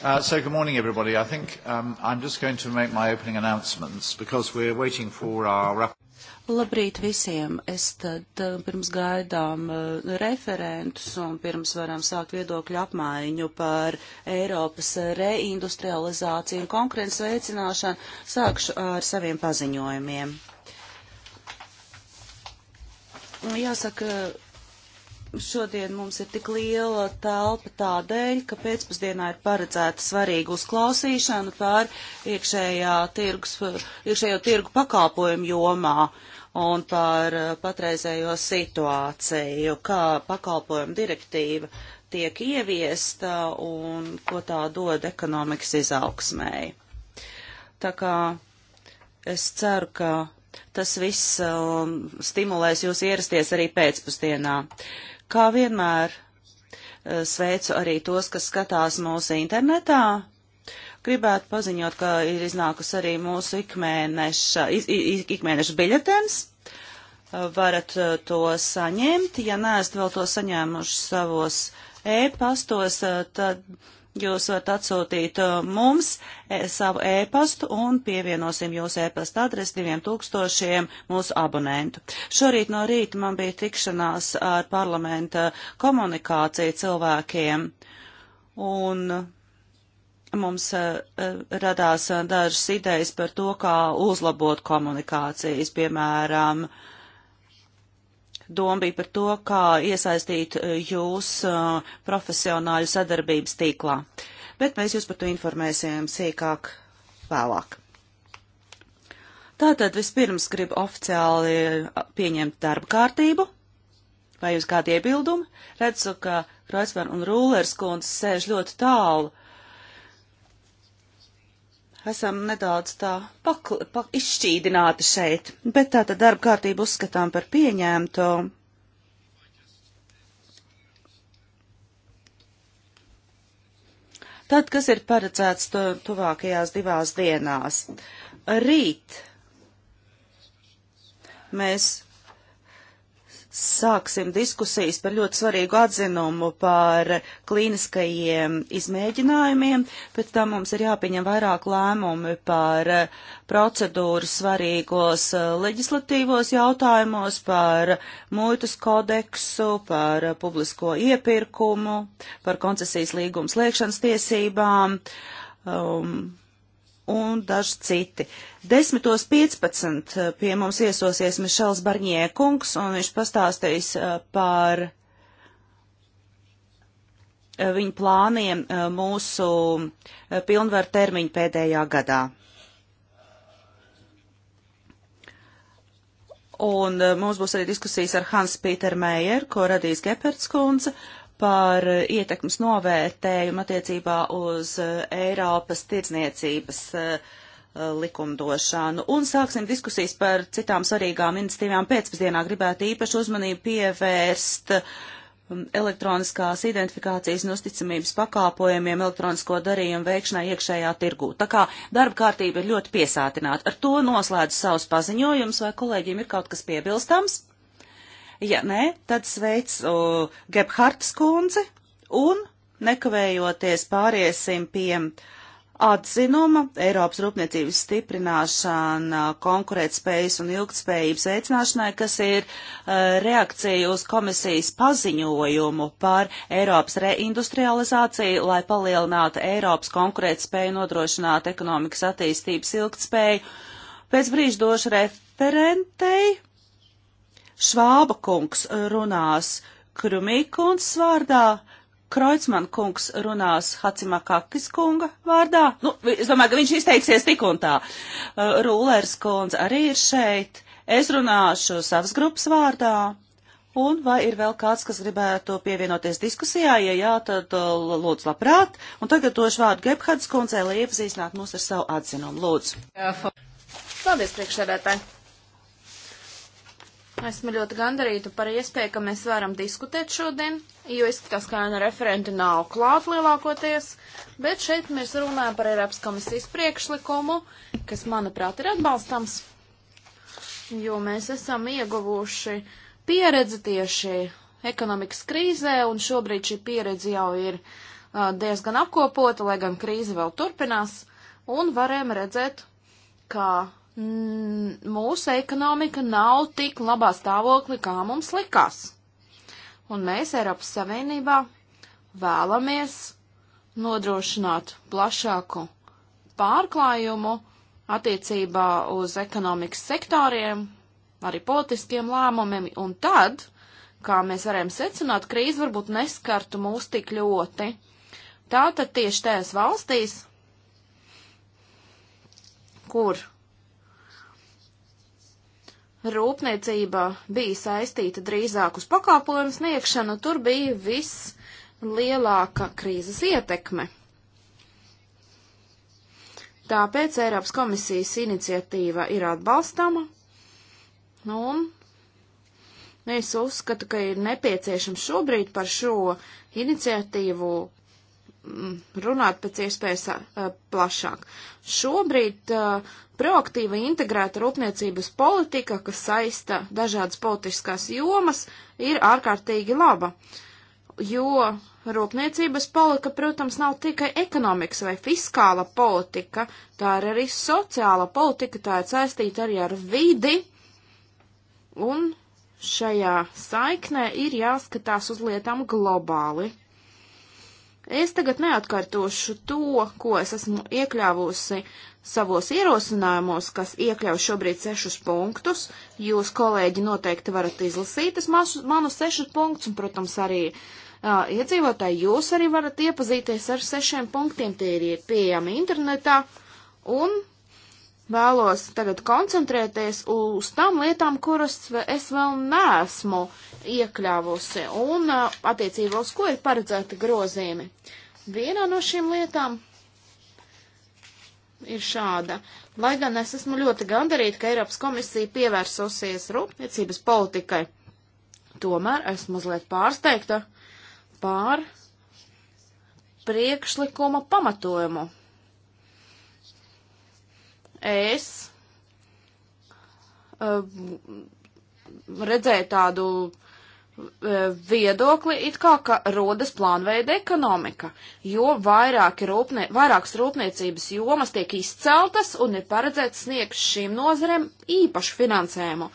Uh, so good morning, everybody. I think um, I'm just going to make my opening announcements because we're waiting for our... Labrīt visiem! Es tad uh, pirms gaidām uh, referentus un pirms varam sākt viedokļu apmaiņu par Eiropas reindustrializāciju un konkurences veicināšanu, sākšu ar saviem paziņojumiem. Jāsaka, Šodien mums ir tik liela telpa tādēļ, ka pēcpusdienā ir paredzēta svarīga uzklausīšana pār iekšējā tirgus, iekšējo tirgu pakalpojumu jomā un par eh, patreizējo situāciju, kā pakalpojumu direktīva tiek ieviesta un ko tā dod ekonomikas izaugsmēji. Tā kā es ceru, ka tas viss um, stimulēs jūs ierasties arī pēcpusdienā. Kā vienmēr eh, sveicu arī tos, kas skatās mūsu internetā. Gribētu paziņot, ka ir iznākus arī mūsu ikmēneša, ikmēneša biļetens. Eh, varat eh, to saņemt. Ja neesat vēl to saņēmuši savos e-pastos, tad Jūs varat atsūtīt uh, mums e, savu ēpastu un pievienosim jūsu ēpasta adresi diviem tūkstošiem mūsu abonentu. Šorīt no rīta man bija tikšanās ar parlamenta komunikāciju cilvēkiem. Un mums e, e, radās dažas idejas par to, kā uzlabot komunikācijas, piemēram, uh, doma bija par to, kā iesaistīt eh, jūs eh, profesionāļu sadarbības tīklā. Bet mēs jūs par to informēsim sīkāk vēlāk. Tātad vispirms gribu oficiāli eh, pieņemt darba kārtību. Vai jūs kādi iebildumi? Redzu, ka Kreisman un Rūlers kundze sēž ļoti tālu. Uh, esam nedaudz tā pakl, pak, izšķīdināti šeit, bet tā tad darba kārtību uzskatām par pieņēmto. Tad, kas ir paredzēts tu, tuvākajās divās dienās? Rīt mēs sāksim diskusijas par ļoti svarīgu atzinumu par klīniskajiem izmēģinājumiem, pēc tam mums ir jāpieņem vairāk lēmumi par procedūru svarīgos eh, leģislatīvos jautājumos, par muitas kodeksu, par publisko iepirkumu, par koncesijas līgums lēkšanas tiesībām. Um, un daži citi. 10.15 eh, pie mums iesosies Mišels Barņē kungs, un viņš pastāstīs eh, par eh, viņu plāniem mūsu pilnvaru termiņu pēdējā gadā. Un mums būs arī diskusijas ar Hans Pīter Meijer, ko radīs Geperts kundze. Uh, par eh, ietekmes novērtējumu attiecībā uz eh, Eiropas tirdzniecības eh, likumdošanu. Un sāksim diskusijas par citām svarīgām iniciatīvām pēcpusdienā. Gribētu īpašu uzmanību pievērst mm, elektroniskās identifikācijas un uzticamības pakāpojumiem elektronisko darījumu veikšanai iekšējā tirgū. Tā kā darba kārtība ir ļoti piesātināta. Ar to noslēdzu savus paziņojumus, vai kolēģiem ir kaut kas piebilstams? Ja nē, tad sveicu uh, Gebhards kundzi un nekavējoties pāriesim pie atzinuma Eiropas rūpniecības stiprināšana, konkurētspējas un ilgtspējības veicināšanai, kas ir uh, reakcija uz komisijas paziņojumu par Eiropas reindustrializāciju, lai palielinātu Eiropas konkurētspēju, nodrošinātu ekonomikas attīstības ilgtspēju. Pēc brīža došu referentei Švāba kungs runās Krumīkuns vārdā, Kreutzmann kungs runās Hacimakakis kunga vārdā. Nu, es domāju, ka viņš izteiksies tik un tā. Uh, Rūlers kundze arī ir šeit. Es runāšu savas grupas vārdā. Un vai ir vēl kāds, kas gribētu pievienoties diskusijā? Ja jā, tad uh, lūdzu labprāt. Un tagad došu vārdu Gebhards kundzei, lai iepazīstinātu mūs ar savu atzinumu. Lūdzu. Paldies, priekšsēdētāji. Esmu ļoti gandarīta par iespēju, ka mēs varam diskutēt šodien, jo izskatās, ka ANR referenti nav klāt lielākoties, bet šeit mēs runājam par Eiropas komisijas priekšlikumu, kas, manuprāt, ir atbalstams, jo mēs esam ieguvuši pieredzi tieši ekonomikas krīzē, un šobrīd šī pieredze jau ir uh, diezgan apkopota, lai gan krīze vēl turpinās, un varējām redzēt, kā Mm, mūsu ekonomika nav tik labā stāvoklī, kā mums likās. Un mēs Eiropas Savienībā vēlamies nodrošināt plašāku pārklājumu attiecībā uz ekonomikas sektoriem, arī politiskiem lēmumiem, un tad, kā mēs varējām secināt, krīze varbūt neskartu mūs tik ļoti. Tātad tieši tajās valstīs, kur rūpniecība bija saistīta drīzāk uz pakalpojumu sniegšanu, tur bija vislielākā krīzes ietekme. Tāpēc Eiropas komisijas iniciatīva ir atbalstama, un es uzskatu, ka ir nepieciešams šobrīd par šo iniciatīvu Mm, runāt pēc iespējas uh, plašāk. Šobrīd uh, proaktīva integrēta rūpniecības politika, kas saista dažādas politiskās jomas, ir ārkārtīgi laba, jo rūpniecības politika, protams, nav tikai ekonomikas vai fiskāla politika, tā ir arī sociāla politika, tā ir saistīta arī ar vidi, un šajā saiknē ir jāskatās uz lietām globāli. Es tagad neatkārtošu to, ko es esmu iekļāvusi savos ierosinājumos, kas iekļauj šobrīd sešus punktus. Jūs, kolēģi, noteikti varat izlasīt es manus sešus punktus, un, protams, arī uh, iedzīvotāji jūs arī varat iepazīties ar sešiem punktiem. Tie ir pieejami internetā, un vēlos tagad koncentrēties uz tām lietām, kuras es vēl neesmu iekļāvusi un attiecībā uz ko ir paredzēti grozījumi. Viena no šīm lietām ir šāda. Lai gan es esmu ļoti gandarīta, ka Eiropas komisija pievērsusies rūpniecības politikai, tomēr esmu mazliet pārsteigta pār priekšlikuma pamatojumu es eh, redzēju tādu eh, viedokli, it kā, ka rodas plānveida ekonomika, jo vairāki rūpnie, vairākas rūpniecības jomas tiek izceltas un ir paredzēts sniegt šīm nozarēm īpašu finansējumu.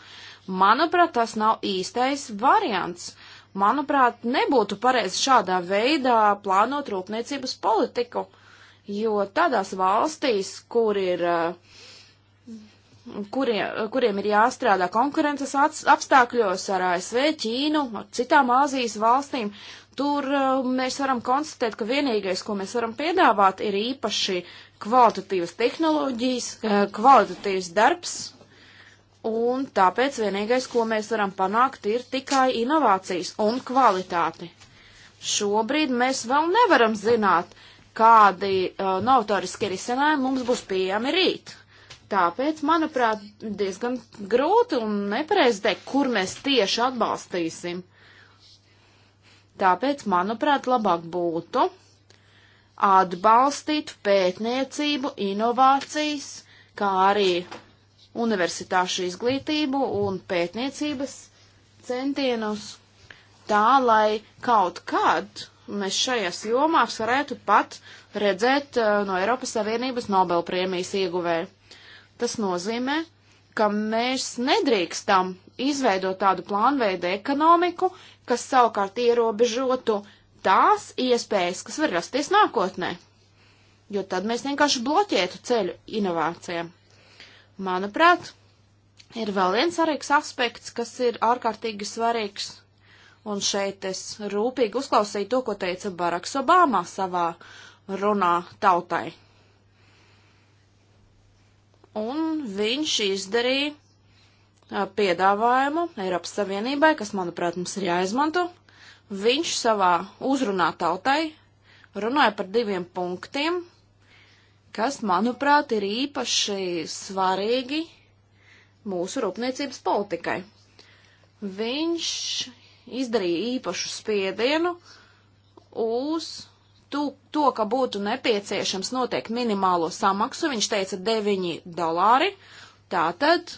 Manuprāt, tas nav īstais variants. Manuprāt, nebūtu pareizi šādā veidā plānot rūpniecības politiku. Uh, jo tādās valstīs, kur ir, eh, kurie, kuriem ir jāstrādā konkurences apstākļos ar ASV, Ķīnu, ar citām Āzijas valstīm, tur eh, mēs varam konstatēt, ka vienīgais, ko mēs varam piedāvāt, ir īpaši kvalitatīvas tehnoloģijas, eh, kvalitatīvs darbs, un tāpēc vienīgais, ko mēs varam panākt, ir tikai inovācijas un kvalitāti. Šobrīd mēs vēl nevaram zināt, uh, kādi uh, novatoriskie risinājumi mums būs pieejami rīt. Tāpēc, manuprāt, diezgan grūti un nepareizi teikt, kur mēs tieši atbalstīsim. Tāpēc, manuprāt, labāk būtu atbalstīt pētniecību, inovācijas, kā arī universitāšu izglītību un pētniecības centienus tā, lai kaut kad mēs šajās jomās varētu pat redzēt uh, no Eiropas Savienības Nobelprēmijas ieguvē. Tas nozīmē, ka mēs nedrīkstam izveidot tādu plānveidu ekonomiku, kas savukārt ierobežotu tās iespējas, kas var rasties nākotnē, jo tad mēs vienkārši bloķētu ceļu inovācijām. Manuprāt, ir vēl viens svarīgs aspekts, kas ir ārkārtīgi svarīgs Un šeit es rūpīgi uzklausīju to, ko teica Baraks Obama savā runā tautai. Un viņš izdarīja piedāvājumu Eiropas Savienībai, kas, manuprāt, mums ir jāizmanto. Viņš savā uzrunā tautai runāja par diviem punktiem, kas, manuprāt, ir īpaši svarīgi mūsu rūpniecības politikai. Viņš izdarīja īpašu spiedienu uz to, to, ka būtu nepieciešams noteikti minimālo samaksu. Viņš teica 9 dolāri. Tātad e,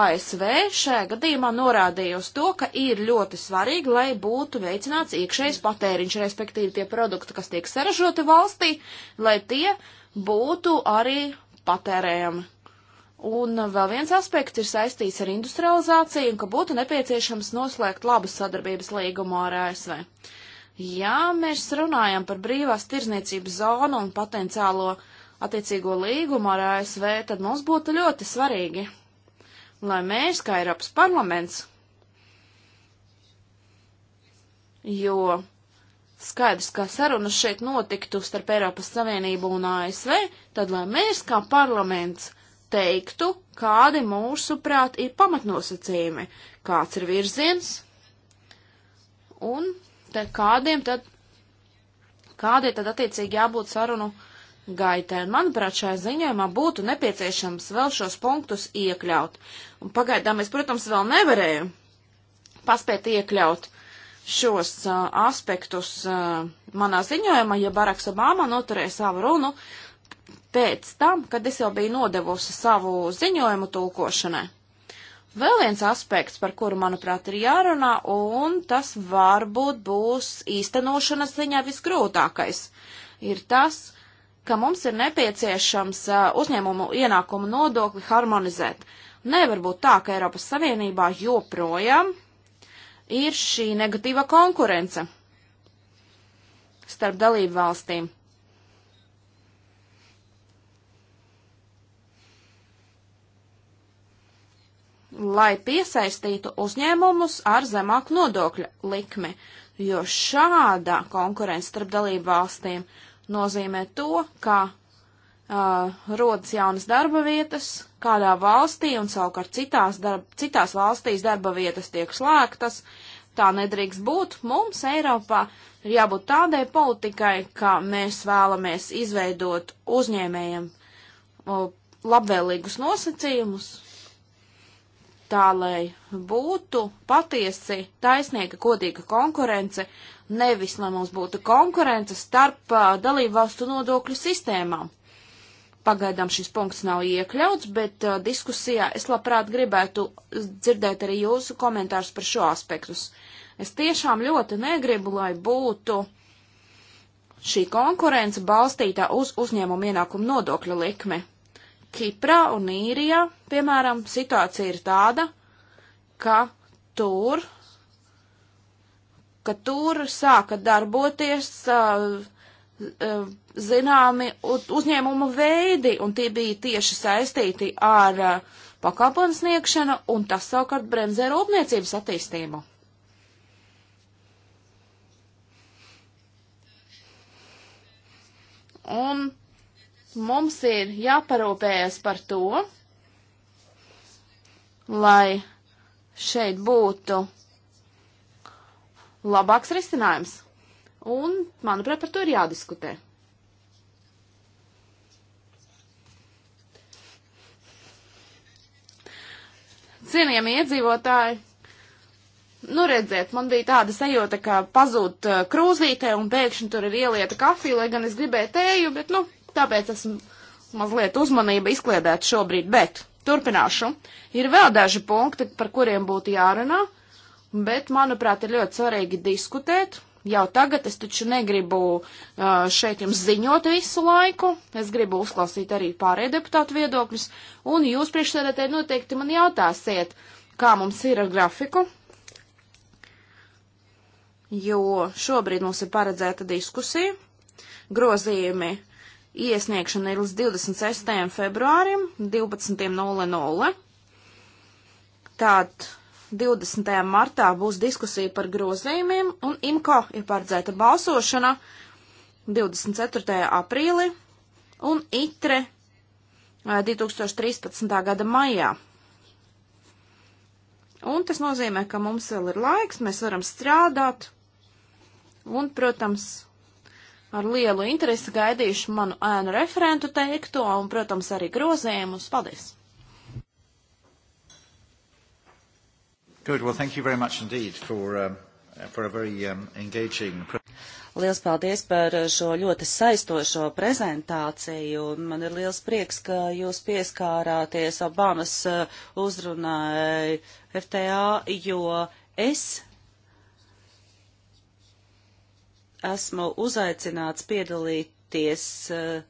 ASV šajā gadījumā norādīja uz to, ka ir ļoti svarīgi, lai būtu veicināts iekšējais patēriņš, respektīvi tie produkti, kas tiek saražoti valstī, lai tie būtu arī patērējami. Un vēl viens aspekts ir saistīts ar industrializāciju un ka būtu nepieciešams noslēgt labu sadarbības līgumu ar ASV. Ja mēs runājam par brīvās tirzniecības zonu un potenciālo attiecīgo līgumu ar ASV, tad mums būtu ļoti svarīgi, lai mēs, kā Eiropas parlaments, jo skaidrs, ka sarunas šeit notiktu starp Eiropas Savienību un ASV, tad lai mēs, kā parlaments, teiktu, kādi mūsuprāt ir pamatnosacījumi, kāds ir virziens un tad kādiem tad, kādiem tad attiecīgi jābūt sarunu gaitai. Un, manuprāt, šajā ziņojumā būtu nepieciešams vēl šos punktus iekļaut. Un pagaidām es, protams, vēl nevarēju paspēt iekļaut šos uh, aspektus uh, manā ziņojumā, ja Baraks Obama noturēja savu runu, uh, pēc tam, kad es jau biju nodevusi savu ziņojumu tulkošanai. Vēl viens aspekts, par kuru, manuprāt, ir jārunā, un tas varbūt būs īstenošanas ziņā visgrūtākais, ir tas, ka mums ir nepieciešams uzņēmumu ienākumu nodokli harmonizēt. Nevar būt tā, ka Eiropas Savienībā joprojām ir šī negatīva konkurence starp dalību valstīm. lai piesaistītu uzņēmumus ar zemāku nodokļu likmi, jo šāda konkurence starp dalību valstīm nozīmē to, ka uh, rodas jaunas darba vietas kādā valstī un savukārt citās, darb, citās valstīs darba vietas tiek slēgtas. Tā nedrīkst būt. Mums Eiropā ir jābūt tādai politikai, ka mēs vēlamies izveidot uzņēmējiem uh, labvēlīgus nosacījumus, tā, lai būtu patiesi taisnīga, godīga konkurence, nevis, lai mums būtu konkurence starp uh, dalībvalstu nodokļu sistēmām. Pagaidām šis punkts nav iekļauts, bet uh, diskusijā es labprāt gribētu dzirdēt arī jūsu komentārus par šo aspektus. Es tiešām ļoti negribu, lai būtu šī konkurence balstītā uz uzņēmumu ienākumu nodokļa likme. Kiprā un Īrijā, piemēram, situācija ir tāda, ka tur, ka tur sāka darboties uh, uh, zināmi uzņēmuma veidi, un tie bija tieši saistīti ar uh, pakalpojumu sniegšanu, un tas savukārt bremzē rūpniecības attīstību. Un mums ir jāparūpējas par to, lai šeit būtu labāks risinājums. Un, manuprāt, par to ir jādiskutē. Cienījami iedzīvotāji, nu redziet, man bija tāda sajūta, ka pazūd eh, krūzītē un pēkšņi tur ir ielieta kafija, lai gan es gribēju tēju, bet, nu, tāpēc esmu mazliet uzmanība izkliedēt šobrīd, bet turpināšu. Ir vēl daži punkti, par kuriem būtu jārunā, bet, manuprāt, ir ļoti svarīgi diskutēt. Jau tagad es taču negribu uh, šeit jums ziņot visu laiku, es gribu uzklausīt arī pārējie deputātu viedokļus, un jūs priekšsēdētāji noteikti man jautāsiet, kā mums ir ar grafiku, jo šobrīd mums ir paredzēta diskusija, grozījumi Iesniegšana ir līdz 26. februārim 12.00. Tātad 20. martā būs diskusija par grozījumiem un IMCO ir paredzēta balsošana 24. aprīli un ITRE 2013. Eh, gada maijā. Un tas nozīmē, ka mums vēl ir laiks, mēs varam strādāt. Un, protams, ar lielu interesi gaidīšu manu ēnu referentu teikto un, protams, arī grozējumus. Paldies! Good. Well, thank you very much indeed for, um, for a very um, engaging Liels paldies par uh, šo ļoti saistošo prezentāciju. Man ir liels prieks, ka jūs pieskārāties Obamas uh, uzrunai FTA, jo es esmu uzaicināts piedalīties eh,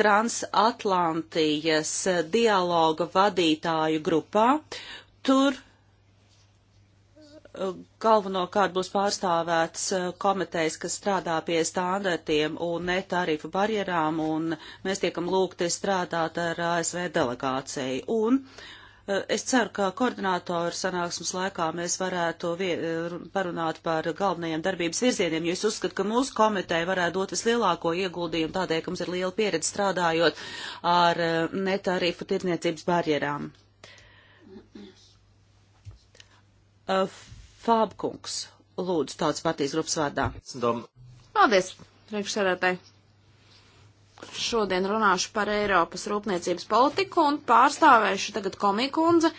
Transatlantijas dialoga vadītāju grupā. Tur eh, galvenokārt būs pārstāvēts eh, komitejas, kas strādā pie standartiem un netarifu barjerām, un mēs tiekam lūgti strādāt ar ASV delegāciju. Un uh, Es ceru, ka koordinātoru sanāksmes laikā mēs varētu parunāt par galvenajiem darbības virzieniem, jo es uzskatu, ka mūsu komiteja varētu dot vislielāko ieguldījumu tādēļ, ka mums ir liela pieredze strādājot ar eh, netarifu tirniecības barjerām. Eh, Fābkungs, lūdzu, tāds partijas grupas vārdā. Paldies, priekšsēdētāji. Šodien runāšu par Eiropas rūpniecības politiku un pārstāvēšu tagad komikundze.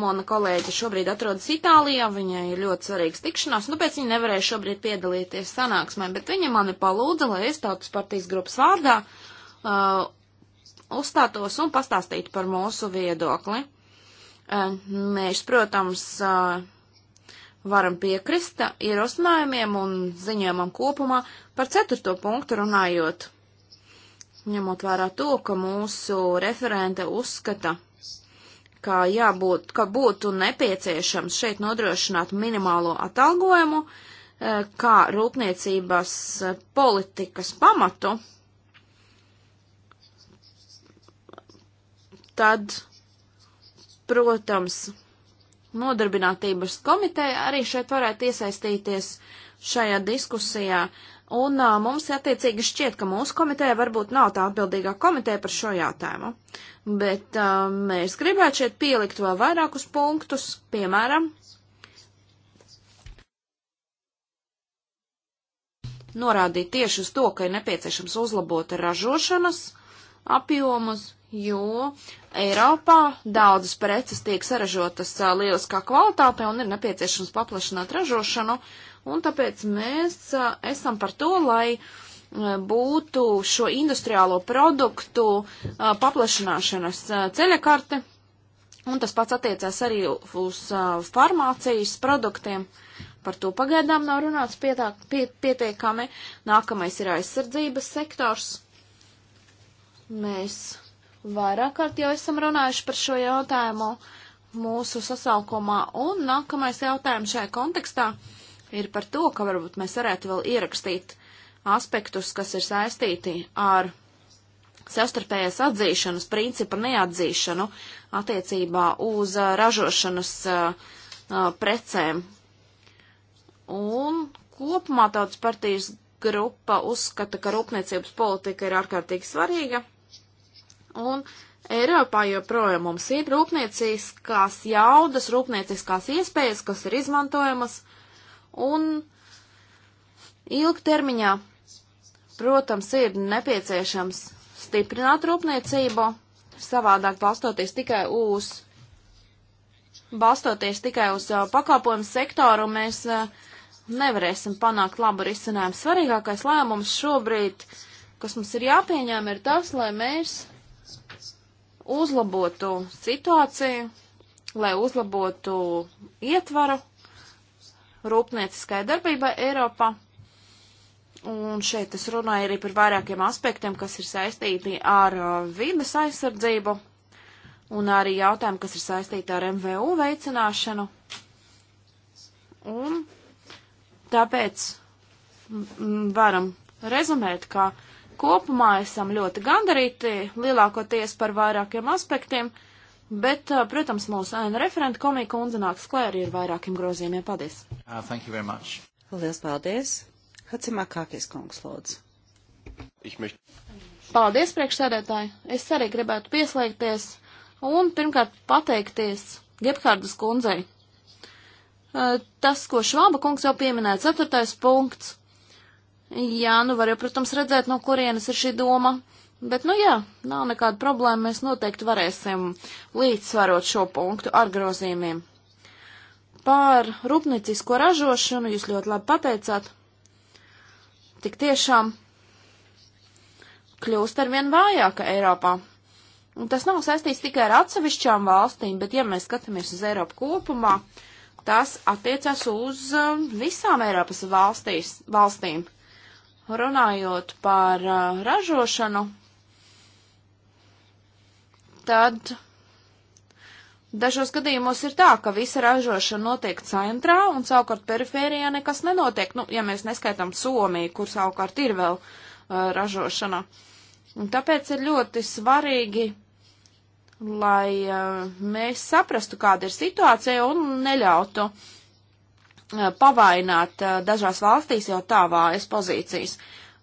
Mana kolēģe šobrīd atrodas Itālijā, viņai ir ļoti svarīgs tikšanās, nu pēc viņa nevarēja šobrīd piedalīties sanāksmē, bet viņa mani palūdza, lai es tautas partijas grupas vārdā uh, uzstātos un pastāstītu par mūsu viedokli. Uh, mēs, protams, uh, varam piekrist ierosinājumiem un ziņojumam kopumā par ceturto punktu runājot ņemot vērā to, ka mūsu referente uzskata, ka jābūt, ka būtu nepieciešams šeit nodrošināt minimālo atalgojumu e, kā rūpniecības politikas pamatu, tad, protams, nodarbinātības komiteja arī šeit varētu iesaistīties šajā diskusijā, uh, Un uh, mums attiecīgi šķiet, ka mūsu komiteja varbūt nav tā atbildīgā komiteja par šo jautājumu. Bet uh, mēs gribētu šeit pielikt vēl vairākus punktus, piemēram, norādīt tieši uz to, ka ir nepieciešams uzlabot ražošanas apjomus, jo Eiropā daudzas preces tiek saražotas lieliskā kvalitātē un ir nepieciešams paplašināt ražošanu un tāpēc mēs esam par to, lai būtu šo industriālo produktu paplašināšanas ceļakarte, un tas pats attiecās arī uz farmācijas produktiem. Par to pagaidām nav runāts pietā, pie, pietiekami. Nākamais ir aizsardzības sektors. Mēs vairāk kārt jau esam runājuši par šo jautājumu mūsu sasaukumā, un nākamais jautājums šajā kontekstā ir par to, ka varbūt mēs varētu vēl ierakstīt aspektus, kas ir saistīti ar savstarpējās atzīšanas principa neatzīšanu attiecībā uz ražošanas uh, precēm. Un kopumā tautas partijas grupa uzskata, ka rūpniecības politika ir ārkārtīgi svarīga. Un Eiropā joprojām mums ir rūpnieciskās jaudas, rūpnieciskās iespējas, kas ir izmantojamas. Uh, un ilgtermiņā, protams, ir nepieciešams stiprināt rūpniecību, savādāk balstoties tikai uz, balstoties tikai uz uh, pakalpojumu sektoru, mēs uh, nevarēsim panākt labu risinājumu. Svarīgākais lēmums šobrīd, kas mums ir jāpieņem, ir tas, lai mēs uzlabotu situāciju, lai uzlabotu ietvaru rūpnieciskai darbībai Eiropā. Un šeit es runāju arī par vairākiem aspektiem, kas ir saistīti ar uh, vides aizsardzību un arī jautājumu, kas ir saistīti ar MVU veicināšanu. Un tāpēc varam rezumēt, ka kopumā esam ļoti gandarīti lielākoties par vairākiem aspektiem. Uh, Bet, protams, mūsu ēna referenta komija kundze nāks klēri ar vairākiem grozījumiem. Paldies! Uh, thank you very much. Lielas paldies! Hacimā Kākis kungs lūdzu. Möcht... Paldies, priekšsēdētāji! Es arī gribētu pieslēgties un pirmkārt pateikties Gebhārdas kundzei. Tas, ko Švāba kungs jau pieminēja, ceturtais punkts. Jā, nu var jau, protams, redzēt, no kurienes ir šī doma. Bet, nu jā, nav nekāda problēma, mēs noteikti varēsim līdzsvarot šo punktu ar grozījumiem. Par rūpnicisko ražošanu jūs ļoti labi pateicāt. Tik tiešām kļūst ar vien vājāka Eiropā. Un tas nav saistīts tikai ar atsevišķām valstīm, bet ja mēs skatāmies uz Eiropu kopumā, tas attiecas uz um, visām Eiropas valstīs, valstīm. Runājot par uh, ražošanu, tad dažos gadījumos ir tā, ka visa ražošana notiek centrā un savukārt perifērijā nekas nenotiek, nu, ja mēs neskaitām Somiju, kur savukārt ir vēl uh, ražošana. Un tāpēc ir ļoti svarīgi, lai uh, mēs saprastu, kāda ir situācija un neļautu uh, pavainot uh, dažās valstīs jau tā vājas pozīcijas.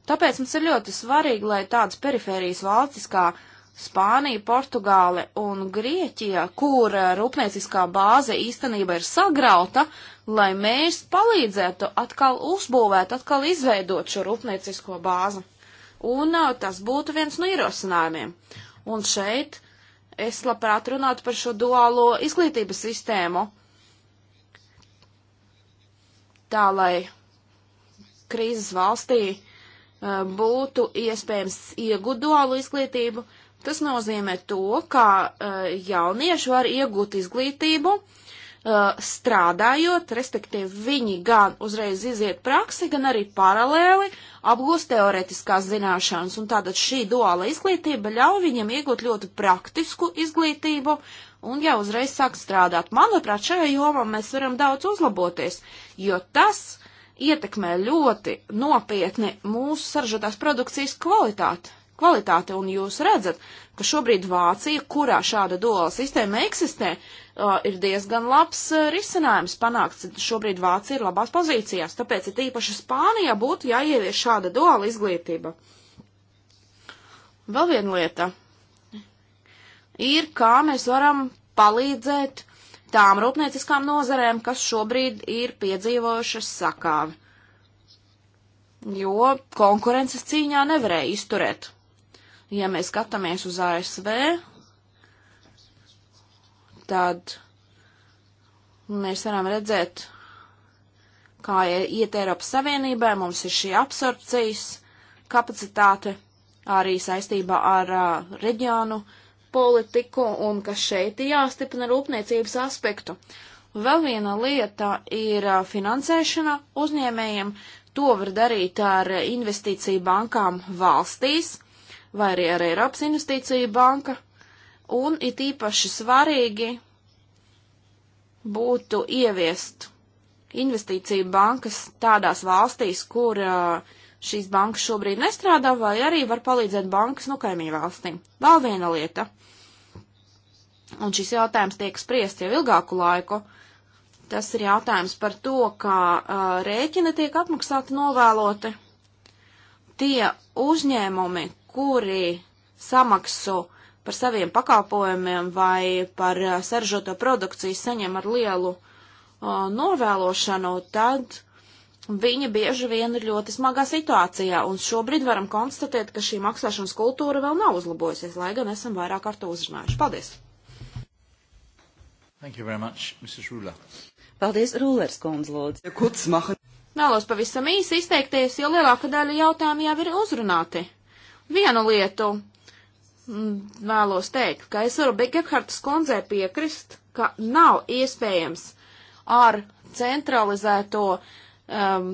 Tāpēc mums ir ļoti svarīgi, lai tādas perifērijas valstis kā uh, Spānija, Portugāle un Grieķija, kur eh, rūpnieciskā bāze īstenībā ir sagrauta, lai mēs palīdzētu atkal uzbūvēt, atkal izveidot šo rūpniecisko bāzi. Un eh, tas būtu viens no ierosinājumiem. Un šeit es labprāt runātu par šo duālo izglītības sistēmu. Tā lai krīzes valstī eh, būtu iespējams iegūt duālu izglītību, uh, Tas nozīmē to, ka uh, jaunieši var iegūt izglītību, uh, strādājot, respektīvi viņi gan uzreiz iziet praksi, gan arī paralēli apgūst teoretiskās zināšanas, un tātad šī duāla izglītība ļauj viņam iegūt ļoti praktisku izglītību un jau uzreiz sāk strādāt. Manuprāt, šajā jomā mēs varam daudz uzlaboties, jo tas ietekmē ļoti nopietni mūsu saržotās produkcijas kvalitāti kvalitāte, un jūs redzat, ka šobrīd Vācija, kurā šāda duāla sistēma eksistē, uh, ir diezgan labs uh, risinājums panākts. Šobrīd Vācija ir labās pozīcijās, tāpēc ir īpaši Spānijā būtu jāievieš šāda duāla izglītība. Vēl viena lieta ir, kā mēs varam palīdzēt tām rūpnieciskām nozarēm, kas šobrīd ir piedzīvojušas sakāvi, jo konkurences cīņā nevarēja izturēt. Ja mēs skatāmies uz ASV, tad mēs varam redzēt, kā iet Eiropas Savienībai, mums ir šī absorpcijas kapacitāte arī saistībā ar uh, reģionu politiku un ka šeit jāstiprina rūpniecības aspektu. Vēl viena lieta ir uh, finansēšana uzņēmējiem. To var darīt ar investīciju bankām valstīs, vai arī ar Eiropas investīciju banka, un it īpaši svarīgi būtu ieviest investīciju bankas tādās valstīs, kur uh, šīs bankas šobrīd nestrādā, vai arī var palīdzēt bankas no nu, kaimiņu valstīm. Vēl viena lieta, un šis jautājums tiek spriest jau ilgāku laiku, tas ir jautājums par to, kā uh, rēķina tiek apmaksāti novēloti. Tie uzņēmumi, kuri samaksu par saviem pakalpojumiem vai par eh, saražoto produkciju saņem ar lielu uh, novēlošanu, tad viņi bieži vien ir ļoti smagā situācijā, un šobrīd varam konstatēt, ka šī maksāšanas kultūra vēl nav uzlabojusies, lai gan esam vairāk kārtā uzrunājuši. Paldies! Thank you very much, Mrs. Rula. Paldies, Rulers kundze, lūdzu. Vēlos pavisam īsi izteikties, jo lielāka daļa jautājumu jau ir uzrunāti. Vienu lietu mm, vēlos teikt, ka es varu Gebhartas kundzē piekrist, ka nav iespējams ar centralizēto, um,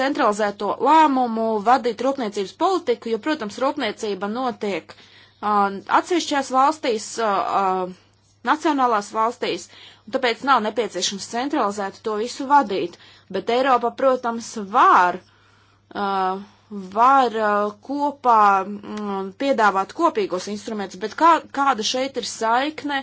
centralizēto lēmumu vadīt rūpniecības politiku, jo, protams, rūpniecība notiek uh, atsevišķās valstīs, uh, uh, nacionālās valstīs, un tāpēc nav nepieciešams centralizēt to visu vadīt. Bet Eiropa, protams, var uh, var uh, kopā m, mm, piedāvāt kopīgos instrumentus, bet kā, kāda šeit ir saikne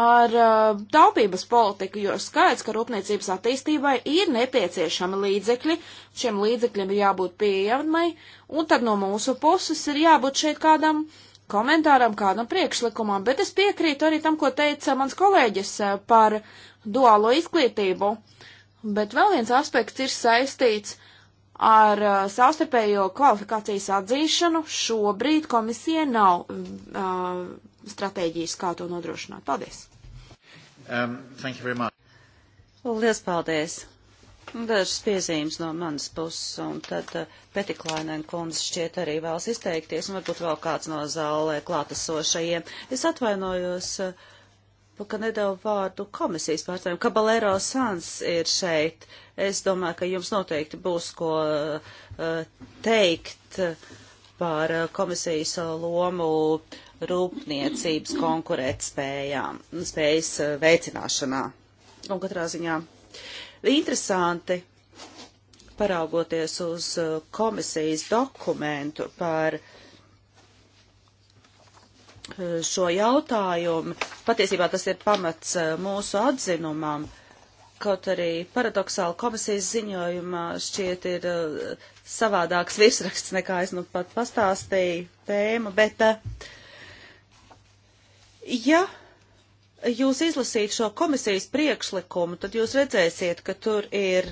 ar uh, taupības politiku, jo skaidrs, ka rūpniecības attīstībai ir nepieciešami līdzekļi, šiem līdzekļiem ir jābūt pieejamai, un tad no mūsu puses ir jābūt šeit kādam komentāram, kādam priekšlikumam, bet es piekrītu arī tam, ko teica mans kolēģis uh, par duālo izglītību, bet vēl viens aspekts ir saistīts Ar uh, savstarpējo kvalifikācijas atzīšanu šobrīd komisija nav uh, stratēģijas, kā to nodrošināt. Paldies! Um, Lielas paldies! Dažas piezīmes no manas puses, un tad uh, Petiklainen kundze šķiet arī vēlas izteikties, un varbūt vēl kāds no zālē klātesošajiem. Es atvainojos. Uh, Nu, ka nedēļu vārdu komisijas pārstāvjiem. Kabalero Sans ir šeit. Es domāju, ka jums noteikti būs ko eh, teikt par eh, komisijas lomu rūpniecības konkurētspējām, spējas eh, veicināšanā. Un katrā ziņā interesanti paraugoties uz komisijas dokumentu par uh, šo jautājumu. Patiesībā tas ir pamats eh, mūsu atzinumam, kaut arī paradoxāli komisijas ziņojumā šķiet ir eh, savādāks virsraksts nekā es nu pat pastāstīju tēmu, bet eh, ja jūs izlasītu šo komisijas priekšlikumu, tad jūs redzēsiet, ka tur ir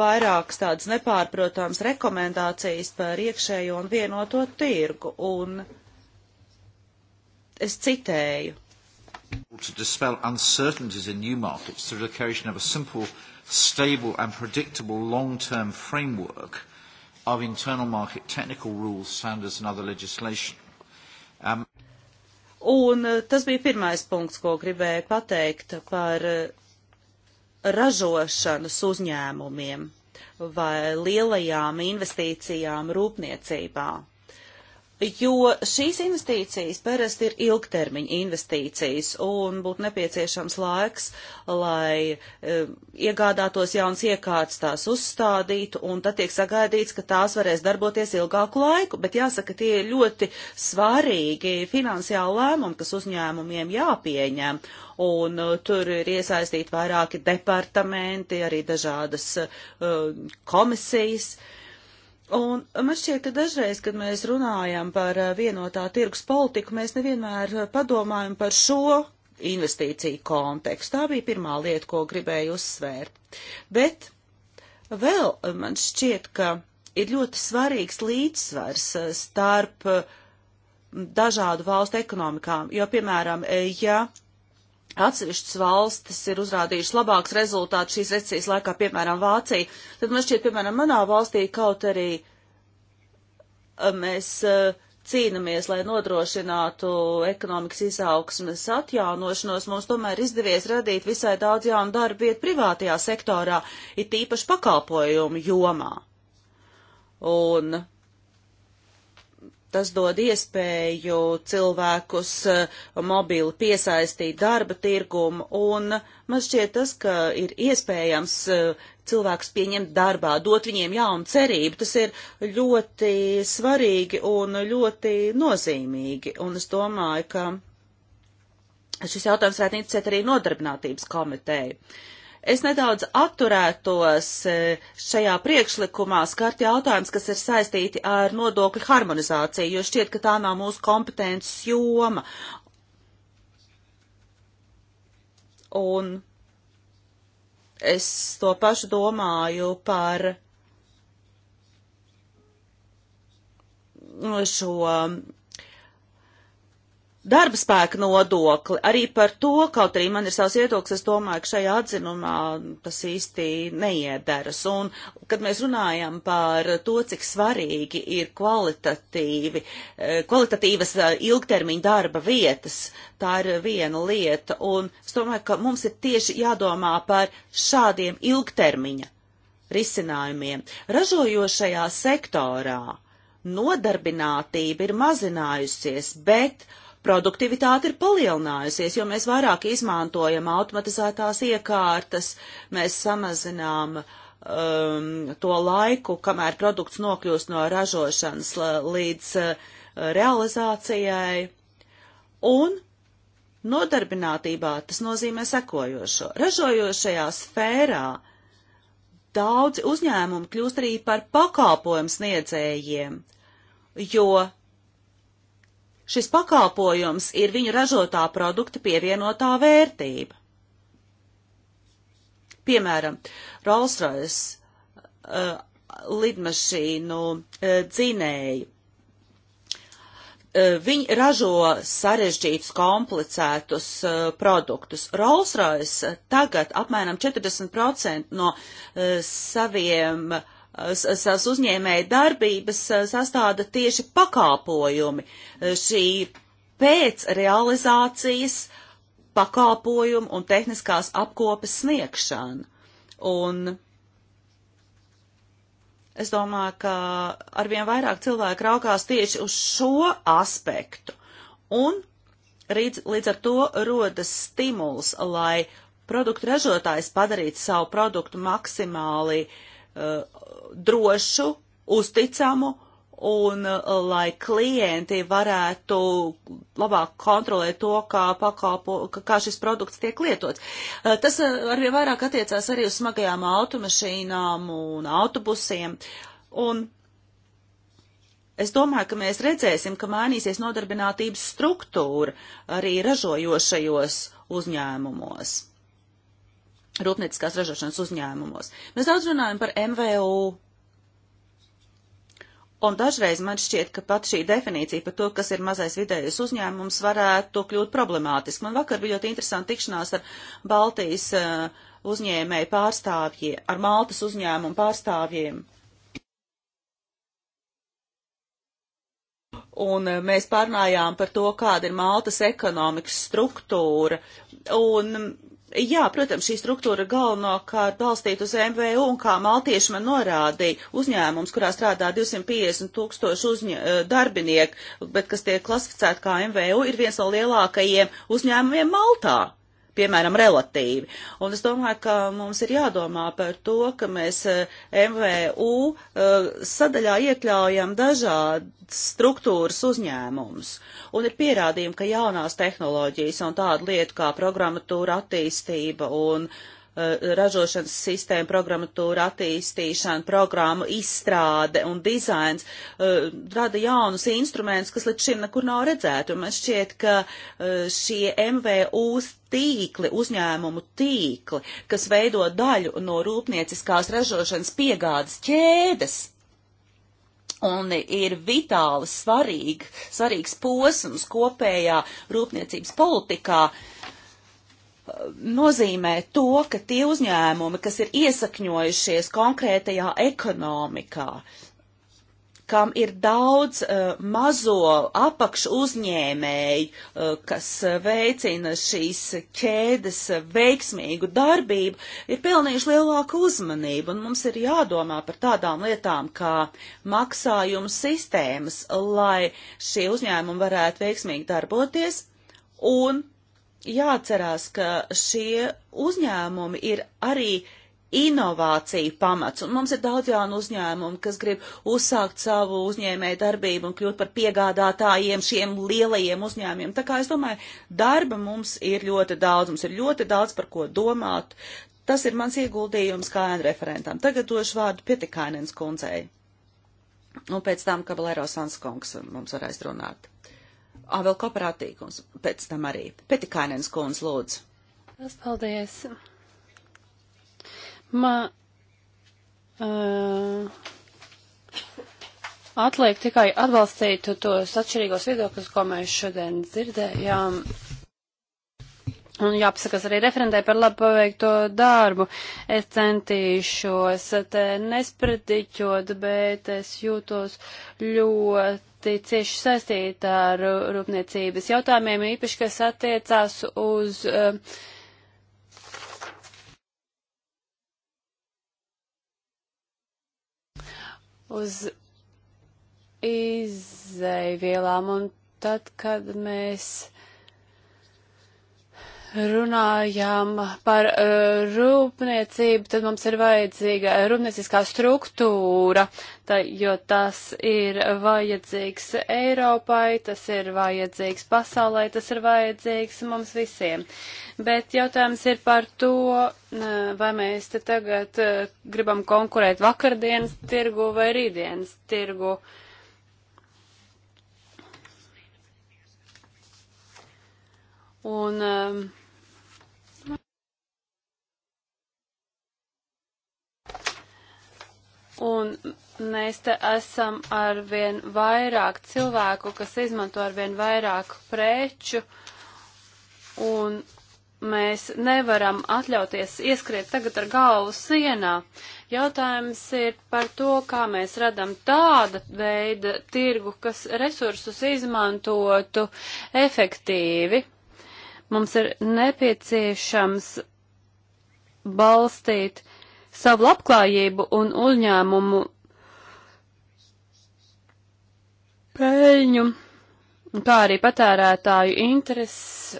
vairākas tādas nepārprotams rekomendācijas par iekšējo un vienoto tirgu. Un uh, Es citēju. To dispel uncertainties in new markets through the creation of a simple, stable and predictable long-term framework of internal market technical rules, standards and other legislation. Um, Un eh, tas bija pirmais punkts, ko gribēju pateikt par eh, ražošanas uzņēmumiem vai lielajām investīcijām rūpniecībā jo šīs investīcijas parasti ir ilgtermiņa investīcijas un būtu nepieciešams laiks, lai e, iegādātos jauns iekārts tās uzstādītu, un tad tiek sagaidīts, ka tās varēs darboties ilgāku laiku, bet jāsaka, tie ir ļoti svarīgi finansiāli lēmumi, kas uzņēmumiem jāpieņem, un e, tur ir iesaistīti vairāki departamenti, arī dažādas e, komisijas. E, Un man šķiet, ka dažreiz, kad mēs runājam par eh, vienotā tirgus politiku, mēs nevienmēr eh, padomājam par šo investīciju kontekstu. Tā bija pirmā lieta, ko gribēju uzsvērt. Bet vēl man šķiet, ka ir ļoti svarīgs līdzsvars eh, starp dažādu valstu ekonomikām, jo, piemēram, ja atsevišķas valstis ir uzrādījušas labāks rezultāts šīs recesijas laikā, piemēram, Vācija, tad man šķiet, piemēram, manā valstī kaut arī eh, mēs eh, cīnāmies, lai nodrošinātu ekonomikas izaugsmes atjaunošanos, mums tomēr izdevies radīt visai daudz jaunu darbu vietu privātajā sektorā, it īpaši pakalpojumu jomā. Un Tas dod iespēju cilvēkus eh, mobili piesaistīt darba tirgumu, un man šķiet tas, ka ir iespējams eh, cilvēkus pieņemt darbā, dot viņiem jaunu cerību. Tas ir ļoti svarīgi un ļoti nozīmīgi, un es domāju, ka šis jautājums varētu interesēt arī nodarbinātības komiteju. Uh, Es nedaudz atturētos e, šajā priekšlikumā skart jautājums, kas ir saistīti ar nodokļu harmonizāciju, jo šķiet, ka tā nav mūsu kompetences joma. Un es to pašu domāju par šo darba spēka nodokli. Arī par to, kaut arī man ir savs viedoklis, es domāju, ka šajā atzinumā tas īsti neiederas. Un, kad mēs runājam par to, cik svarīgi ir kvalitatīvi, eh, kvalitatīvas eh, ilgtermiņa darba vietas, tā ir viena lieta. Un es domāju, ka mums ir tieši jādomā par šādiem ilgtermiņa risinājumiem. Ražojošajā sektorā nodarbinātība ir mazinājusies, bet uh, Produktivitāte ir palielinājusies, jo mēs vairāk izmantojam automatizētās iekārtas, mēs samazinām um, to laiku, kamēr produkts nokļūst no ražošanas līdz uh, realizācijai. Un nodarbinātībā tas nozīmē sekojošo. Ražojošajā sfērā daudzi uzņēmumi kļūst arī par pakalpojumu sniedzējiem, jo Šis pakalpojums ir viņu ražotā produkta pievienotā vērtība. Piemēram, Rolls-Royce uh, lidmašīnu uh, dzinēji. Uh, viņi ražo sarežģītus, komplicētus uh, produktus. Rolls-Royce tagad apmēram 40% no uh, saviem uh, savas uzņēmēja darbības eh, sastāda tieši pakalpojumi. Eh, šī pēc realizācijas pakalpojumu un tehniskās apkopes sniegšana. Un es domāju, ka arvien vairāk cilvēki raukās tieši uz šo aspektu. Un līdz, līdz ar to rodas stimuls, lai produktu ražotājs padarītu savu produktu maksimāli uh, Eh, drošu, uzticamu un eh, lai klienti varētu labāk kontrolēt to, kā, pakalpo, kā šis produkts tiek lietots. Eh, tas arvien vairāk attiecās arī uz smagajām automašīnām un autobusiem. Un Es domāju, ka mēs redzēsim, ka mainīsies nodarbinātības struktūra arī ražojošajos uzņēmumos rūpnieciskās ražošanas uzņēmumos. Mēs daudz runājam par MVU. Un dažreiz man šķiet, ka pat šī definīcija par to, kas ir mazais vidējais uzņēmums, varētu kļūt problemātiski. Man vakar bija ļoti interesanti tikšanās ar Baltijas uh, uzņēmēju pārstāvjiem, ar Maltas uzņēmumu pārstāvjiem. un eh, mēs pārnājām par to, kāda ir Maltas ekonomikas struktūra. Un Jā, protams, šī struktūra galvenokārt balstīta uz MVU un kā maltieši man norādīja, uzņēmums, kurā strādā 250 tūkstoši uzņa, eh, darbinieku, bet kas tiek klasificēti kā MVU, ir viens no lielākajiem uzņēmumiem Maltā piemēram, relatīvi. Un es domāju, ka mums ir jādomā par to, ka mēs eh, MVU eh, sadaļā iekļaujam dažādas struktūras uzņēmumus. Un ir pierādījumi, ka jaunās tehnoloģijas un tāda lieta kā programmatūra attīstība un uh, Eh, ražošanas sistēma, programmatūra attīstīšana, programmu izstrāde un dizains eh, rada jaunus instrumentus, kas līdz šim nekur nav redzēti. Un man šķiet, ka eh, šie MVU tīkli, uzņēmumu tīkli, kas veido daļu no rūpnieciskās ražošanas piegādes ķēdes, un ir vitāli svarīgi, svarīgs posms kopējā rūpniecības politikā, uh, nozīmē to, ka tie uzņēmumi, kas ir iesakņojušies konkrētajā ekonomikā, kam ir daudz uh, mazo apakšu uzņēmēju, uh, kas uh, veicina šīs ķēdes uh, veiksmīgu darbību, ir pelnījuši lielāku uzmanību, un mums ir jādomā par tādām lietām kā maksājumu sistēmas, lai šie uzņēmumi varētu veiksmīgi darboties, un jāatcerās, ka šie uzņēmumi ir arī inovāciju pamats, un mums ir daudz jaunu uzņēmumu, kas grib uzsākt savu uzņēmēju darbību un kļūt par piegādātājiem šiem lielajiem uzņēmumiem. Tā kā es domāju, darba mums ir ļoti daudz, mums ir ļoti daudz par ko domāt. Tas ir mans ieguldījums kā referentam. Tagad došu vārdu Pietikainens kundzei. Un pēc tam, kad Valero Sanskungs mums varēs runāt. Ā, vēl kooperatīkums pēc tam arī. Petikainens kundz lūdzu. Es paldies. Ma, uh, atliek tikai atbalstīt tos atšķirīgos viedokļus, ko mēs šodien dzirdējām. Un jāpasakas arī referentē par labu paveikto darbu. Es centīšos te nesprediķot, bet es jūtos ļoti ļoti cieši saistīta ar rūpniecības jautājumiem, īpaši, kas attiecās uz uh, uz izēvielām, un tad, kad mēs runājām par uh, rūpniecību, tad mums ir vajadzīga rūpnieciskā struktūra, tā, jo tas ir vajadzīgs Eiropai, tas ir vajadzīgs pasaulē, tas ir vajadzīgs mums visiem. Bet jautājums ir par to, eh, vai mēs te tagad uh, gribam konkurēt vakardienas tirgu vai rītdienas tirgu. Un um, Un mēs te esam arvien vairāk cilvēku, kas izmanto arvien vairāk preču, un mēs nevaram atļauties ieskriet tagad ar galvu sienā. Jautājums ir par to, kā mēs radam tāda veida tirgu, kas resursus izmantotu efektīvi. Mums ir nepieciešams balstīt savu labklājību un uzņēmumu peļņu, kā arī patērētāju intereses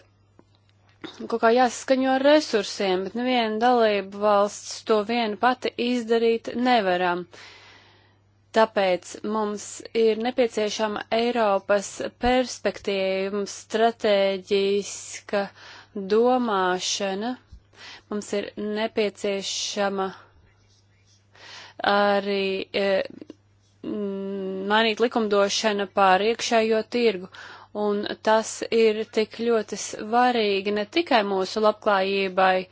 kaut kā jāsaskaņo ar resursiem, bet neviena dalība valsts to viena pati izdarīt nevaram. Tāpēc mums ir nepieciešama Eiropas perspektīva, stratēģiska domāšana. Mums ir nepieciešama arī e, mainīt likumdošana pār iekšējo tirgu. Un tas ir tik ļoti svarīgi ne tikai mūsu labklājībai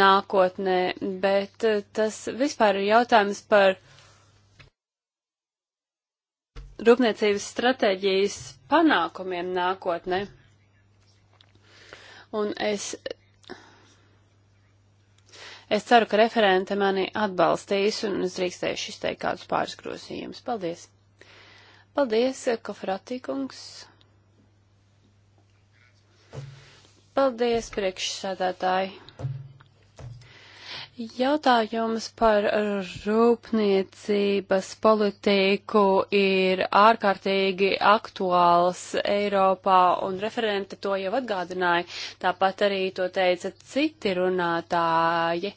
nākotnē, bet e, tas vispār ir jautājums par rūpniecības stratēģijas panākumiem nākotnē. Un es Es ceru, ka referente mani atbalstīs un es drīkstēšu izteikt kādus pāris grozījumus. Paldies! Paldies, Kofratīkungs! Paldies, priekšsēdētāji! Jautājums par rūpniecības politiku ir ārkārtīgi aktuāls Eiropā, un referente to jau atgādināja. Tāpat arī to teica citi runātāji.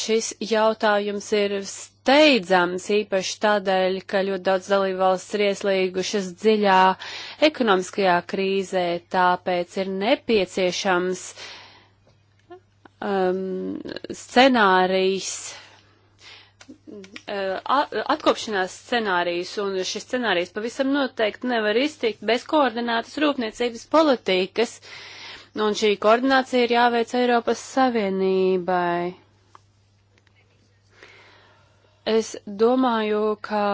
Šis jautājums ir steidzams, īpaši tādēļ, ka ļoti daudz dalībvalsts ir ieslīgušas dziļā ekonomiskajā krīzē, tāpēc ir nepieciešams uh, um, scenārijs, uh, atkopšanās scenārijs, un šis scenārijs pavisam noteikti nevar iztikt bez koordinātas rūpniecības politikas, un šī koordinācija ir jāveic Eiropas Savienībai. Es domāju, ka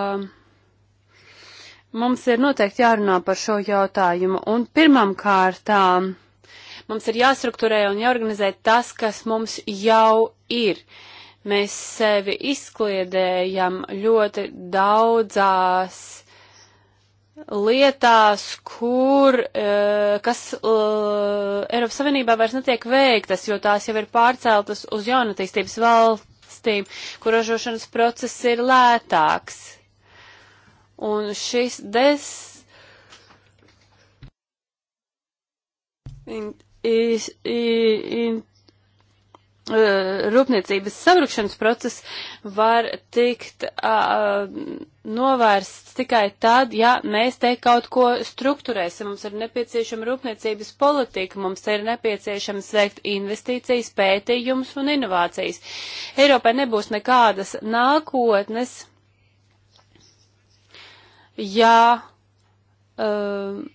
mums ir noteikti jārunā par šo jautājumu, un pirmām kārtām. Tā Mums ir jāstrukturē un jāorganizē tas, kas mums jau ir. Mēs sevi izkliedējam ļoti daudzās lietās, kur, eh, kas eh, Eiropas Savienībā vairs netiek veiktas, jo tās jau ir pārceltas uz jaunatīstības valstīm, kur ražošanas process ir lētāks. Un šis des iz, iz, e, rūpniecības sabrukšanas process var tikt uh, novērsts tikai tad, ja mēs te kaut ko struktūrēsim. Mums ir nepieciešama rūpniecības politika, mums ir nepieciešams veikt investīcijas, pētījumus un inovācijas. Eiropai nebūs nekādas nākotnes, ja. Uh,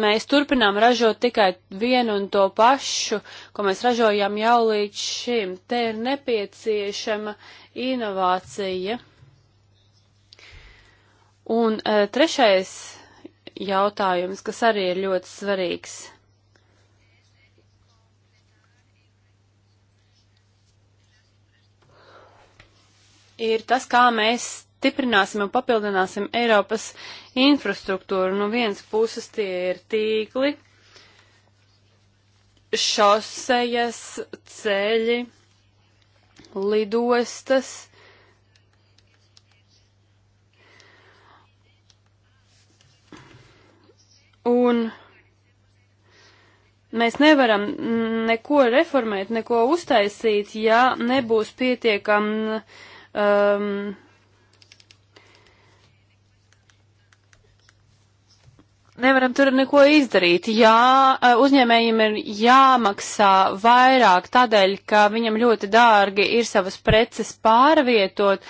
mēs turpinām ražot tikai vienu un to pašu, ko mēs ražojam jau līdz šim. Te ir nepieciešama inovācija. Un e, trešais jautājums, kas arī ir ļoti svarīgs. Ir tas, kā mēs stiprināsim un papildināsim Eiropas infrastruktūru. No nu, vienas puses tie ir tīkli, šosejas, ceļi, lidostas. Un mēs nevaram neko reformēt, neko uztaisīt, ja nebūs pietiekam um, nevaram tur neko izdarīt. Jā, uzņēmējiem ir jāmaksā vairāk tādēļ, ka viņam ļoti dārgi ir savas preces pārvietot,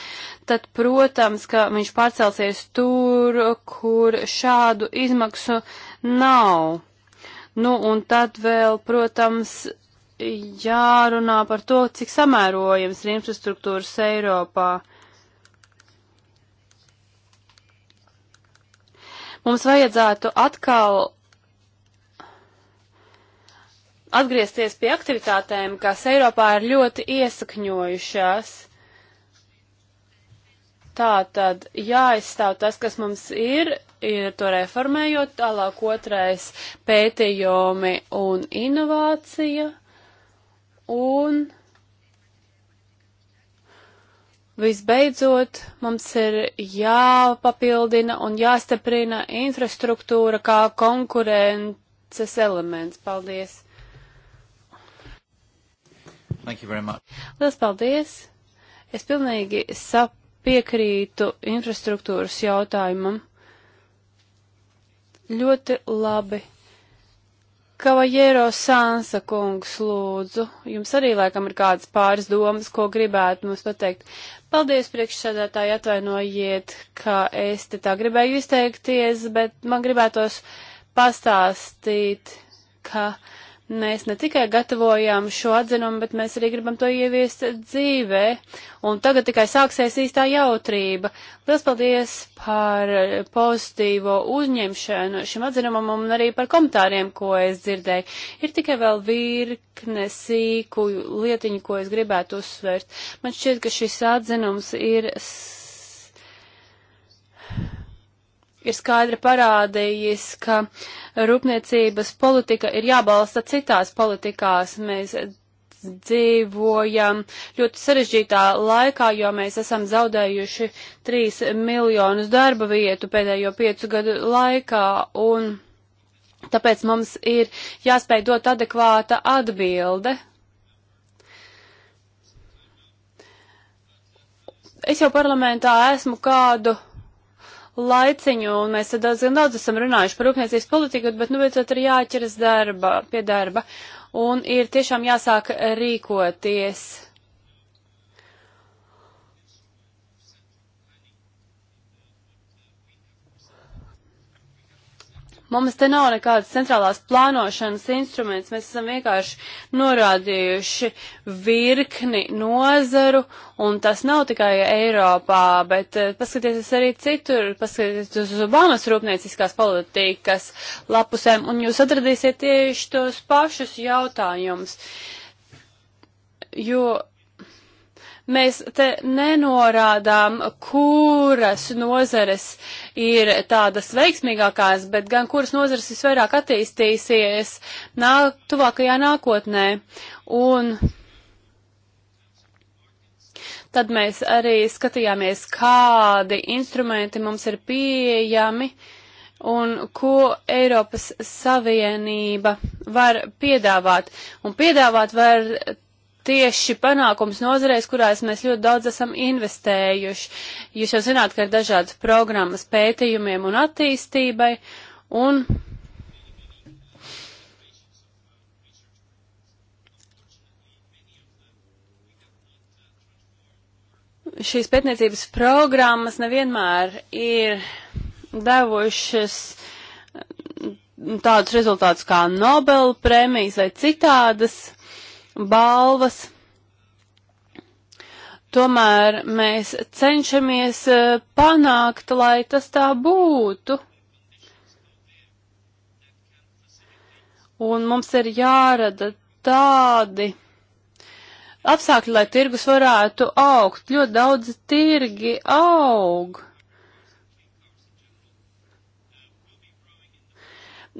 tad, protams, ka viņš pārcelsies tur, kur šādu izmaksu nav. Nu, un tad vēl, protams, jārunā par to, cik samērojams ir infrastruktūras Eiropā. Mums vajadzētu atkal atgriezties pie aktivitātēm, kas Eiropā ir ļoti iesakņojušās. Tā tad jāizstāv tas, kas mums ir, ir to reformējot, tālāk otrais pētījumi un inovācija. Un Visbeidzot, mums ir jāpapildina un jāstiprina infrastruktūra kā konkurences elements. Paldies! Lielas paldies! Es pilnīgi piekrītu infrastruktūras jautājumam. Ļoti labi Kavajero Sansa kungs, lūdzu, jums arī laikam ir kādas pāris domas, ko gribētu mums pateikt. Paldies, priekšsēdētāji, atvainojiet, ka es te tā gribēju izteikties, bet man gribētos pastāstīt, ka uh, Mēs ne tikai gatavojām šo atzinumu, bet mēs arī gribam to ieviest dzīvē. Un tagad tikai sāksies īstā jautrība. Lielas paldies par pozitīvo uzņemšanu šim atzinumam un arī par komentāriem, ko es dzirdēju. Ir tikai vēl virkne sīku lietiņu, ko es gribētu uzsvērt. Man šķiet, ka šis atzinums ir ir skaidri parādījis, ka rūpniecības politika ir jābalsta citās politikās. Mēs dzīvojam ļoti sarežģītā laikā, jo mēs esam zaudējuši 3 miljonus darba vietu pēdējo piecu gadu laikā, un tāpēc mums ir jāspēj dot adekvāta atbilde. Es jau parlamentā esmu kādu laiciņu, un mēs diezgan daudz esam runājuši par rūpniecības politiku, bet nu beidzot ir jāķeras darba, pie darba, un ir tiešām jāsāk rīkoties. Mums te nav nekādas centrālās plānošanas instruments, mēs esam vienkārši norādījuši virkni nozaru, un tas nav tikai Eiropā, bet eh, paskatieties arī citur, paskatieties uz Obamas rūpnieciskās politikas lapusēm, un jūs atradīsiet tieši tos pašus jautājumus. Jo Mēs te nenorādām, kuras nozeres ir tādas veiksmīgākās, bet gan kuras nozeres visvairāk attīstīsies nāk, tuvākajā nākotnē. Un tad mēs arī skatījāmies, kādi instrumenti mums ir pieejami un ko Eiropas Savienība var piedāvāt. Un piedāvāt var tieši panākums nozareis, kurās mēs ļoti daudz esam investējuši. Jūs jau zināt, ka ir dažādas programmas pētījumiem un attīstībai, un šīs pētniecības programmas nevienmēr ir devušas mm, tādus rezultātus kā Nobel prēmijas vai citādas balvas. Tomēr mēs cenšamies e, panākt, lai tas tā būtu. Un mums ir jārada tādi apstākļi, lai tirgus varētu augt. Ļoti daudz tirgi aug.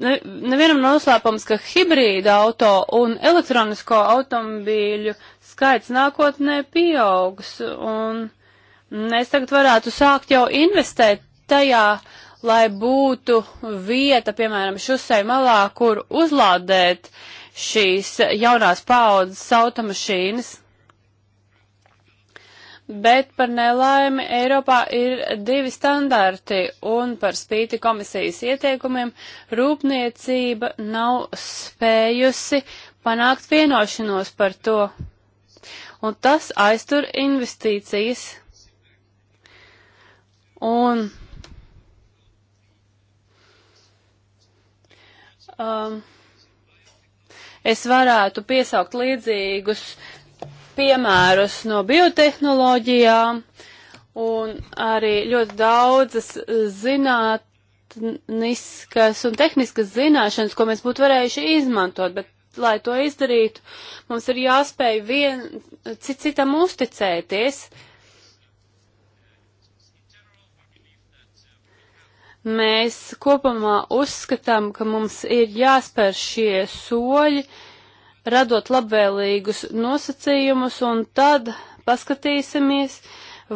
Ne, nevienam noslēpums, ka hibrīda auto un elektronisko automobīļu skaits nākotnē pieaugs, un mēs tagad varētu sākt jau investēt tajā, lai būtu vieta, piemēram, šusei malā, kur uzlādēt šīs jaunās paaudzes automašīnas, bet par nelaimi Eiropā ir divi standarti, un par spīti komisijas ieteikumiem rūpniecība nav spējusi panākt vienošanos par to. Un tas aiztur investīcijas. Un um, es varētu piesaukt līdzīgus uh, piemērus no biotehnoloģijām, un arī ļoti daudzas zinātniskas un tehniskas zināšanas, ko mēs būtu varējuši izmantot, bet, lai to izdarītu, mums ir jāspēj vien cit citam uzticēties. Mēs kopumā uzskatām, ka mums ir jāspēr šie soļi, uh, radot labvēlīgus nosacījumus, un tad paskatīsimies,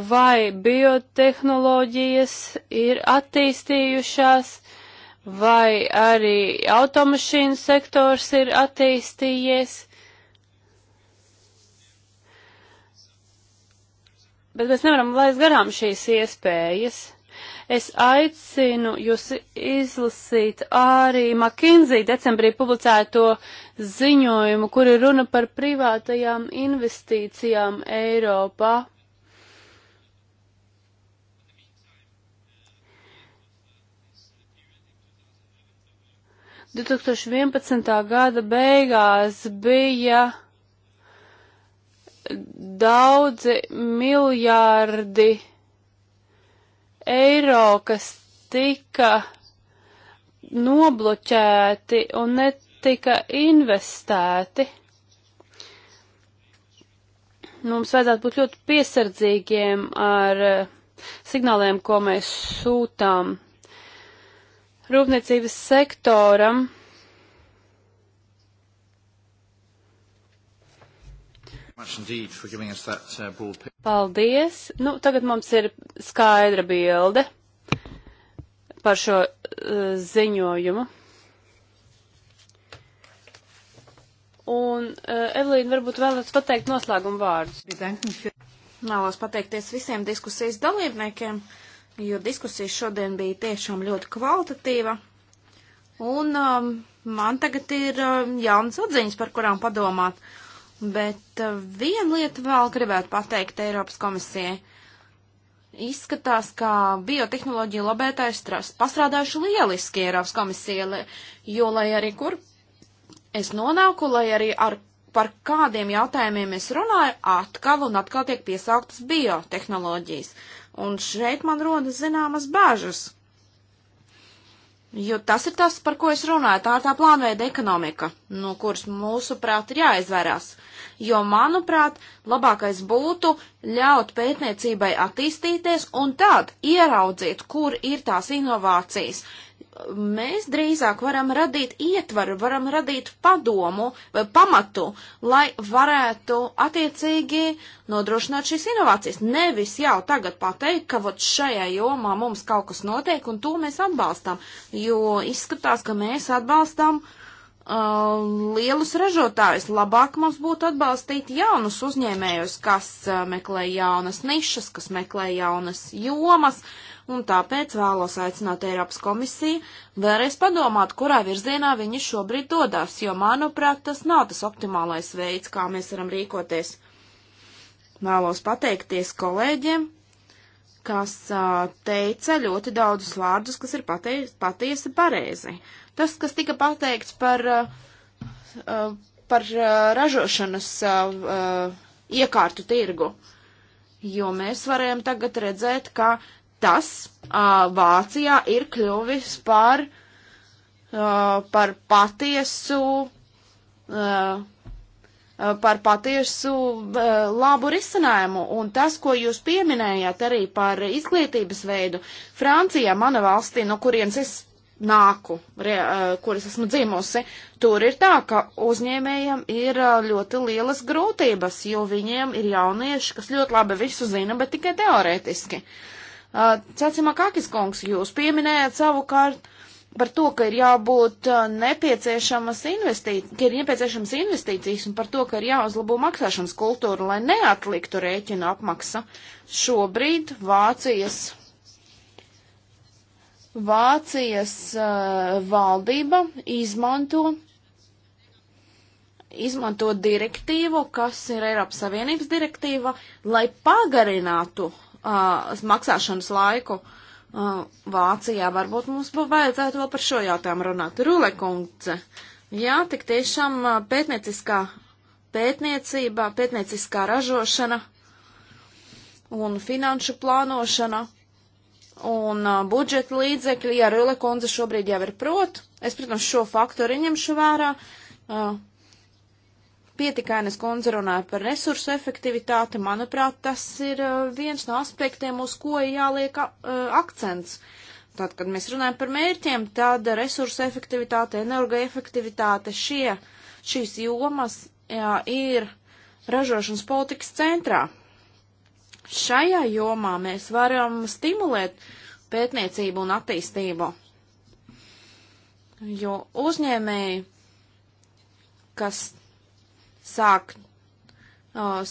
vai biotehnoloģijas ir attīstījušās, vai arī automašīnu sektors ir attīstījies. Bet mēs nevaram laist garām šīs iespējas. Es aicinu jūs izlasīt arī McKinsey decembrī publicēto ziņojumu, kur ir runa par privātajām investīcijām Eiropā. gada beigās bija daudzi miljārdi eiro, kas tika nobloķēti un netika investēti. Mums vajadzētu būt ļoti piesardzīgiem ar eh, signāliem, ko mēs sūtām rūpniecības sektoram Uh, Paldies! Nu, tagad mums ir skaidra bilde par šo uh, ziņojumu. Un, uh, Evelīna, varbūt vēlaties pateikt noslēgumu vārdus. Vēlos pateikties visiem diskusijas dalībniekiem, jo diskusijas šodien bija tiešām ļoti kvalitatīva. Un um, man tagad ir um, jaunas atziņas, par kurām padomāt. Uh, Bet eh, viena lieta vēl gribētu pateikt Eiropas komisijai. Izskatās, ka biotehnoloģija lobētāji pastrādājuši lieliski Eiropas komisija, jo lai arī kur es nonāku, lai arī ar par kādiem jautājumiem es runāju, atkal un atkal tiek piesauktas biotehnoloģijas. Un šeit man rodas zināmas bāžas. Jo tas ir tas, par ko es runāju, tā ir tā plānveida ekonomika, no kuras mūsuprāt ir jāizvērās jo, manuprāt, labākais būtu ļaut pētniecībai attīstīties un tad ieraudzīt, kur ir tās inovācijas. Mēs drīzāk varam radīt ietvaru, varam radīt padomu vai pamatu, lai varētu attiecīgi nodrošināt šīs inovācijas. Nevis jau tagad pateikt, ka vot šajā jomā mums kaut kas notiek un to mēs atbalstam, jo izskatās, ka mēs atbalstam uh, uh, lielus ražotājus. Labāk mums būtu atbalstīt jaunus uzņēmējus, kas uh, meklē jaunas nišas, kas meklē jaunas jomas, un tāpēc vēlos aicināt Eiropas komisiju vēlreiz padomāt, kurā virzienā viņi šobrīd dodas, jo, manuprāt, tas nav tas optimālais veids, kā mēs varam rīkoties. Vēlos pateikties kolēģiem, kas uh, teica ļoti daudzus vārdus, kas ir patei patiesi pareizi. Tas, kas tika pateikts par, uh, uh, par uh, ražošanas iekārtu tirgu, jo mēs varējām tagad redzēt, ka tas Vācijā ir kļuvis par, par patiesu par patiesu labu risinājumu. Un tas, ko jūs pieminējāt arī par izglītības veidu, Francijā, mana valstī, no kurienes es nāku, re, eh, kur es esmu dzimusi, tur ir tā, ka uzņēmējiem ir eh, ļoti lielas grūtības, jo viņiem ir jaunieši, kas ļoti labi visu zina, bet tikai teorētiski. Eh, Cecimā Kakis kungs, jūs pieminējat savukārt par to, ka ir jābūt nepieciešamas investīcijas, ka ir nepieciešamas investīcijas un par to, ka ir jāuzlabo maksāšanas kultūra, lai neatliktu rēķina apmaksa. Šobrīd Vācijas Vācijas uh, valdība izmanto, izmanto direktīvu, kas ir Eiropas Savienības direktīva, lai pagarinātu uh, maksāšanas laiku uh, Vācijā. Varbūt mums vajadzētu vēl par šo jautājumu runāt. Rulekungce, jā, tik tiešām uh, pētnieciskā pētniecība, pētnieciskā ražošana un finanšu plānošana un uh, budžeta līdzekļi, ja Rila kundze šobrīd jau ir prot, es, protams, šo faktoru ņemšu vērā. Uh, Pietikainas kundze runāja par resursu efektivitāti. Manuprāt, tas ir uh, viens no aspektiem, uz ko jāliek uh, akcents. Tad, kad mēs runājam par mērķiem, tad resursu efektivitāte, energoefektivitāte, šie, šīs jomas jā, ir ražošanas politikas centrā šajā jomā mēs varam stimulēt pētniecību un attīstību. Jo uzņēmēji, kas sāk,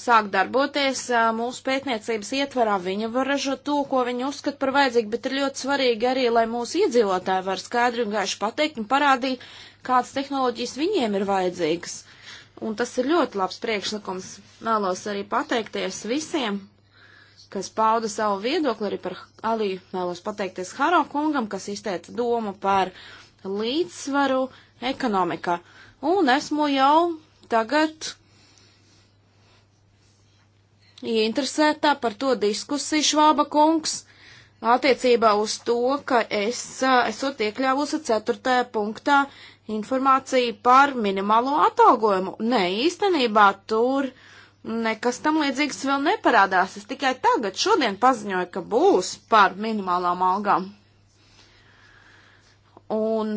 sāk darboties mūsu pētniecības ietvarā, viņi var ražot to, ko viņi uzskata par vajadzīgu, bet ir ļoti svarīgi arī, lai mūsu iedzīvotāji var skaidri un gaiši pateikt un parādīt, kādas tehnoloģijas viņiem ir vajadzīgas. Un tas ir ļoti labs priekšlikums. Vēlos arī pateikties visiem, kas pauda savu viedokli arī par Alī, vēlos pateikties Haro kungam, kas izteica domu par līdzsvaru ekonomikā. Un esmu jau tagad ieinteresētā par to diskusiju Švāba kungs attiecībā uz to, ka es esot iekļāvusi 4. punktā informāciju par minimālo atalgojumu. Nē, īstenībā tur Nekas tam līdzīgs vēl neparādās. Es tikai tagad, šodien paziņoju, ka būs par minimālām algām. Un,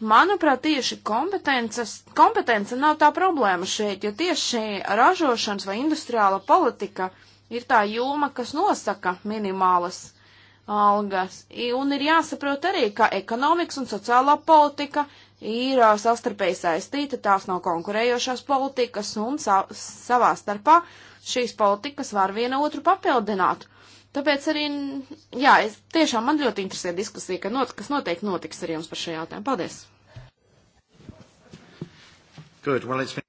manuprāt, tieši kompetence nav tā problēma šeit, jo tieši ražošanas vai industriāla politika ir tā joma, kas nosaka minimālas algas. Un ir jāsaprot arī, ka ekonomikas un sociālā politika ir savstarpēji saistīta, tās nav konkurējošās politikas, un sa savā starpā šīs politikas var viena otru papildināt. Tāpēc arī, jā, es tiešām man ļoti interesē diskusija, ka not, kas noteikti notiks ar jums par šo jautājumu. Paldies! Good. Well, it's been...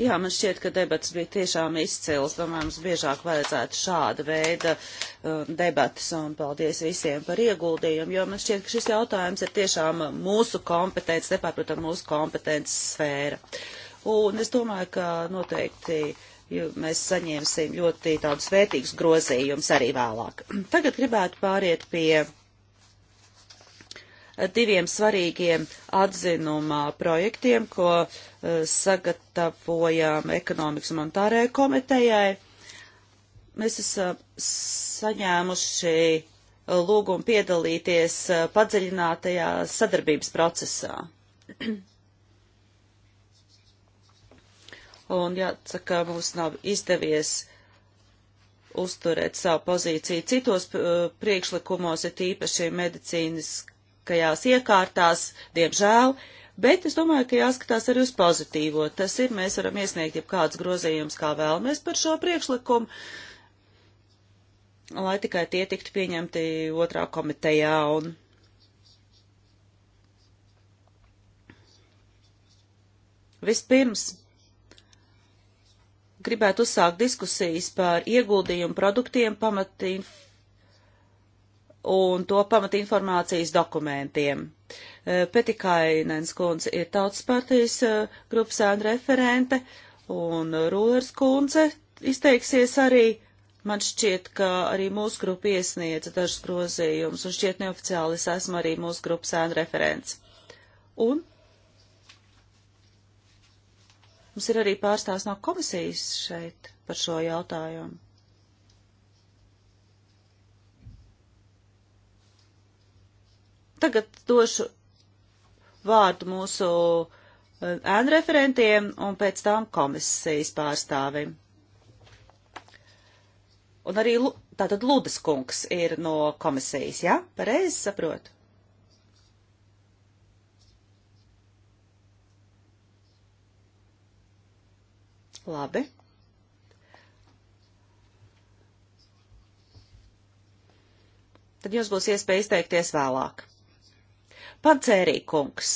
Jā, man šķiet, ka debats bija tiešām izcils. Domāju, mums biežāk vajadzētu šāda veida uh, debatas un paldies visiem par ieguldījumu, jo man šķiet, ka šis jautājums ir tiešām mūsu kompetences, nepārprotam mūsu kompetences sfēra. Un es domāju, ka noteikti mēs saņemsim ļoti tādus vērtīgus grozījumus arī vēlāk. Tagad gribētu pāriet pie diviem svarīgiem atzinumā projektiem, ko eh, sagatavojām ekonomikas un monetārajai komitejai. Mēs esam saņēmuši lūgumu piedalīties eh, padziļinātajā sadarbības procesā. Un jāsaka, mums nav izdevies uzturēt savu pozīciju citos eh, priekšlikumos, ir tīpaši medicīnas tehniskajās iekārtās, diemžēl, bet es domāju, ka jāskatās arī uz pozitīvo. Tas ir, mēs varam iesniegt jau kāds grozījums, kā vēlamies par šo priekšlikumu, lai tikai tie tiktu pieņemti otrā komitejā un. Vispirms gribētu uzsākt diskusijas par ieguldījumu produktiem pamat un to pamat informācijas dokumentiem. E, Petikainens kundze ir tautas partijas e, grupas ēna referente, un Rūlers kundze izteiksies arī. Man šķiet, ka arī mūsu grupa iesniedza dažus grozījumus, un šķiet neoficiāli es esmu arī mūsu grupas ēna referents. Un mums ir arī pārstāvs no komisijas šeit par šo jautājumu. Tagad došu vārdu mūsu eh, ēnu referentiem un pēc tām komisijas pārstāvim. Un arī tātad Ludas kungs ir no komisijas, jā? Ja? Pareizi saprotu? Labi. Tad jums būs iespēja izteikties vēlāk. Pancērīkungs,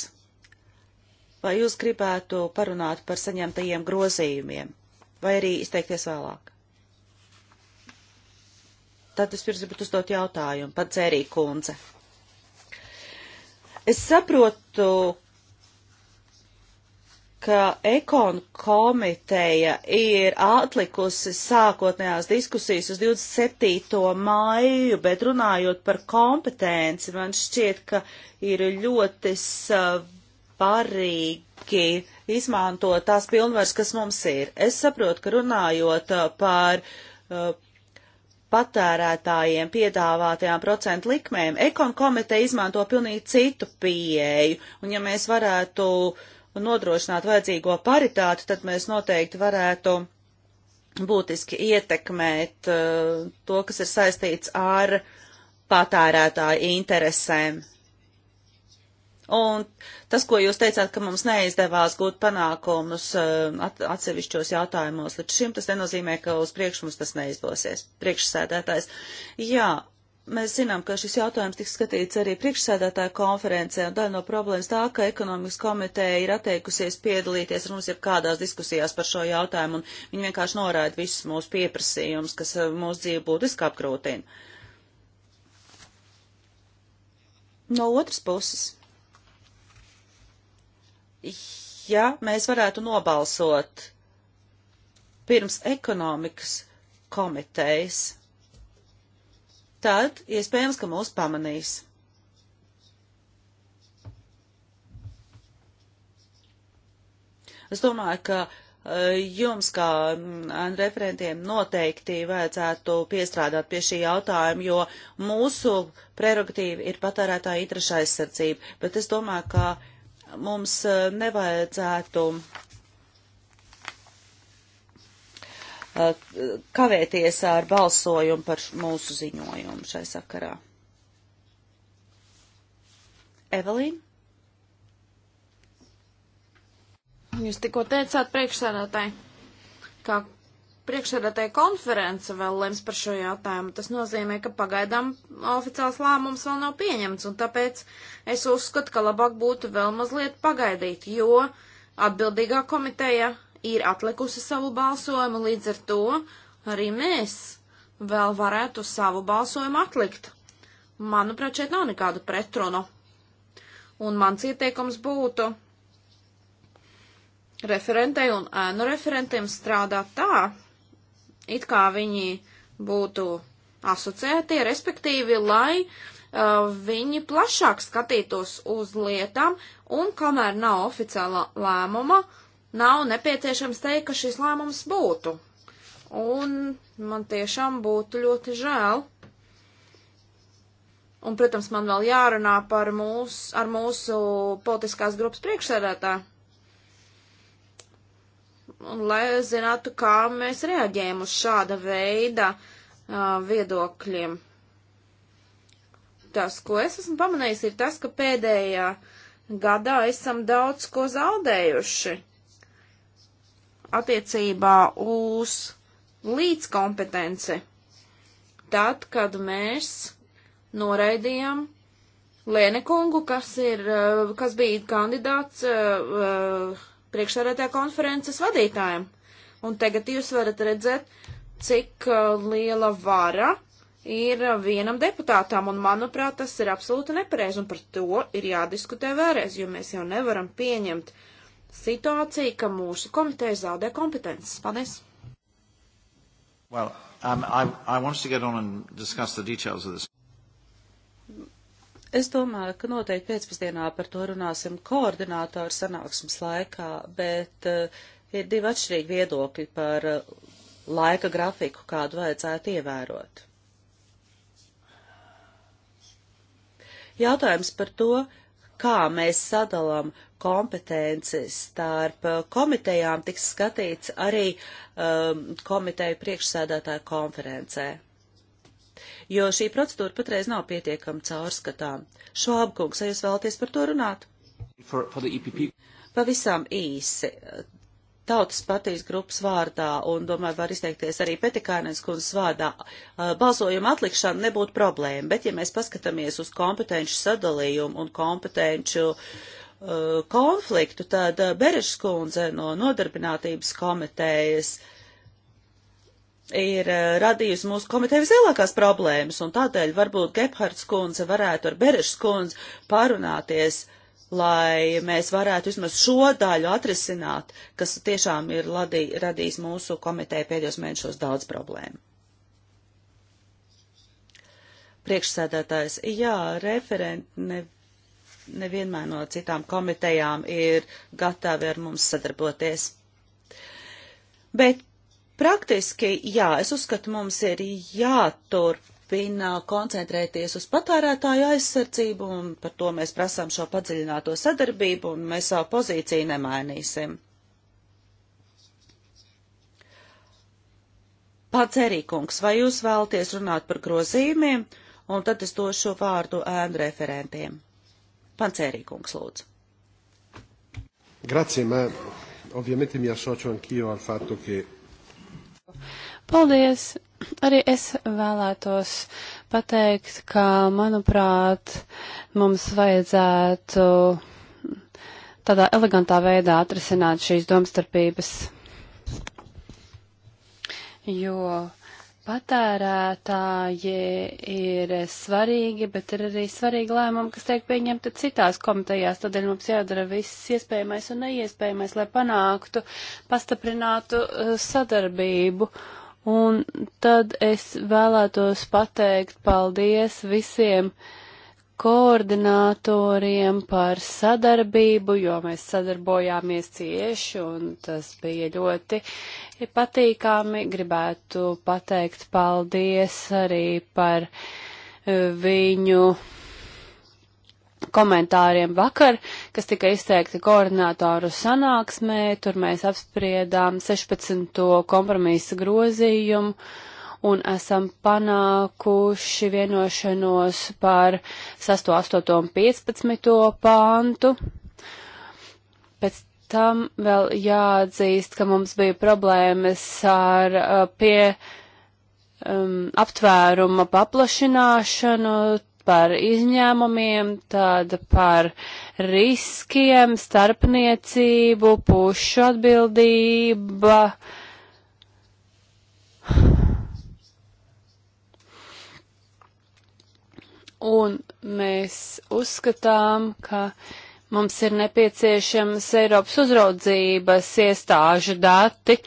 vai jūs gribētu parunāt par saņemtajiem grozījumiem, vai arī izteikties vēlāk? Tad es pirms gribu uzdot jautājumu, pancērīkundze. Es saprotu, ka Ekon komiteja ir atlikusi sākotnējās diskusijas uz 27. maiju, bet runājot par kompetenci, man šķiet, ka ir ļoti svarīgi izmantot tās pilnvaras, kas mums ir. Es saprotu, ka runājot uh, par uh, patērētājiem piedāvātajām procentu likmēm, Ekon komiteja izmanto pilnīgi citu pieeju, un ja mēs varētu uh, un nodrošināt vajadzīgo paritāti, tad mēs noteikti varētu būtiski ietekmēt uh, to, kas ir saistīts ar patērētāju interesēm. Un tas, ko jūs teicāt, ka mums neizdevās gūt panākumus uh, at atsevišķos jautājumos līdz šim, tas nenozīmē, ka uz priekšu mums tas neizdosies. Priekšsēdētājs. Jā, Mēs zinām, ka šis jautājums tiks skatīts arī priekšsēdētāja konferencē, un daļa no problēmas tā, ka ekonomikas komiteja ir atteikusies piedalīties ar mums jau kādās diskusijās par šo jautājumu, un viņi vienkārši norāda visus mūsu pieprasījumus, kas eh, mūsu dzīvi būtiski apgrūtina. No otras puses, ja mēs varētu nobalsot pirms ekonomikas komitejas, tad iespējams, ka mūs pamanīs. Es domāju, ka eh, jums, kā mm, referentiem, noteikti vajadzētu piestrādāt pie šī jautājuma, jo mūsu prerogatīva ir patērētāja interešu aizsardzība, bet es domāju, ka mums eh, nevajadzētu Uh, kavēties ar balsojumu par mūsu ziņojumu šai sakarā. Evelīna? Jūs tikko teicāt priekšsēdētāji, ka priekšsēdētāja konference vēl lems par šo jautājumu. Tas nozīmē, ka pagaidām oficiāls lēmums vēl nav pieņemts, un tāpēc es uzskatu, ka labāk būtu vēl mazliet pagaidīt, jo atbildīgā komiteja ir atlikusi savu balsojumu, līdz ar to arī mēs vēl varētu savu balsojumu atlikt. Manuprāt, šeit nav nekādu pretrunu. Un mans ieteikums būtu referentei un ēnu referentiem strādāt tā, it kā viņi būtu asociētie, respektīvi, lai uh, viņi plašāk skatītos uz lietām, un kamēr nav oficiāla lēmuma, uh, nav nepieciešams teikt, ka šis lēmums būtu. Un man tiešām būtu ļoti žēl. Un, protams, man vēl jārunā par mūs, ar mūsu politiskās grupas priekšsēdētāju. Un, lai zinātu, kā mēs reaģējam uz šāda veida uh, viedokļiem. Tas, ko es esmu pamanījis, ir tas, ka pēdējā gadā esam daudz ko zaudējuši attiecībā uz līdzkompetenci. Tad, kad mēs noraidījām Lēnekungu, kas, ir, eh, kas bija kandidāts eh, priekšsēdētāja konferences vadītājiem. Un tagad jūs varat redzēt, cik eh, liela vara ir vienam deputātam, un manuprāt, tas ir absolūti nepareizi, un par to ir jādiskutē vēlreiz, jo mēs jau nevaram pieņemt uh, situācija, ka mūsu komiteja zaudē kompetences. Paldies! Well, um, I, I want to get on and discuss the details of this. Es domāju, ka noteikti pēcpusdienā par to runāsim koordinātoru sanāksmes laikā, bet uh, ir divi atšķirīgi viedokļi par uh, laika grafiku, kādu vajadzētu ievērot. Jautājums par to, uh, kā mēs sadalām kompetenci starp uh, komitejām, tiks skatīts arī um, komiteju priekšsēdētāju konferencē. Jo šī procedūra patreiz nav pietiekama caurskatām. Švābkungs, vai jūs vēlaties par to runāt? For, for e Pavisam īsi tautas patīs grupas vārdā un, domāju, var izteikties arī Petikānens kundzes vārdā. Uh, balsojuma atlikšana nebūtu problēma, bet ja mēs paskatāmies uz kompetenci sadalījumu un kompetenci uh, konfliktu, tad uh, Berešs kundze no nodarbinātības komitejas ir uh, radījusi mūsu komiteja vislielākās problēmas, un tādēļ varbūt Gebhards kundze varētu ar Berešs kundzi pārunāties uh, lai mēs varētu vismaz šo daļu atrisināt, kas tiešām ir ladī, radījis mūsu komiteja pēdējos mēnešos daudz problēmu. Priekšsēdētājs, jā, referenti ne, nevienmēr no citām komitejām ir gatavi ar mums sadarboties. Bet praktiski, jā, es uzskatu, mums ir jāturp turpina koncentrēties uz patērētāju aizsardzību, un par to mēs prasām šo padziļināto sadarbību, un mēs savu pozīciju nemainīsim. Pats Erīkungs, vai jūs vēlaties runāt par grozījumiem, un tad es došu vārdu ēnu referentiem. Pants Erīkungs, lūdzu. Grazie, ma ovviamente mi associo anch'io al fatto che. Ki... Paldies! Arī es vēlētos pateikt, ka, manuprāt, mums vajadzētu tādā elegantā veidā atrisināt šīs domstarpības, jo patērētāji ir svarīgi, bet ir arī svarīgi lēmumi, kas tiek pieņemti citās komitejās. Tādēļ mums jādara viss iespējamais un neiespējamais, lai panāktu, pastaprinātu uh, sadarbību Un tad es vēlētos pateikt paldies visiem koordinatoriem par sadarbību, jo mēs sadarbojāmies cieši un tas bija ļoti patīkami. Gribētu pateikt paldies arī par eh, viņu komentāriem vakar, kas tika izteikti koordinātoru sanāksmē. Tur mēs apspriedām 16. kompromisa grozījumu un esam panākuši vienošanos par 6, 8 un 15 pāntu. Pēc tam vēl jāatzīst, ka mums bija problēmas ar uh, pie um, aptvēruma paplašināšanu par izņēmumiem, tad par riskiem, starpniecību, pušu atbildība. Un mēs uzskatām, ka mums ir nepieciešams Eiropas uzraudzības iestāžu dati.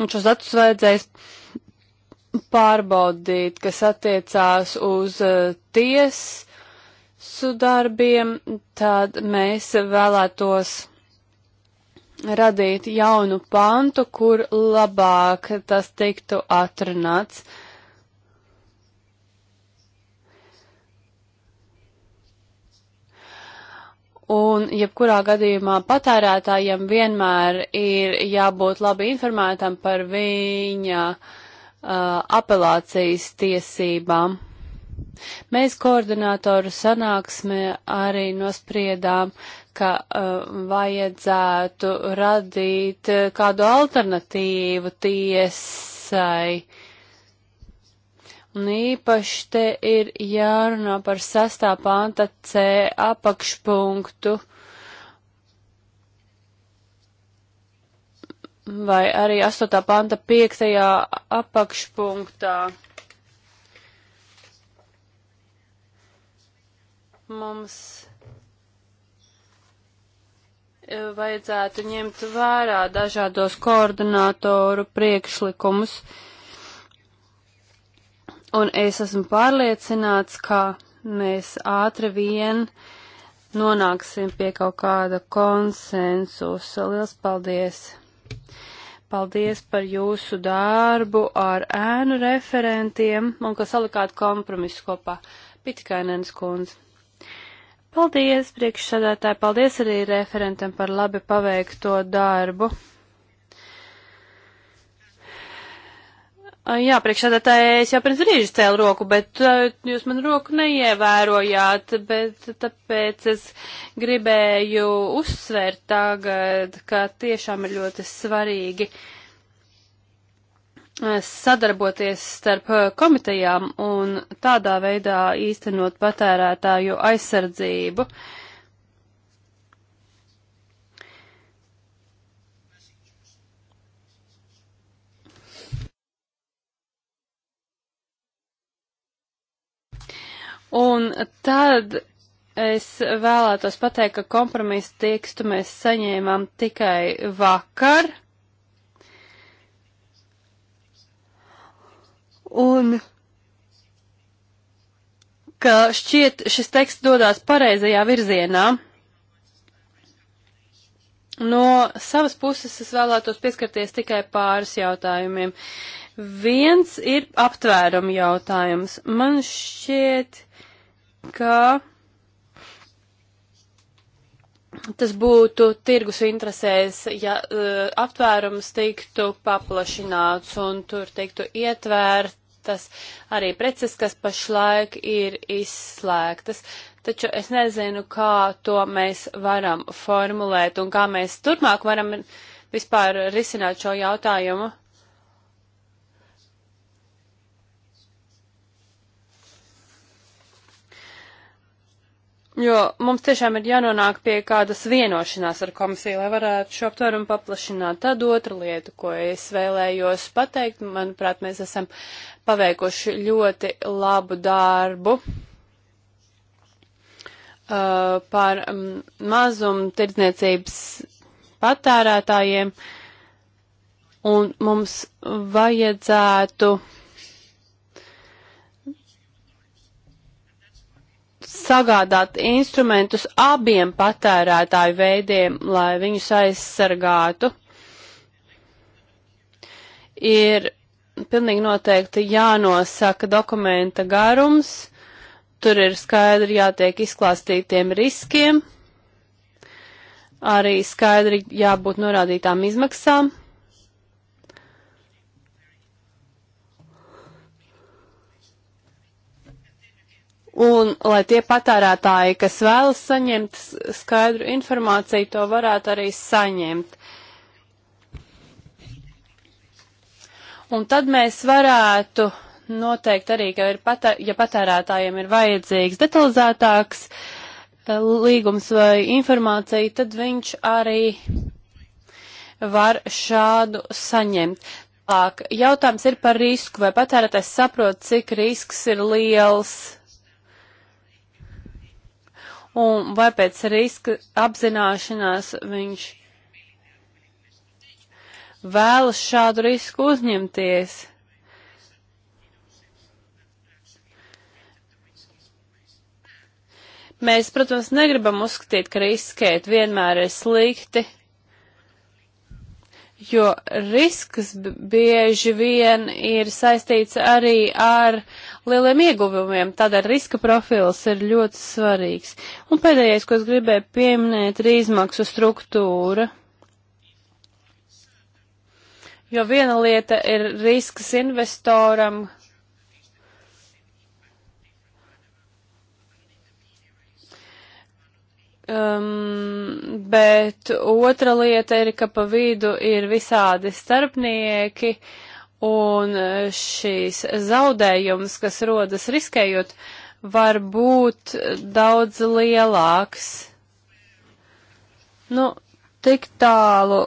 Un šos datus vajadzēs pārbaudīt, kas attiecās uz eh, tiesu darbiem, tad mēs vēlētos radīt jaunu pantu, kur labāk tas tiktu atrunāts. Un, jebkurā gadījumā, patērētājiem vienmēr ir jābūt labi informētam par viņa uh, Uh, apelācijas tiesībām. Mēs koordinātoru sanāksmē arī nospriedām, ka uh, vajadzētu radīt uh, kādu alternatīvu tiesai. Un īpaši te ir jārunā par sastā panta C apakšpunktu. Uh, vai arī 8. panta 5. apakšpunktā. Mums e, vajadzētu ņemt vērā dažādos koordinātoru priekšlikumus. Un es esmu pārliecināts, ka mēs ātri vien nonāksim pie kaut kāda konsensusa. Liels paldies! Paldies par jūsu darbu ar ēnu referentiem un ka salikāt kompromisu kopā. Pitkainens kundze. Paldies, priekšsādātāji, paldies arī referentam par labi paveikto darbu. Jā, priekšsēdētāji, es jau pirms brīža cēlu roku, bet jūs man roku neievērojāt, bet tāpēc es gribēju uzsvērt tagad, ka tiešām ir ļoti svarīgi sadarboties starp komitejām un tādā veidā īstenot patērētāju aizsardzību. Uh, Un tad es vēlētos pateikt, ka kompromisu tekstu mēs saņēmām tikai vakar. Un ka šķiet šis teksts dodās pareizajā virzienā. No savas puses es vēlētos pieskarties tikai pāris jautājumiem. Uh, Viens ir aptvērumu jautājums. Man šķiet, ka tas būtu tirgus interesēs, ja uh, aptvērums tiktu paplašināts un tur tiktu ietvērtas arī preces, kas pašlaik ir izslēgtas. Taču es nezinu, kā to mēs varam formulēt un kā mēs turpmāk varam vispār risināt šo jautājumu. jo mums tiešām ir jānonāk pie kādas vienošanās ar komisiju, lai varētu šo aptvērumu paplašināt. Tad otra lieta, ko es vēlējos pateikt, manuprāt, mēs esam paveikuši ļoti labu darbu uh, par um, mm, mazumu tirdzniecības patērētājiem, un mums vajadzētu sagādāt instrumentus abiem patērētāju veidiem, lai viņus aizsargātu, ir pilnīgi noteikti jānosaka dokumenta garums, tur ir skaidri jātiek izklāstītiem riskiem, arī skaidri jābūt norādītām izmaksām. Un, lai tie patērētāji, kas vēlas saņemt skaidru informāciju, to varētu arī saņemt. Un tad mēs varētu noteikt arī, ka ir patē, ja patērētājiem ir vajadzīgs detalizētāks eh, līgums vai informācija, tad viņš arī var šādu saņemt. Lāk, jautājums ir par risku, vai patērētājs saprot, cik risks ir liels un vai pēc riska apzināšanās viņš vēlas šādu risku uzņemties. Mēs, protams, negribam uzskatīt, ka riskēt vienmēr ir slikti, jo risks bieži vien ir saistīts arī ar lieliem ieguvumiem, tādēļ riska profils ir ļoti svarīgs. Un pēdējais, ko es gribēju pieminēt, ir izmaksu struktūra. Jo viena lieta ir risks investoram, Um, bet otra lieta ir, ka pa vidu ir visādi starpnieki un šīs zaudējums, kas rodas riskējot, var būt daudz lielāks. Nu, tik tālu.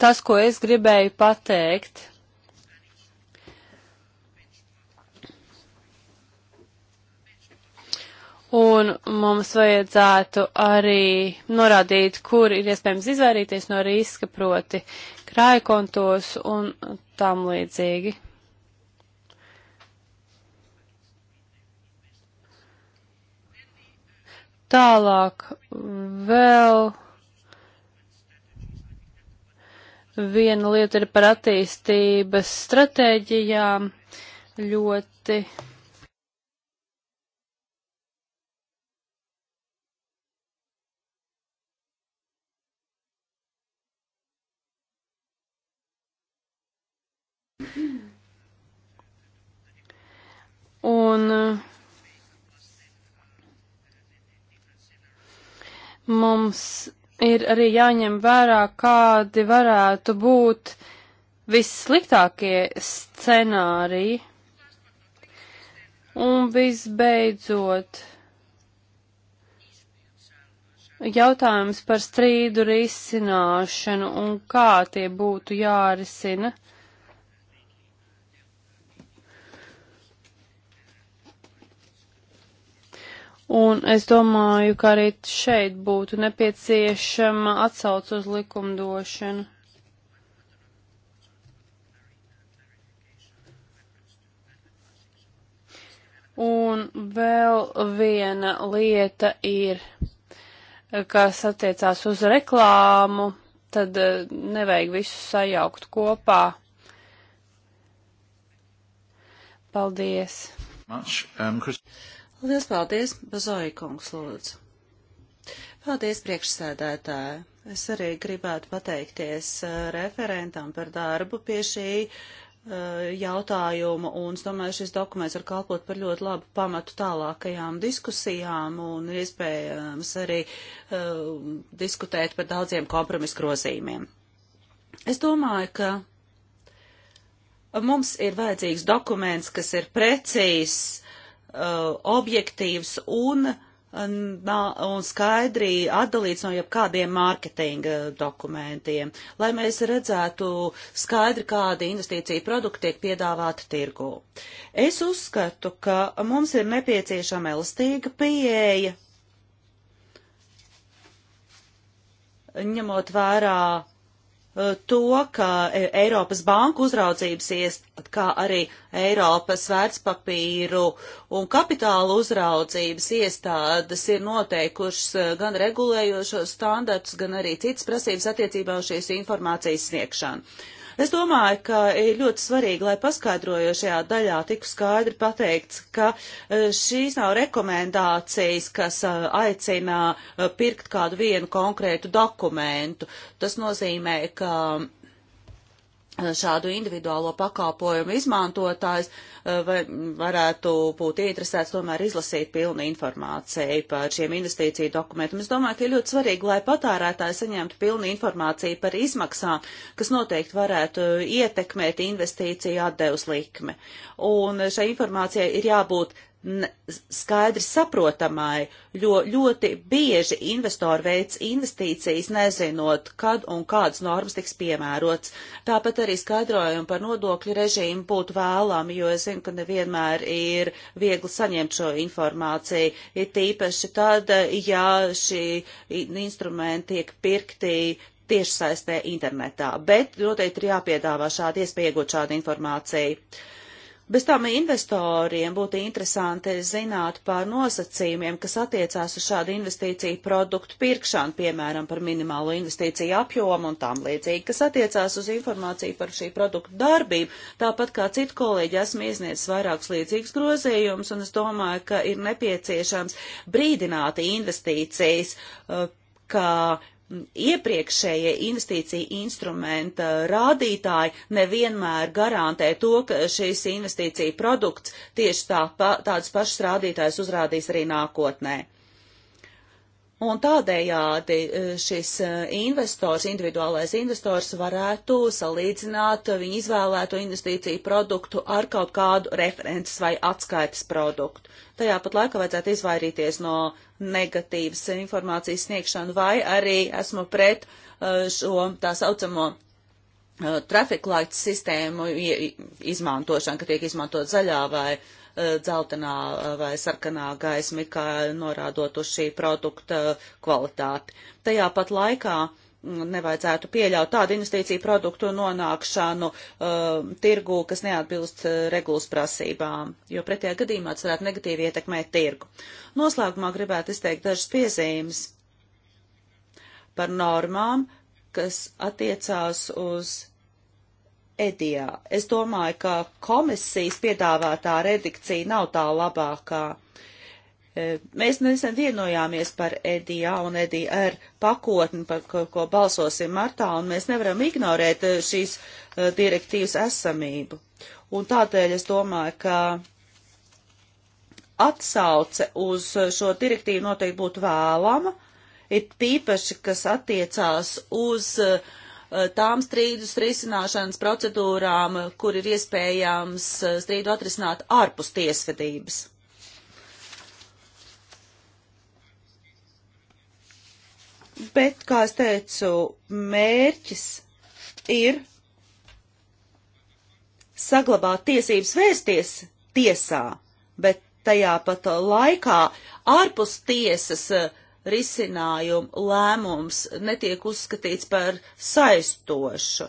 Tas, ko es gribēju pateikt. Un mums vajadzētu arī norādīt, kur ir iespējams izvairīties no riska, proti krājkontos un tam līdzīgi. Tālāk vēl viena lieta ir par attīstības stratēģijām ļoti Un uh, mums ir arī jāņem vērā, kādi varētu būt vissliktākie scenāriji. Un visbeidzot, jautājums par strīdu risināšanu un kā tie būtu jārisina. Un es domāju, ka arī šeit būtu nepieciešama atsauc uz likumdošanu. Un vēl viena lieta ir, kas attiecās uz reklāmu, tad eh, nevajag visu sajaukt kopā. Paldies! Much, um, Chris... Lielas paldies, Bazoja kungs, lūdzu. Paldies, priekšsēdētāji. Es arī gribētu pateikties uh, referentam par darbu pie šī uh, jautājumu, un es domāju, šis dokuments var kalpot par ļoti labu pamatu tālākajām diskusijām un iespējams arī uh, diskutēt par daudziem kompromisu grozījumiem. Es domāju, ka mums ir vajadzīgs dokuments, kas ir precīzs, uh, objektīvs un, uh, nā, un skaidri atdalīts no jebkādiem mārketinga dokumentiem, lai mēs redzētu skaidri, kādi investīcija produkti tiek piedāvāti tirgū. Es uzskatu, ka mums ir nepieciešama elastīga pieeja, ņemot vērā to, ka e- Eiropas banku uzraudzības iestāde, kā arī Eiropas vērtspapīru un kapitāla uzraudzības iestādes ir noteikušas eh, gan regulējošos standartus, gan arī citas prasības attiecībā uz šīs informācijas sniegšanu. Es domāju, ka ir ļoti svarīgi, lai paskaidrojošajā daļā tiku skaidri pateikts, ka e, šīs nav rekomendācijas, kas e, aicina e, pirkt kādu vienu konkrētu dokumentu. Tas nozīmē, ka šādu individuālo pakalpojumu izmantotājs e, varētu būt interesēts tomēr izlasīt pilnu informāciju par šiem investīciju dokumentiem. Es domāju, ka ir ļoti svarīgi, lai patērētāji saņemtu pilnu informāciju par izmaksām, kas noteikti varētu ietekmēt investīciju atdevus likme. Un šai informācijai ir jābūt skaidri saprotamai, jo ļoti bieži investori veic investīcijas, nezinot, kad un kādas normas tiks piemērots. Tāpat arī skaidrojumi par nodokļu režīmu būtu vēlami, jo es zinu, ka nevienmēr ir viegli saņemt šo informāciju, ir tīpaši tad, ja šī instrumenti tiek pirkti tiešsaistē internetā, bet noteikti ir jāpiedāvā šādi iespēja iegūt šādu informāciju. Bez tām investoriem būtu interesanti zināt par nosacījumiem, kas attiecās uz šādu investīciju produktu pirkšanu, piemēram, par minimālo investīciju apjomu un tam līdzīgi, kas attiecās uz informāciju par šī produktu darbību. Tāpat kā citu kolēģi esmu iesniedzis vairākus līdzīgus grozījumus, un es domāju, ka ir nepieciešams brīdināti investīcijas, uh, kā iepriekšējie investīcija instrumenta rādītāji nevienmēr garantē to, ka šīs investīcija produkts tieši tā, pa, tādus pašus rādītājus uzrādīs arī nākotnē. Un tādējādi e, šis e, investors, individuālais investors varētu salīdzināt viņu izvēlēto investīciju produktu ar kaut kādu references vai atskaites produktu. Tajā pat laikā vajadzētu izvairīties no negatīvas informācijas sniegšanu vai arī esmu pret e, šo tā saucamo traffic light sistēmu izmantošanu, ka tiek izmantot zaļā vai uh, E, dzeltenā e, vai sarkanā gaisma, kā norādot uz šī produkta kvalitāti. Tajā pat laikā mm, nevajadzētu pieļaut tādu investīciju produktu nonākšanu uh, e, tirgu, kas neatbilst uh, regulas prasībām, jo pretējā gadījumā tas varētu negatīvi ietekmēt tirgu. Noslēgumā gribētu izteikt dažas piezīmes par normām, kas attiecās uz Edijā. Es domāju, ka komisijas piedāvātā redakcija nav tā labākā. E, mēs nesen vienojāmies par EDIA un EDR pakotni, par ko, ko balsosim martā, un mēs nevaram ignorēt e, šīs e, direktīvas esamību. Un tādēļ es domāju, ka atsauce uz šo direktīvu noteikti būtu vēlama, ir tīpaši, kas attiecās uz uh, Eh, tām strīdus risināšanas procedūrām, eh, kur ir iespējams eh, strīdu atrisināt ārpus tiesvedības. Bet, kā es teicu, mērķis ir saglabāt tiesības vērsties tiesā, bet tajā pat laikā ārpus tiesas uh, risinājumu lēmums netiek uzskatīts par saistošu,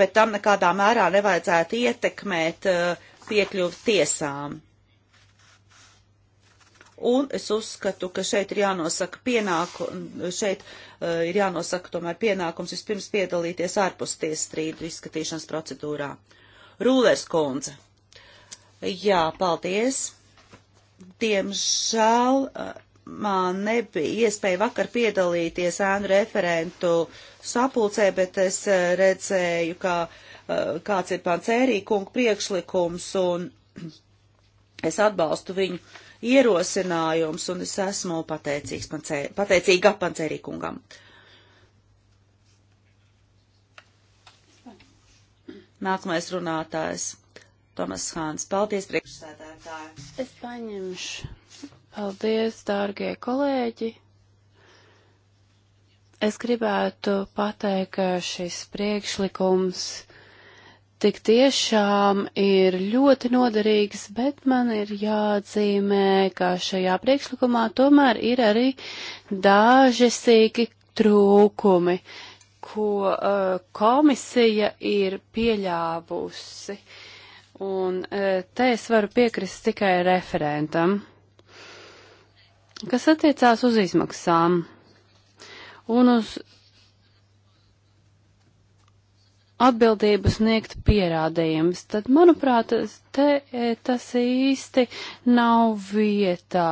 bet tam nekādā mērā nevajadzētu ietekmēt eh, piekļuvu tiesām. Un es uzskatu, ka šeit ir jānosaka pienāku, šeit uh, ir jānosaka tomēr pienākums vispirms piedalīties ārpus tiesas strīdu izskatīšanas procedūrā. Rūlers kundze. Jā, paldies. Diemžēl uh, man nebija iespēja vakar piedalīties ēnu referentu sapulcē, bet es eh, redzēju, kā, eh, kāds ir pants ērīkunga priekšlikums, un es atbalstu viņu ierosinājums, un es esmu pateicīgs, pancē, pateicīga pants ērīkungam. Nākamais runātājs. Tomas Hāns. Paldies, priekšsēdētāji. Es paņemšu Paldies, dārgie kolēģi! Es gribētu pateikt, ka šis priekšlikums tik tiešām ir ļoti noderīgs, bet man ir jāatzīmē, ka šajā priekšlikumā tomēr ir arī daži sīki trūkumi, ko uh, komisija ir pieļāvusi. Un uh, te es varu piekrist tikai referentam kas attiecās uz izmaksām un uz atbildību sniegt pierādījumus, tad, manuprāt, te, e, tas īsti nav vietā.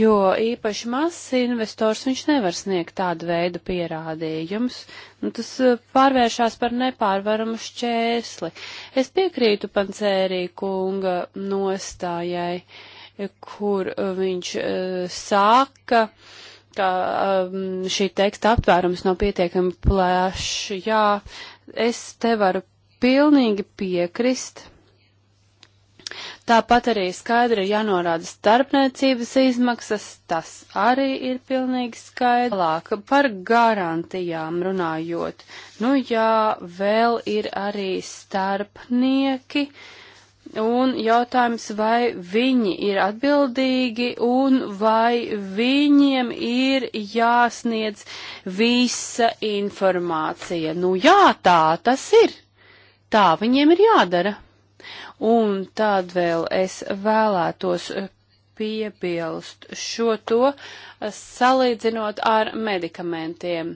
Jo īpaši mazs investors viņš nevar sniegt tādu veidu pierādījumus, un nu, tas e, pārvēršās par nepārvaramu šķērsli. Es piekrītu pancērī kunga nostājai. Uh, kur uh, viņš uh, saka, ka um, šī teksta aptvērums nav pietiekami plēšs. Jā, es te varu pilnīgi piekrist. Tāpat arī skaidri ir jānorāda starpniecības izmaksas, tas arī ir pilnīgi skaidrs. Tālāk par garantijām runājot, nu jā, vēl ir arī starpnieki, uh, un jautājums, vai viņi ir atbildīgi un vai viņiem ir jāsniedz visa informācija. Nu jā, tā tas ir. Tā viņiem ir jādara. Un tad vēl es vēlētos piebilst šo to, salīdzinot ar medikamentiem.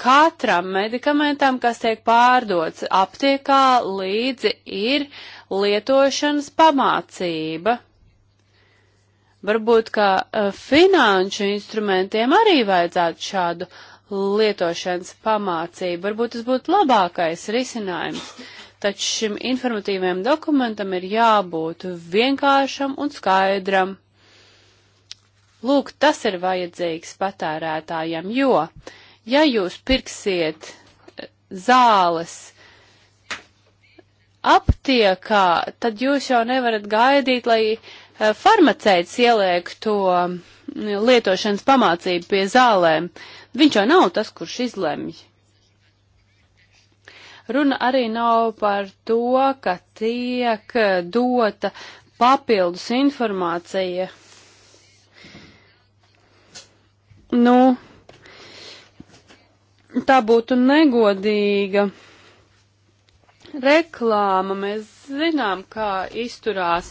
katram medikamentam, kas tiek pārdots aptiekā, līdzi ir lietošanas pamācība. Varbūt, ka eh, finanšu instrumentiem arī vajadzētu šādu lietošanas pamācību. Varbūt tas būtu labākais risinājums. Taču šim informatīvajam dokumentam ir jābūt vienkāršam un skaidram. Lūk, tas ir vajadzīgs patērētājiem, jo uh, Ja jūs pirksiet eh, zāles aptiekā, tad jūs jau nevarat gaidīt, lai eh, farmaceits ieliek to mm, lietošanas pamācību pie zālēm. Viņš jau nav tas, kurš izlemj. Runa arī nav par to, ka tiek eh, dota papildus informācija. Nu, tā būtu negodīga reklāma. Mēs zinām, kā izturās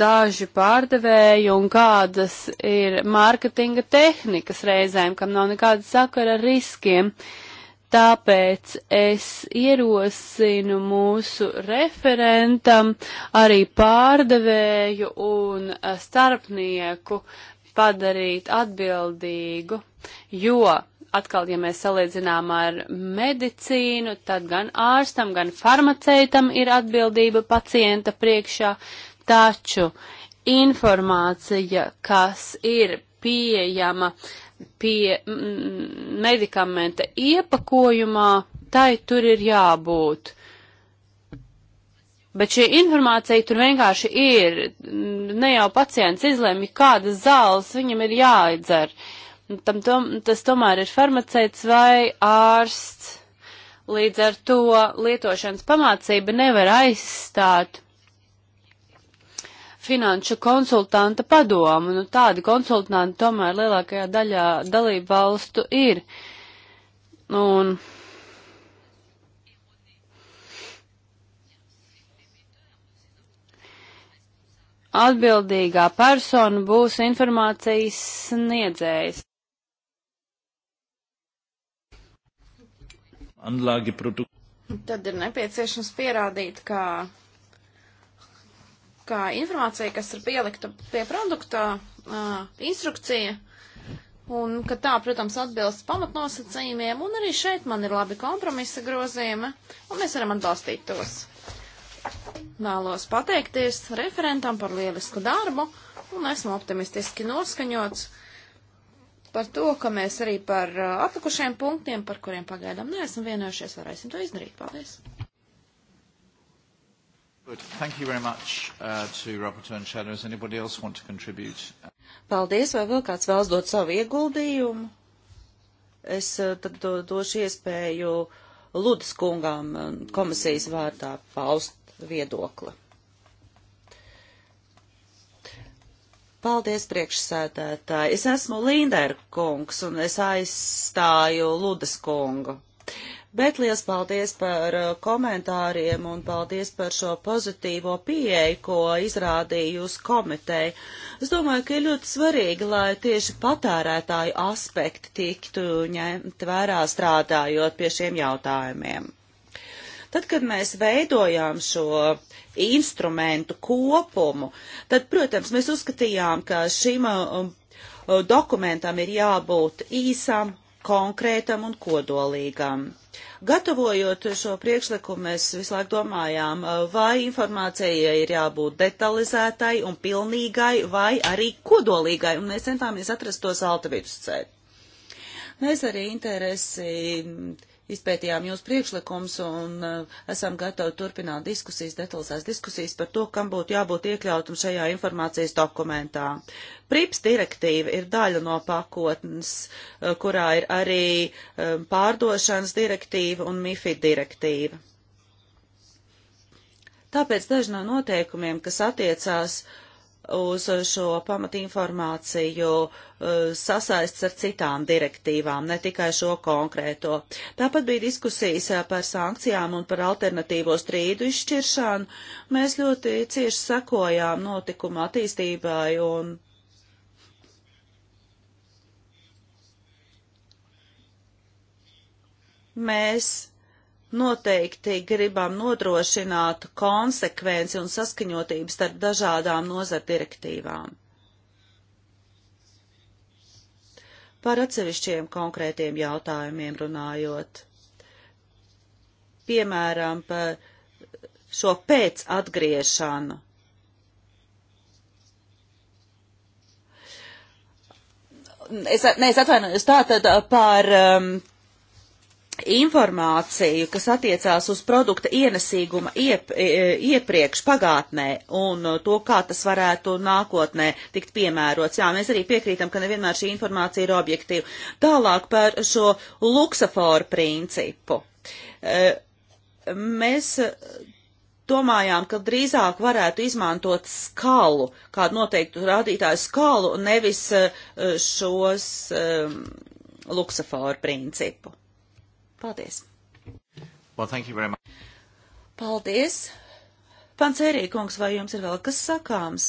daži pārdevēji un kādas ir mārketinga tehnikas reizēm, kam nav nekāda sakara ar riskiem. Tāpēc es ierosinu mūsu referentam arī pārdevēju un starpnieku padarīt atbildīgu, jo atkal, ja mēs salīdzinām ar medicīnu, tad gan ārstam, gan farmaceitam ir atbildība pacienta priekšā, taču informācija, kas ir pieejama pie medikamenta iepakojumā, tai tur ir jābūt. Bet šī informācija tur vienkārši ir. Ne jau pacients izlēma, kādas zāles viņam ir jāizdzer. Uh, Tam tom, tas tomēr ir farmaceits vai ārsts. Līdz ar to lietošanas pamācība nevar aizstāt finanšu konsultanta padomu. Nu, tādi konsultanti tomēr lielākajā daļā dalību valstu ir. Un atbildīgā persona būs informācijas sniedzējs. Anlāgeproduktu. Tad ir nepieciešams pierādīt, ka, ka informācija, kas ir pielikta pie produkta, uh, instrukcija, un ka tā, protams, atbilst pamatnosacījumiem, un arī šeit man ir labi kompromisa grozījumi, un mēs varam atbalstīt tos. Vēlos pateikties referentam par lielisku darbu, un esmu optimistiski noskaņots par to, ka mēs arī par uh, atlikušiem punktiem, par kuriem pagaidām neesam vienojušies, varēsim to izdarīt. Paldies! Much, uh, Paldies, vai vēl kāds vēlas dot savu ieguldījumu? Es uh, tad do, došu iespēju Ludas kungām um, komisijas vārdā paust viedokli. Paldies, priekšsēdētāji. Es esmu Līnder kungs un es aizstāju Ludas kungu. Bet liels paldies par uh, komentāriem un paldies par šo pozitīvo pieeju, ko izrādīja jūs komiteja. Es domāju, ka ir ļoti svarīgi, lai tieši patērētāju aspekti tiktu ņemt vērā strādājot pie šiem jautājumiem. Tad, kad mēs veidojām šo instrumentu kopumu, tad, protams, mēs uzskatījām, ka šim um, uh, dokumentam ir jābūt īsam, konkrētam un kodolīgam. Gatavojot šo priekšlikumu, mēs visu laiku domājām, uh, vai informācijai ir jābūt detalizētai un pilnīgai, vai arī kodolīgai, un mēs centāmies atrast tos altavītus ceļus. Mēs arī interesi izpētījām jūs priekšlikums un eh, esam gatavi turpināt diskusijas, detalizēs diskusijas par to, kam būtu jābūt iekļautam šajā informācijas dokumentā. Prips direktīva ir daļa no pakotnes, eh, kurā ir arī eh, pārdošanas direktīva un MIFI direktīva. Tāpēc daži no noteikumiem, kas attiecās uh, uz šo pamatinformāciju uh, sasaists ar citām direktīvām, ne tikai šo konkrēto. Tāpat bija diskusijas uh, par sankcijām un par alternatīvo strīdu izšķiršanu. Mēs ļoti cieši sekojām notikuma attīstībai un. Mēs noteikti gribam nodrošināt konsekvenci un saskaņotību starp dažādām nozar direktīvām. Par atsevišķiem konkrētiem jautājumiem runājot, piemēram, par šo pēc atgriešanu. Es, ne, es atvainojos tātad uh, par um, informāciju, kas attiecās uz produkta ienesīguma iep, e, iepriekš pagātnē un to, kā tas varētu nākotnē tikt piemērots. Jā, mēs arī piekrītam, ka nevienmēr šī informācija ir objektīva. Tālāk par šo luksaforu principu. E, mēs domājām, ka drīzāk varētu izmantot skalu, kādu noteiktu rādītāju skalu, nevis e, šos um, luksaforu principu. Paldies! Well, thank you very much. Paldies! Pants Ērīkungs, vai jums ir vēl kas sakāms?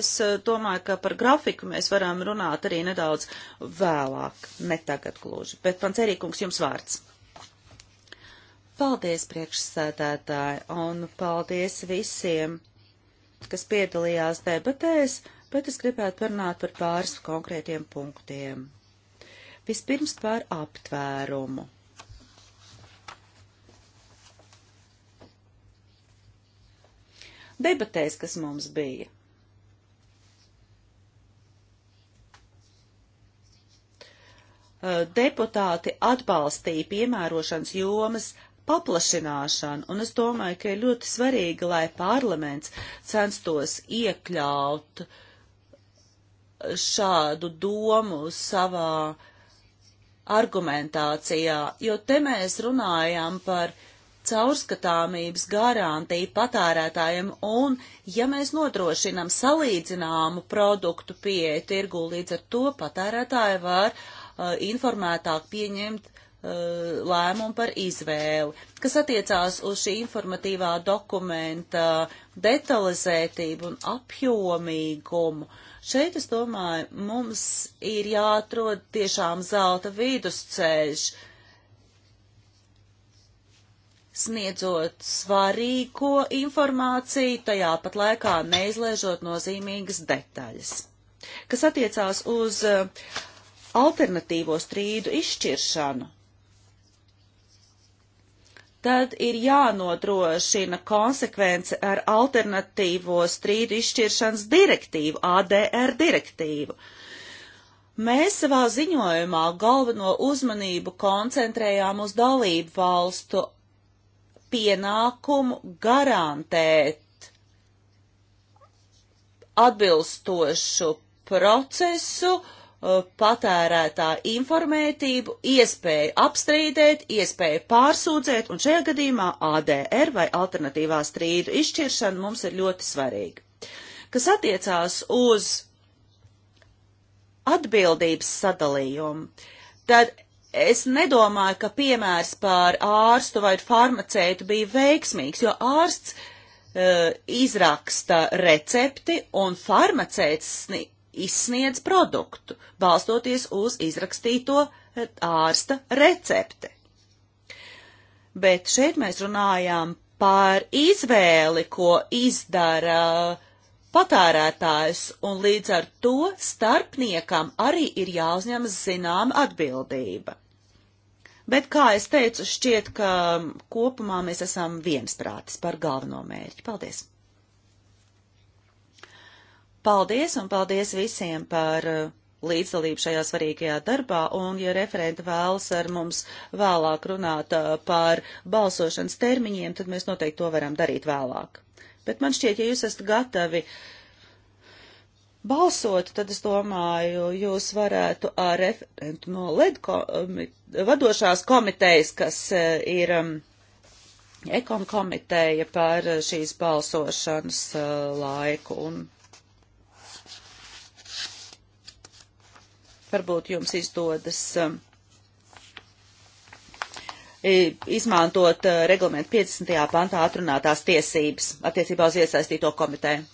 Es eh, domāju, ka par grafiku mēs varam runāt arī nedaudz vēlāk, ne tagad gluži. Bet, pants Ērīkungs, jums vārds. Paldies, priekšsēdētāji, un paldies visiem, kas piedalījās debatēs bet es gribētu parunāt par pāris konkrētiem punktiem. Vispirms par aptvērumu. Debatēs, kas mums bija. Deputāti atbalstīja piemērošanas jomas paplašināšanu, un es domāju, ka ir ļoti svarīgi, lai parlaments censtos iekļaut uh, šādu domu savā argumentācijā, jo te mēs runājam par caurskatāmības garantiju patērētājiem, un ja mēs nodrošinam salīdzināmu produktu pieeju tirgu, līdz ar to patērētāji var uh, informētāk pieņemt uh, lēmumu par izvēli. Kas attiecās uz šī informatīvā dokumenta detalizētību un apjomīgumu, uh, Šeit, es domāju, mums ir jāatrod tiešām zelta vidusceļš, sniedzot svarīgo informāciju, tajā pat laikā neizliežot nozīmīgas detaļas. Kas attiecās uz eh, alternatīvo strīdu izšķiršanu, tad ir jānodrošina konsekvence ar alternatīvo strīdu izšķiršanas direktīvu, ADR direktīvu. Mēs savā ziņojumā galveno uzmanību koncentrējām uz dalību valstu pienākumu garantēt atbilstošu procesu, uh, Uh, patērētāja informētību, iespēju apstrīdēt, iespēju pārsūdzēt, un šajā gadījumā ADR vai alternatīvā strīdu izšķiršana mums ir ļoti svarīga. Kas attiecās uz atbildības sadalījumu, tad es nedomāju, ka piemērs par ārstu vai farmaceitu bija veiksmīgs, jo ārsts uh, izraksta recepti un farmaceits sniedz izsniedz produktu, balstoties uz izrakstīto eh, ārsta recepte. Bet šeit mēs runājām par izvēli, ko izdara patērētājs, un līdz ar to starpniekam arī ir jāuzņemas zinām atbildība. Bet, kā es teicu, šķiet, ka mm, kopumā mēs esam viensprātis par galveno mērķi. Paldies! Paldies un paldies visiem par uh, līdzdalību šajā svarīgajā darbā, un ja referenta vēlas ar mums vēlāk runāt uh, par balsošanas termiņiem, tad mēs noteikti to varam darīt vēlāk. Bet man šķiet, ja jūs esat gatavi balsot, tad es domāju, jūs varētu ar referentu no LED komit vadošās komitejas, kas uh, ir um, ekon komiteja par šīs balsošanas uh, laiku. Un Varbūt jums izdodas um, izmantot uh, reglamentu 50. pantā atrunātās tiesības attiecībā uz iesaistīto komiteju.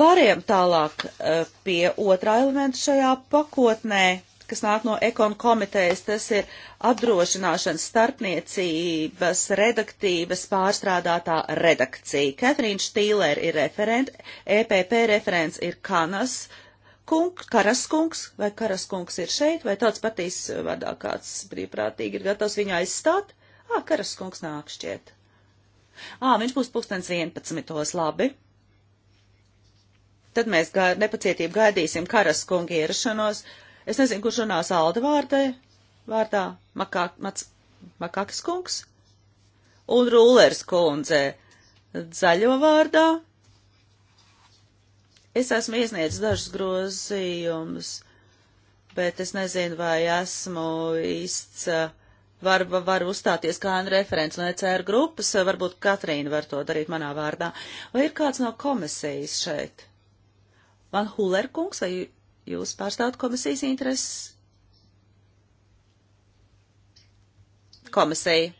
Pārējām tālāk uh, pie otrā elementa šajā pakotnē, kas nāk no ekon komitejas, tas ir apdrošināšanas starpniecības redaktības pārstrādātā redakcija. Katrīna Štīler ir referent, EPP referents ir Kanas kung, karaskungs, vai karaskungs ir šeit, vai tāds patīs vadā kāds brīvprātīgi ir gatavs viņu aizstāt? Ā, karaskungs nāk šķiet. Ā, viņš būs pulkstens 11. labi. Tad mēs gai, nepacietību gaidīsim karaskunga ierašanos. Es nezinu, kurš runās Alda vārdē, vārdā Makā, Mats, Makakis kungs un Rūlers kundze zaļo vārdā Es esmu iesniedzis dažus grozījumus, bet es nezinu, vai esmu īsts, eh, var, var uzstāties kā referents no ECR grupas, eh, varbūt Katrīna var to darīt manā vārdā. Vai ir kāds no komisijas šeit? Van Hulerkungs, vai jūs pārstāvat komisijas intereses? Komisija.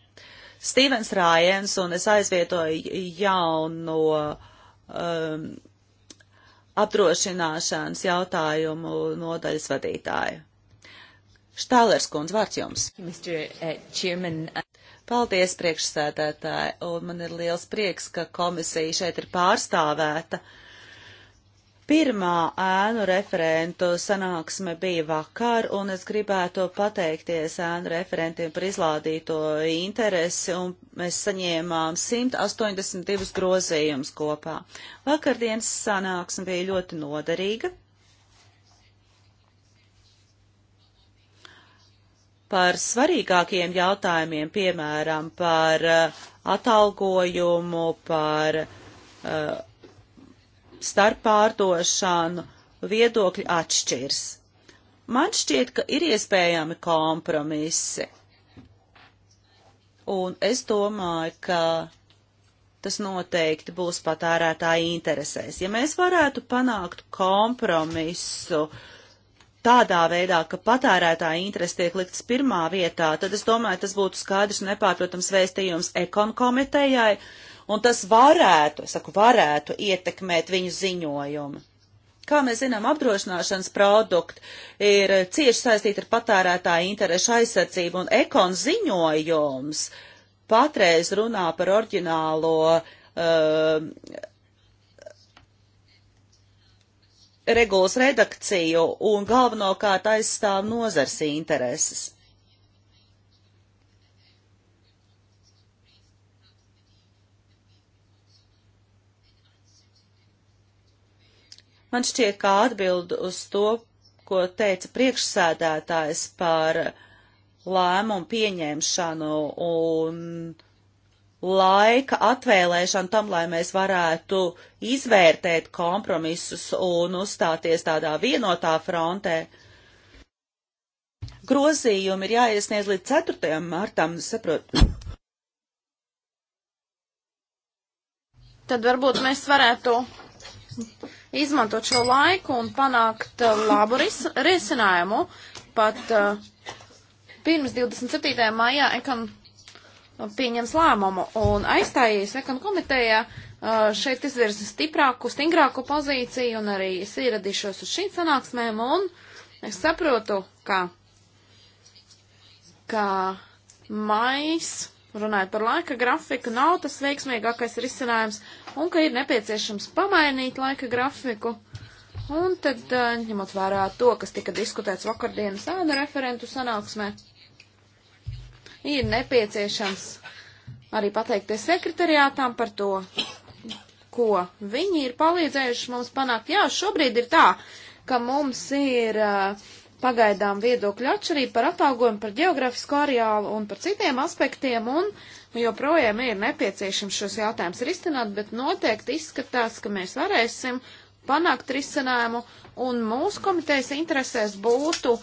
Stīvens Rājens un es aizvietoju jauno um, apdrošināšanas jautājumu nodaļas vadītāju. Štālers kundz, vārds jums. Uh, Paldies, priekšsēdētāji, un man ir liels prieks, ka komisija šeit ir pārstāvēta. Uh, Pirmā ēnu referentu sanāksme bija vakar, un es gribētu pateikties ēnu referentiem par izlādīto interesi, un mēs saņēmām 182 grozījumus kopā. Vakardienas sanāksme bija ļoti noderīga. Par svarīgākiem jautājumiem, piemēram, par uh, atalgojumu, par uh, starp pārdošanu viedokļi atšķirs. Man šķiet, ka ir iespējami kompromisi. Un es domāju, ka tas noteikti būs patērētāji interesēs. Ja mēs varētu panākt kompromisu tādā veidā, ka patērētāji interesi tiek liktas pirmā vietā, tad es domāju, tas būtu skaidrs un nepārprotams vēstījums ekon komitejai, uh, un tas varētu, es saku, varētu ietekmēt viņu ziņojumu. Kā mēs zinām, apdrošināšanas produkti ir cieši saistīti ar patērētāju interešu aizsardzību un ekon ziņojums patreiz runā par orģinālo uh, regulas redakciju un galvenokārt aizstāv nozars intereses. Man šķiet, kā atbild uz to, ko teica priekšsēdētājs par lēmumu pieņemšanu un laika atvēlēšanu tam, lai mēs varētu izvērtēt kompromisus un uzstāties tādā vienotā frontē. Grozījumi ir jāiesniedz līdz 4. martam, saprotu. Tad varbūt mēs varētu izmantot šo laiku un panākt uh, labu ris risinājumu. Pat uh, pirms 27. maijā ekam uh, pieņems lēmumu un aizstājies ekam komitejā uh, šeit izvirza stiprāku, stingrāku pozīciju un arī es ieradīšos uz šīm sanāksmēm un es saprotu, ka, ka mais runājot par laika grafiku, nav tas veiksmīgākais risinājums, un ka ir nepieciešams pamainīt laika grafiku. Un tad, ņemot vērā to, kas tika diskutēts vakardienas ēnu referentu sanāksmē, ir nepieciešams arī pateikties sekretariātām par to, ko viņi ir palīdzējuši mums panākt. Jā, šobrīd ir tā, ka mums ir uh, pagaidām viedokļu atšķirība par atalgojumu, par geogrāfisko areālu un par citiem aspektiem, un uh, Nu, joprojām ir nepieciešams šos jautājumus risināt, bet noteikti izskatās, ka mēs varēsim panākt risinājumu, un mūsu komitejas interesēs būtu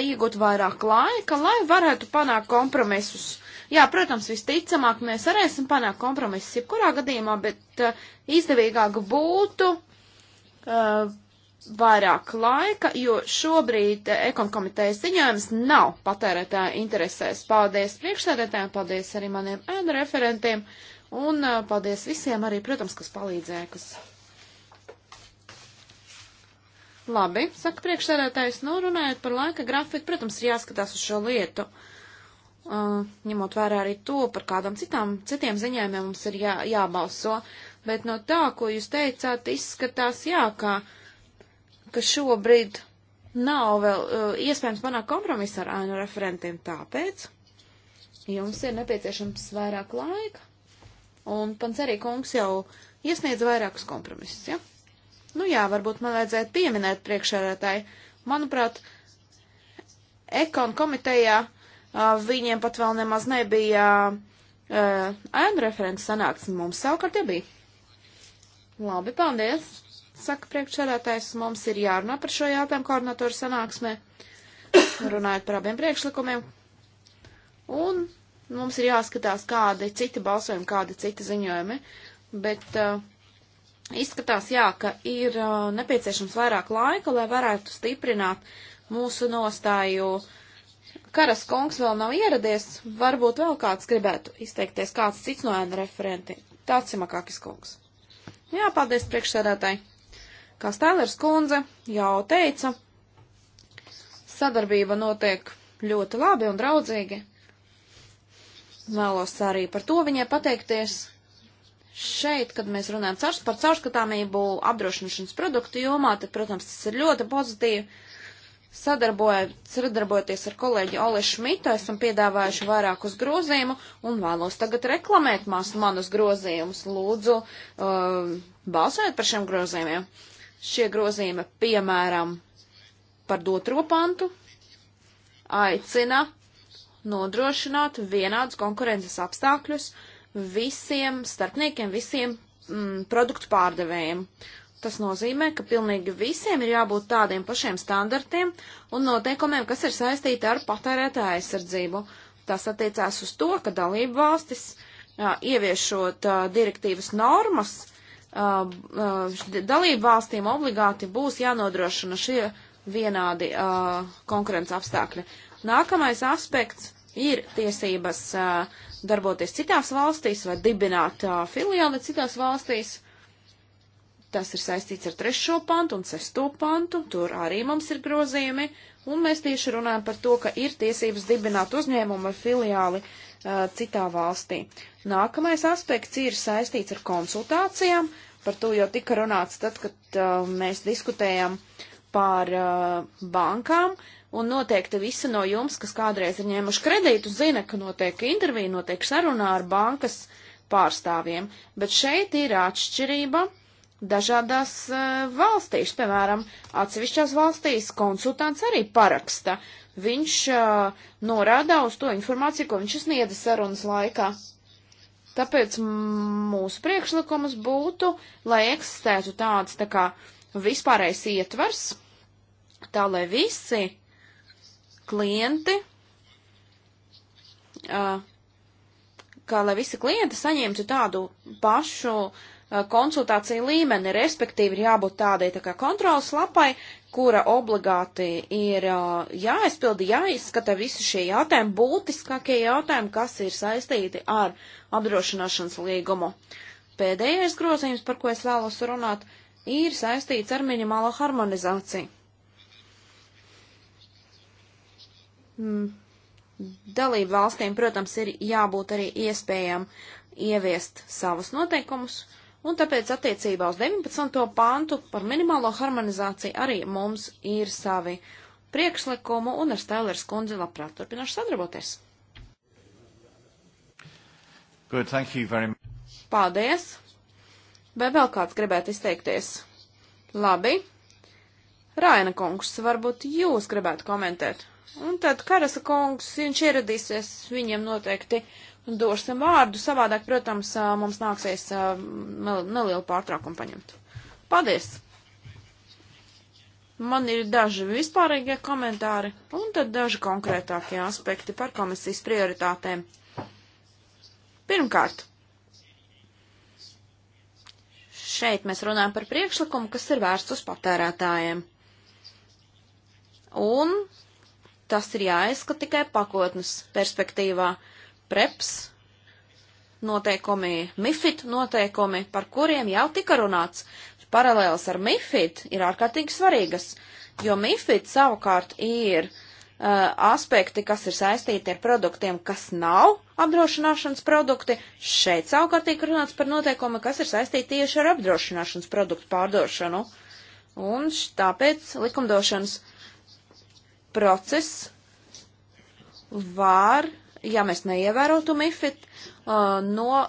iegūt vairāk laika, lai varētu panākt kompromisus. Jā, protams, visticamāk mēs varēsim panākt kompromisus jebkurā gadījumā, bet uh, izdevīgāk būtu uh, vairāk laika, jo šobrīd eh, ekonkomitejas ziņojums nav patērētāja interesēs. Paldies priekšsēdētājiem, paldies arī maniem ēnu referentiem un eh, paldies visiem arī, protams, kas palīdzēja, kas. Labi, saka priekšsēdētājs, nu runājot par laika grafiku, protams, ir jāskatās uz šo lietu. Uh, ņemot vērā arī to, par kādām citām, citiem ziņojumiem mums ir jā, jābalso, bet no tā, ko jūs teicāt, izskatās jā, ka. Kā ka šobrīd nav vēl uh, iespējams panākt kompromisu ar ANU referentiem, tāpēc jums ir nepieciešams vairāk laika. Un pants arī kungs jau iesniedz vairākus kompromisus, ja? Nu jā, varbūt man vajadzētu pieminēt priekšsēdētāji. Manuprāt, ekon komitejā uh, viņiem pat vēl nemaz nebija uh, ANU referents sanāksme, mums savukārt jau bija. Labi, paldies! Saka priekšsēdētājs, mums ir jārunā par šo jautājumu koordinatoru sanāksmē, runājot par abiem priekšlikumiem. Un mums ir jāskatās, kādi citi balsojumi, kādi citi ziņojumi. Bet uh, izskatās, jā, ka ir uh, nepieciešams vairāk laika, lai varētu stiprināt mūsu nostāju. Karas kungs vēl nav ieradies, varbūt vēl kāds gribētu izteikties, kāds cits no ēna referenti. Tāds ir Makakis kungs. Jā, paldies priekšsēdētāji. Kā Stēlers kundze jau teica, sadarbība notiek ļoti labi un draudzīgi. Vēlos arī par to viņai pateikties. Šeit, kad mēs runājam cars, par caurskatāmību apdrošināšanas produktu jomā, tad, protams, tas ir ļoti pozitīvi. Sadarbojoties ar kolēģi Ole Šmitu, esam piedāvājuši vairākus grozījumu un vēlos tagad reklamēt mās, manus grozījumus. Lūdzu, uh, balsojiet par šiem grozījumiem. Uh, šie grozījumi, piemēram, par otro pantu, aicina nodrošināt vienādus konkurences apstākļus visiem starpniekiem, visiem mm, produktu pārdevējiem. Tas nozīmē, ka pilnīgi visiem ir jābūt tādiem pašiem standartiem un noteikumiem, kas ir saistīti ar patērētāju aizsardzību. Tas attiecās uz to, ka dalību valstis, jā, ieviešot uh, direktīvas normas, uh, dalību valstīm obligāti būs jānodrošina šie vienādi konkurences apstākļi. Nākamais aspekts ir tiesības darboties citās valstīs vai dibināt filiāli citās valstīs. Tas ir saistīts ar trešo pantu un sesto pantu, tur arī mums ir grozījumi, un mēs tieši runājam par to, ka ir tiesības dibināt uzņēmumu vai filiāli uh, citā valstī. Nākamais aspekts ir saistīts ar konsultācijām. Par to jau tika runāts tad, kad uh, mēs diskutējam par uh, bankām, un noteikti visi no jums, kas kādreiz ir ņēmuši kredītu, zina, ka notiek intervija, notiek sarunā ar bankas pārstāvjiem, bet šeit ir atšķirība dažādās uh, valstīs, piemēram, atsevišķās valstīs konsultants arī paraksta. Viņš uh, norāda uz to informāciju, ko viņš sniedza sarunas laikā. Tāpēc mūsu priekšlikums būtu, lai eksistētu tāds tā kā vispārējais ietvers, tā lai visi klienti, kā lai visi klienti saņemtu tādu pašu konsultāciju līmeni, respektīvi ir jābūt tādai tā kā kontrolas lapai, kura obligāti ir jāaizpilda, jāizskata visi šie jautājumi, būtiskākie jautājumi, kas ir saistīti ar apdrošināšanas līgumu. Pēdējais grozījums, par ko es vēlos runāt, ir saistīts ar minimālo harmonizāciju. Mm. Dalību valstīm, protams, ir jābūt arī iespējām ieviest savus noteikumus, uh, Un tāpēc attiecībā uz 19. pāntu par minimālo harmonizāciju arī mums ir savi priekšlikumu un ar Stēlers kundzi labprāt turpināšu sadarboties. Good, thank you very much. Paldies. Vai vēl kāds gribētu izteikties? Labi. Raina kungs, varbūt jūs gribētu komentēt. Un tad Karasa kungs, viņš ieradīsies, viņiem noteikti dosim vārdu. Savādāk, protams, mums nāksies nelielu pārtraukumu paņemt. Paldies! Man ir daži vispārīgie komentāri un tad daži konkrētākie aspekti par komisijas prioritātēm. Pirmkārt, šeit mēs runājam par priekšlikumu, kas ir vērsts uz patērētājiem. Un tas ir jāizskat tikai pakotnes perspektīvā. Uh, preps noteikumi, MIFID noteikumi, par kuriem jau tika runāts. Paralēls ar MIFID ir ārkārtīgi svarīgas, jo MIFID savukārt ir uh, aspekti, kas ir saistīti ar produktiem, kas nav apdrošināšanas produkti. Šeit savukārt tiek runāts par noteikumu, kas ir saistīti tieši ar apdrošināšanas produktu pārdošanu. Un tāpēc likumdošanas process var uh, ja mēs neievērotu MIFID, uh, no,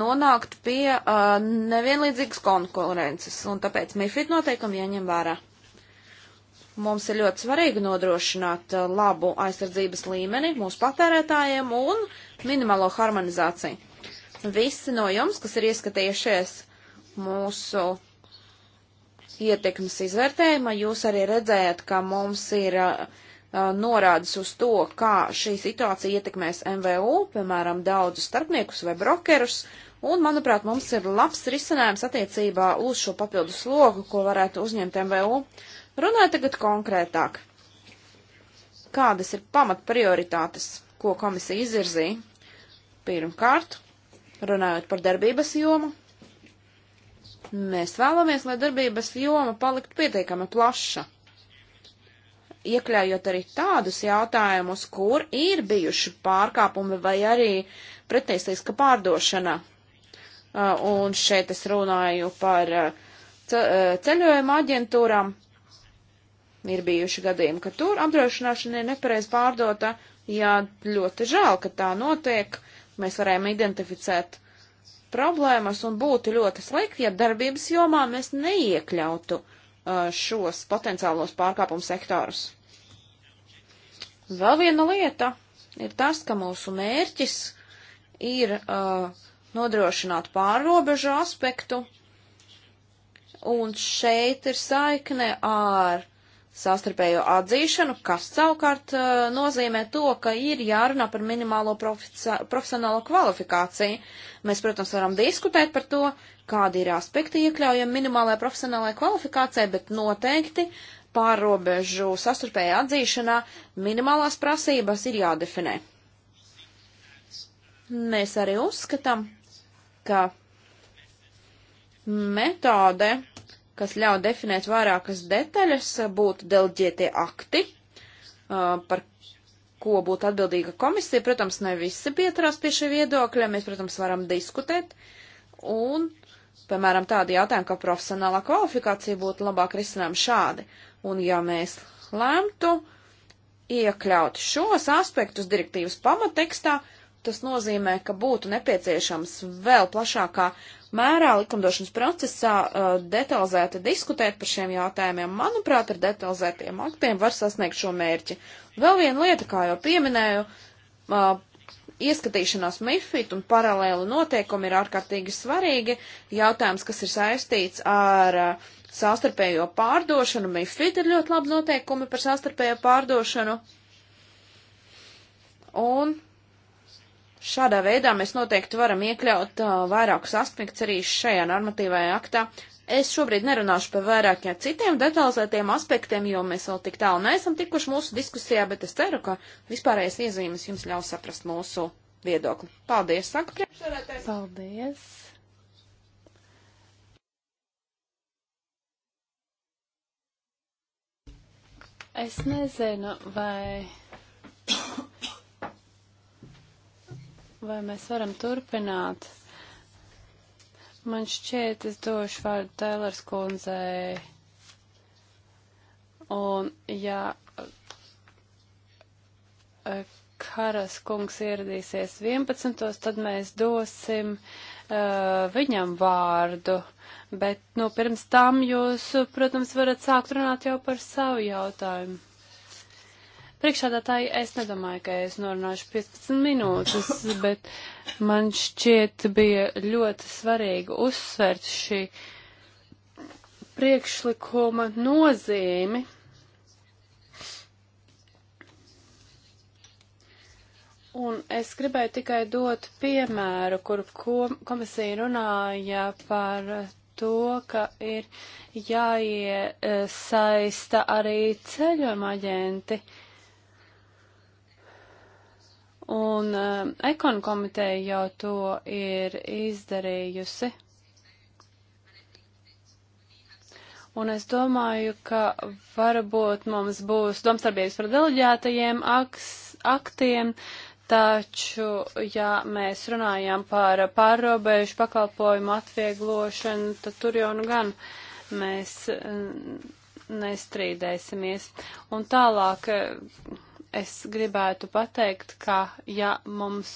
nonākt pie uh, nevienlīdzīgas konkurences, un tāpēc MIFID noteikumi jāņem vērā. Mums ir ļoti svarīgi nodrošināt uh, labu aizsardzības līmeni mūsu patērētājiem un minimālo harmonizāciju. Visi no jums, kas ir ieskatījušies mūsu ietekmes izvērtējumā, jūs arī redzējat, ka mums ir uh, norādes uz to, kā šī situācija ietekmēs MVU, piemēram, daudzus starpniekus vai brokerus, un, manuprāt, mums ir labs risinājums attiecībā uz šo papildu slogu, ko varētu uzņemt MVU. Runāju tagad konkrētāk. Kādas ir pamat prioritātes, ko komisija izvirzīja? Pirmkārt, runājot par darbības jomu, mēs vēlamies, lai darbības joma paliktu pietiekami plaša iekļaujot arī tādus jautājumus, kur ir bijuši pārkāpumi vai arī pretēstīska pārdošana. Uh, un šeit es runāju par uh, uh, ceļojuma aģentūram. Ir bijuši gadījumi, ka tur apdrošināšana ir nepareiz pārdota. Jā, ļoti žēl, ka tā notiek. Mēs varējām identificēt problēmas un būtu ļoti slikti, ja darbības jomā mēs neiekļautu uh, Uh, šos potenciālos pārkāpumu sektārus. Vēl viena lieta ir tas, ka mūsu mērķis ir uh, nodrošināt pārrobežu aspektu, un šeit ir saikne ar sastarpējo atzīšanu, kas savukārt uh, nozīmē to, ka ir jārunā par minimālo profesionālo kvalifikāciju. Mēs, protams, varam diskutēt par to, kādi ir aspekti iekļaujami minimālajā profesionālajā kvalifikācijā, bet noteikti pārrobežu sastarpējā atzīšanā minimālās prasības ir jādefinē. Mēs arī uzskatām, ka metode, kas ļauj definēt vairākas detaļas, būtu delģētie akti, par ko būtu atbildīga komisija. Protams, ne visi pieturās pie šī viedokļa, mēs, protams, varam diskutēt. Un Piemēram, tādi jautājumi, kā profesionālā kvalifikācija būtu labāk risinām šādi. Un ja mēs lemtu iekļaut šos aspektus direktīvas pamatekstā, tas nozīmē, ka būtu nepieciešams vēl plašākā mērā likumdošanas procesā uh, detalizēti diskutēt par šiem jautājumiem. Manuprāt, ar detalizētiem aktiem var sasniegt šo mērķi. Vēl viena lieta, kā jau pieminēju, uh, ieskatīšanās MIFID un paralēli noteikumi ir ārkārtīgi svarīgi. Jautājums, kas ir saistīts ar uh, sāstarpējo pārdošanu, MIFID ir ļoti labi noteikumi par sāstarpējo pārdošanu. Un Šādā veidā mēs noteikti varam iekļaut uh, vairākus aspektus arī šajā normatīvajā aktā. Es šobrīd nerunāšu par vairākiem citiem detalizētiem aspektiem, jo mēs vēl tik tālu neesam tikuši mūsu diskusijā, bet es ceru, ka vispārējais iezīmes jums ļaus saprast mūsu viedokli. Paldies, saka priekšsēdētājs. Paldies. Es nezinu, vai vai mēs varam turpināt? Man šķiet, es došu vārdu Tēlers kundzei. Un, ja e, Karas kungs ieradīsies 11. tad mēs dosim uh, viņam vārdu. Bet, nu, pirms tam jūs, protams, varat sākt runāt jau par savu jautājumu. Priekšādātāji, es nedomāju, ka es norunāšu 15 minūtes, bet man šķiet bija ļoti svarīgi uzsvērt šī priekšlikuma nozīmi. Un es gribēju tikai dot piemēru, kur komisija runāja par to, ka ir jāiesaista arī ceļojuma aģenti. Uh, un uh, ekonu komiteja jau to ir izdarījusi. Un es domāju, ka varbūt mums būs domstarbības par deleģētajiem aks, aktiem, taču, ja mēs runājam par pārrobežu pakalpojumu atvieglošanu, tad tur jau nu gan mēs eh, nestrīdēsimies. Un tālāk eh, es gribētu pateikt, ka ja mums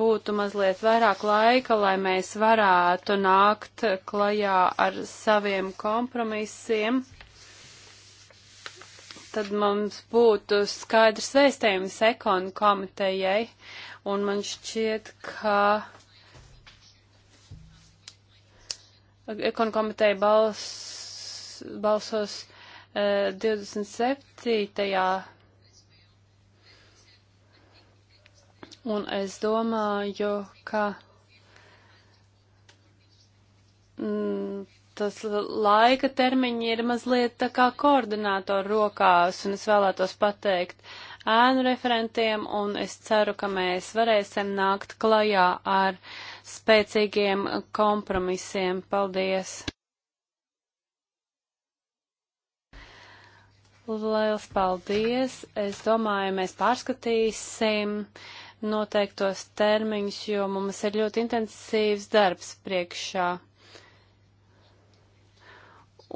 būtu mazliet vairāk laika, lai mēs varētu nākt klajā ar saviem kompromisiem, tad mums būtu skaidrs vēstījums ekonu komitejai, un man šķiet, ka ekonu komiteja bals, balsos 27. Eh, Un es domāju, ka mm, tas laika termiņi ir mazliet tā kā koordinātoru rokās, un es vēlētos pateikt ēnu referentiem, un es ceru, ka mēs varēsim nākt klajā ar spēcīgiem kompromisiem. Paldies! Liels paldies! Es domāju, mēs pārskatīsim. Uh, noteiktos termiņus, jo mums ir ļoti intensīvs darbs priekšā.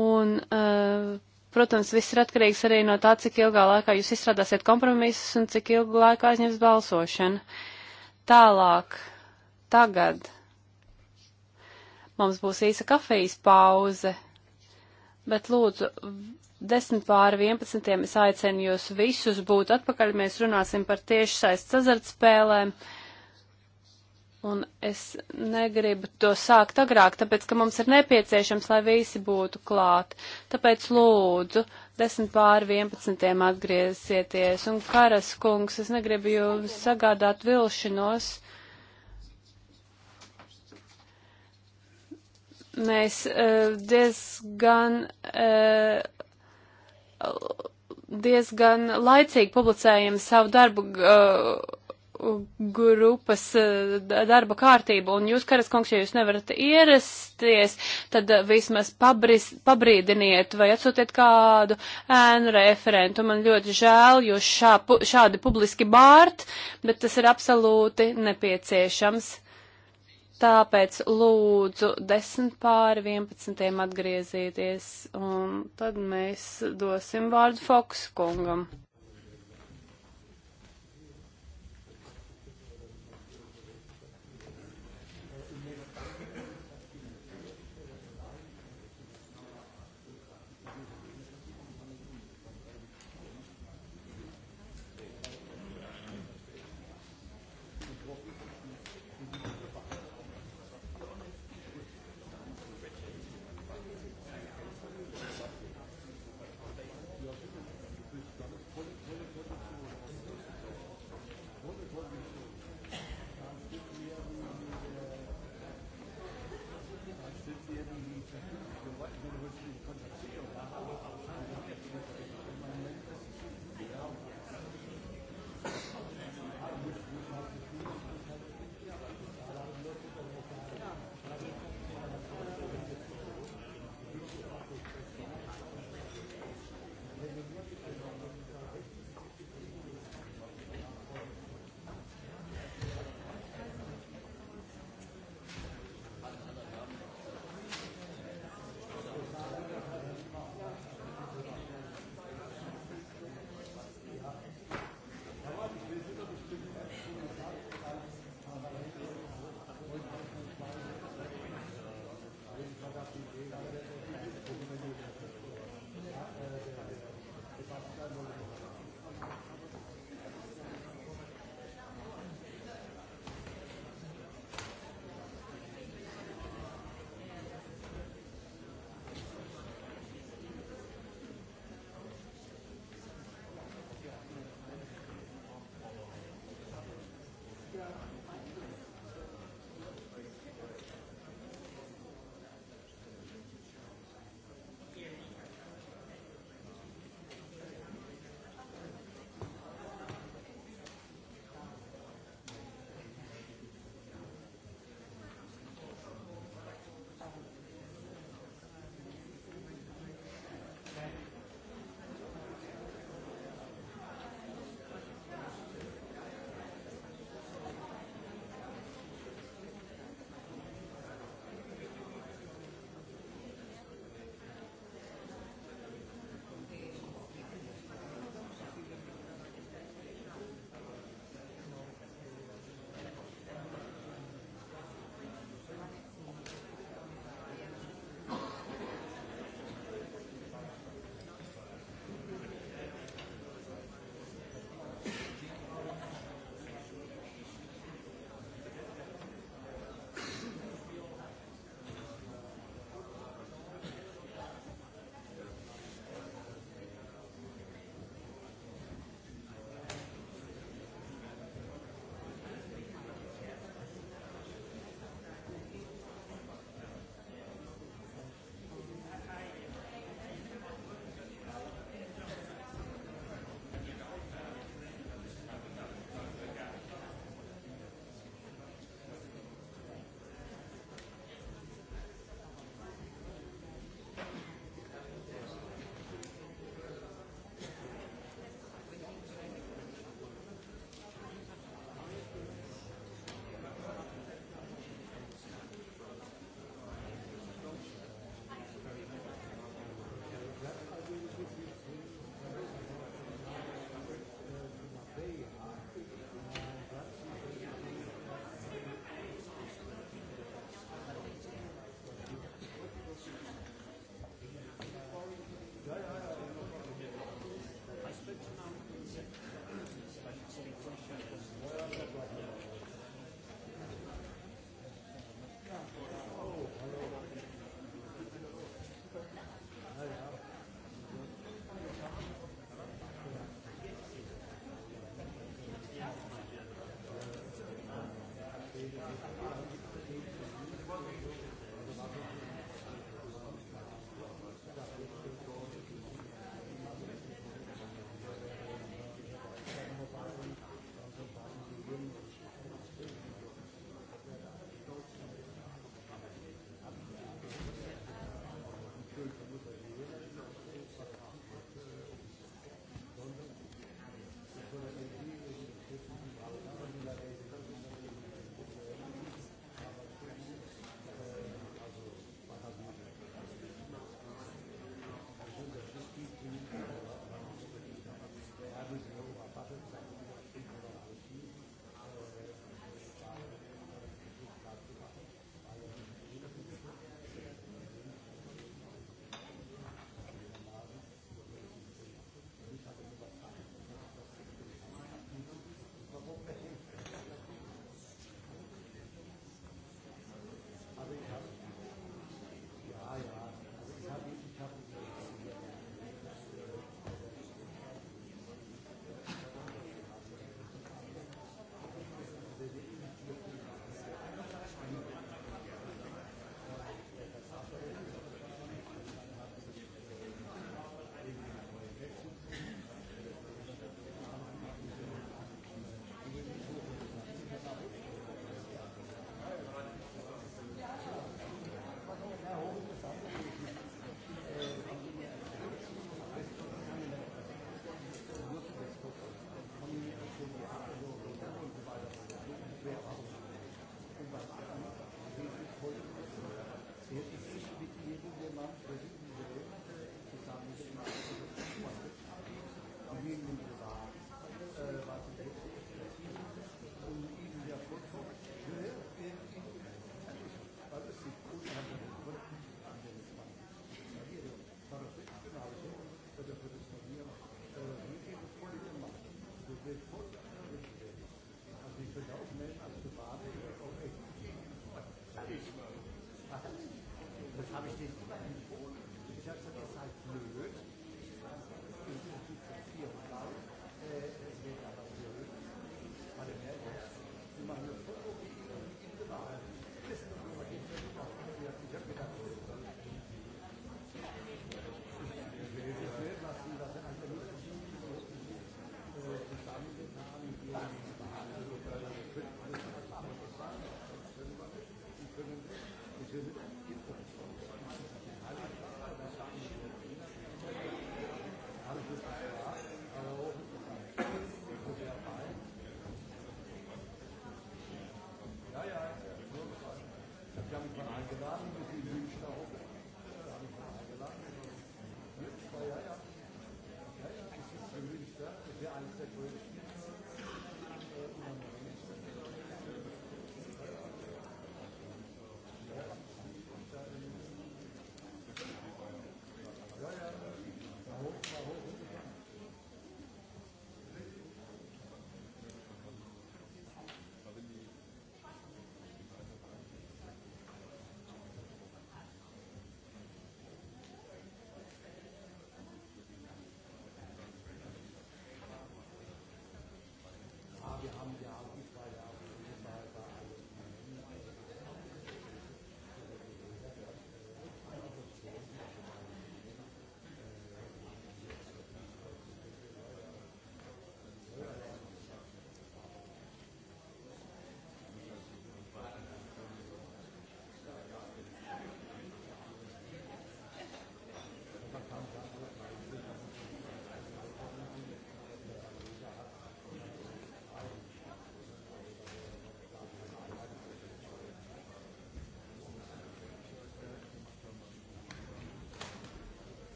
Un, eh, protams, viss ir atkarīgs arī no tā, cik ilgā laikā jūs izstrādāsiet kompromisus un cik ilgu laiku aizņems balsošana. Tālāk, tagad mums būs īsa kafijas pauze, bet lūdzu 10 pār 11. Es aicinu jūs visus būt atpakaļ. Mēs runāsim par tieši saistas azartspēlēm. Un es negribu to sākt agrāk, tāpēc, ka mums ir nepieciešams, lai visi būtu klāt. Tāpēc lūdzu, 10 pār 11. atgriezieties. Un karas kungs, es negribu jums sagādāt vilšanos. mēs uh, diezgan uh, diezgan laicīgi publicējam savu darbu uh, grupas uh, darba kārtību, un jūs, Karaskungs, ja jūs nevarat ierasties, tad vismaz pabris, pabrīdiniet vai atsūtiet kādu ēnu referentu. Man ļoti žēl, jūs šā, šādi publiski bārt, bet tas ir absolūti nepieciešams. Tāpēc lūdzu 10 pāri 11. atgriezieties, un tad mēs dosim vārdu Fokus kungam.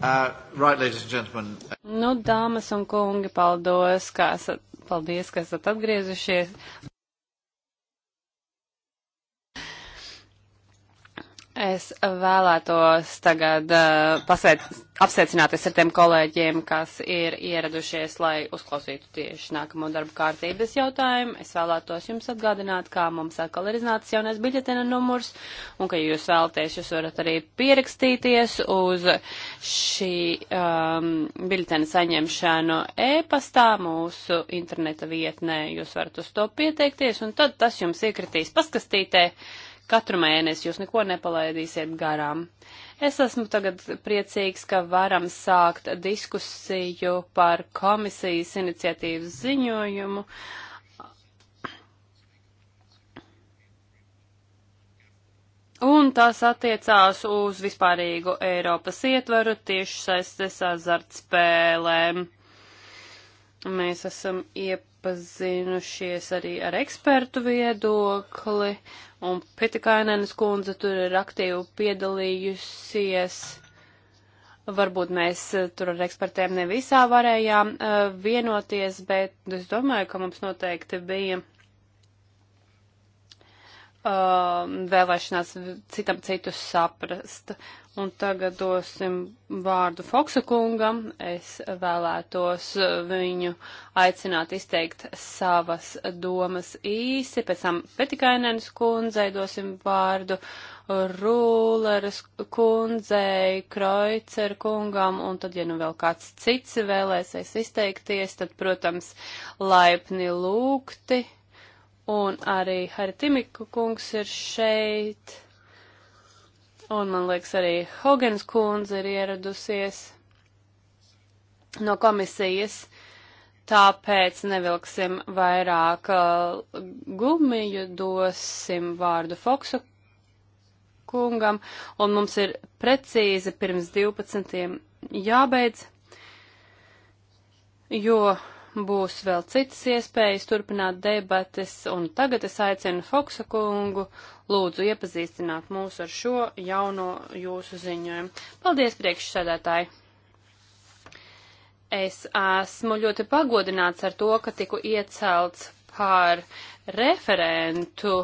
Uh, right, ladies and gentlemen. Nu, dāmas un kungi, paldos, kā esat, paldies, ka esat atgriezušies. Es vēlētos tagad uh, pasveic, apsveicināties ar tiem kolēģiem, kas ir ieradušies, lai uzklausītu tieši nākamo darbu kārtības jautājumu. Es vēlētos jums atgādināt, kā mums atkal ir iznācis jaunais biļetena numurs, un ka, ja jūs vēlaties, jūs varat arī pierakstīties uz uh, šī um, biļetena saņemšanu e-pastā mūsu interneta vietnē. Jūs varat uz to pieteikties, un tad tas jums iekritīs paskastītē. Katru mēnesi jūs neko nepalaidīsiet garām. Es esmu tagad priecīgs, ka varam sākt diskusiju par komisijas iniciatīvas ziņojumu. Uh, un tās attiecās uz vispārīgu Eiropas ietvaru tieši saistes azartspēlēm. Mēs esam iepazinušies arī ar ekspertu viedokli, un Pitikainenes kundze tur ir aktīvi piedalījusies. Varbūt mēs eh, tur ar ekspertiem nevisā varējām uh, vienoties, bet es domāju, ka mums noteikti bija Um, vēlēšanās citam citu saprast. Un tagad dosim vārdu Foksa kungam. Es vēlētos viņu aicināt izteikt savas domas īsi, pēc tam Petikainēnas kundzei dosim vārdu, Rūleres kundzei, Kreucer kungam, un tad, ja nu vēl kāds cits vēlēsies izteikties, tad, protams, laipni lūgti un arī Haritimiku kungs ir šeit, un man liekas arī Hogans kundze ir ieradusies no komisijas, tāpēc nevilksim vairāk uh, gumiju, dosim vārdu Foksu kungam, un mums ir precīzi pirms 12. jābeidz, jo Būs vēl citas iespējas turpināt debates, un tagad es aicinu Foksa kungu lūdzu iepazīstināt mūs ar šo jauno jūsu ziņojumu. Paldies, priekšsēdētāji! Es esmu ļoti pagodināts ar to, ka tiku iecelts par referentu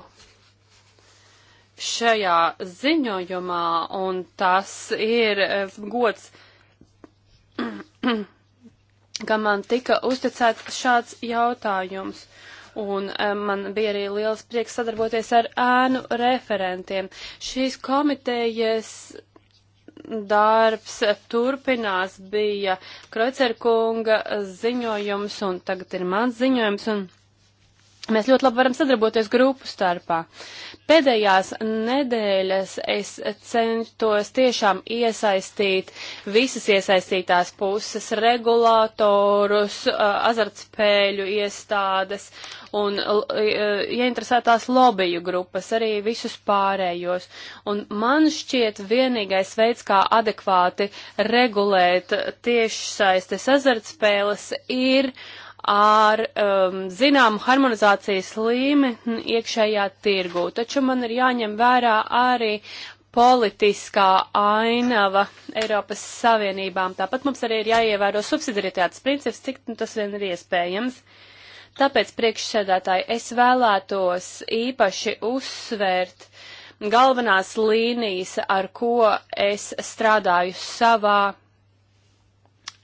šajā ziņojumā, un tas ir eh, gods ka man tika uzticēts šāds jautājums. Un eh, man bija arī liels prieks sadarboties ar ēnu referentiem. Šīs komitejas darbs turpinās, bija Krocerkunga ziņojums un tagad ir mans ziņojums. Un Mēs ļoti labi varam sadarboties grupu starpā. Pēdējās nedēļas es centos tiešām iesaistīt visas iesaistītās puses, regulātorus, uh, azartspēļu iestādes un uh, ieinteresētās ja lobiju grupas, arī visus pārējos. Un man šķiet vienīgais veids, kā adekvāti regulēt tiešsaistes azartspēles, ir uh, ar um, zināmu harmonizācijas līmeni iekšējā tirgū. Taču man ir jāņem vērā arī politiskā ainava Eiropas Savienībām. Tāpat mums arī ir jāievēro subsidiaritātes princips, cik nu, tas vien ir iespējams. Tāpēc priekšsēdētāji es vēlētos īpaši uzsvērt galvenās līnijas, ar ko es strādāju savā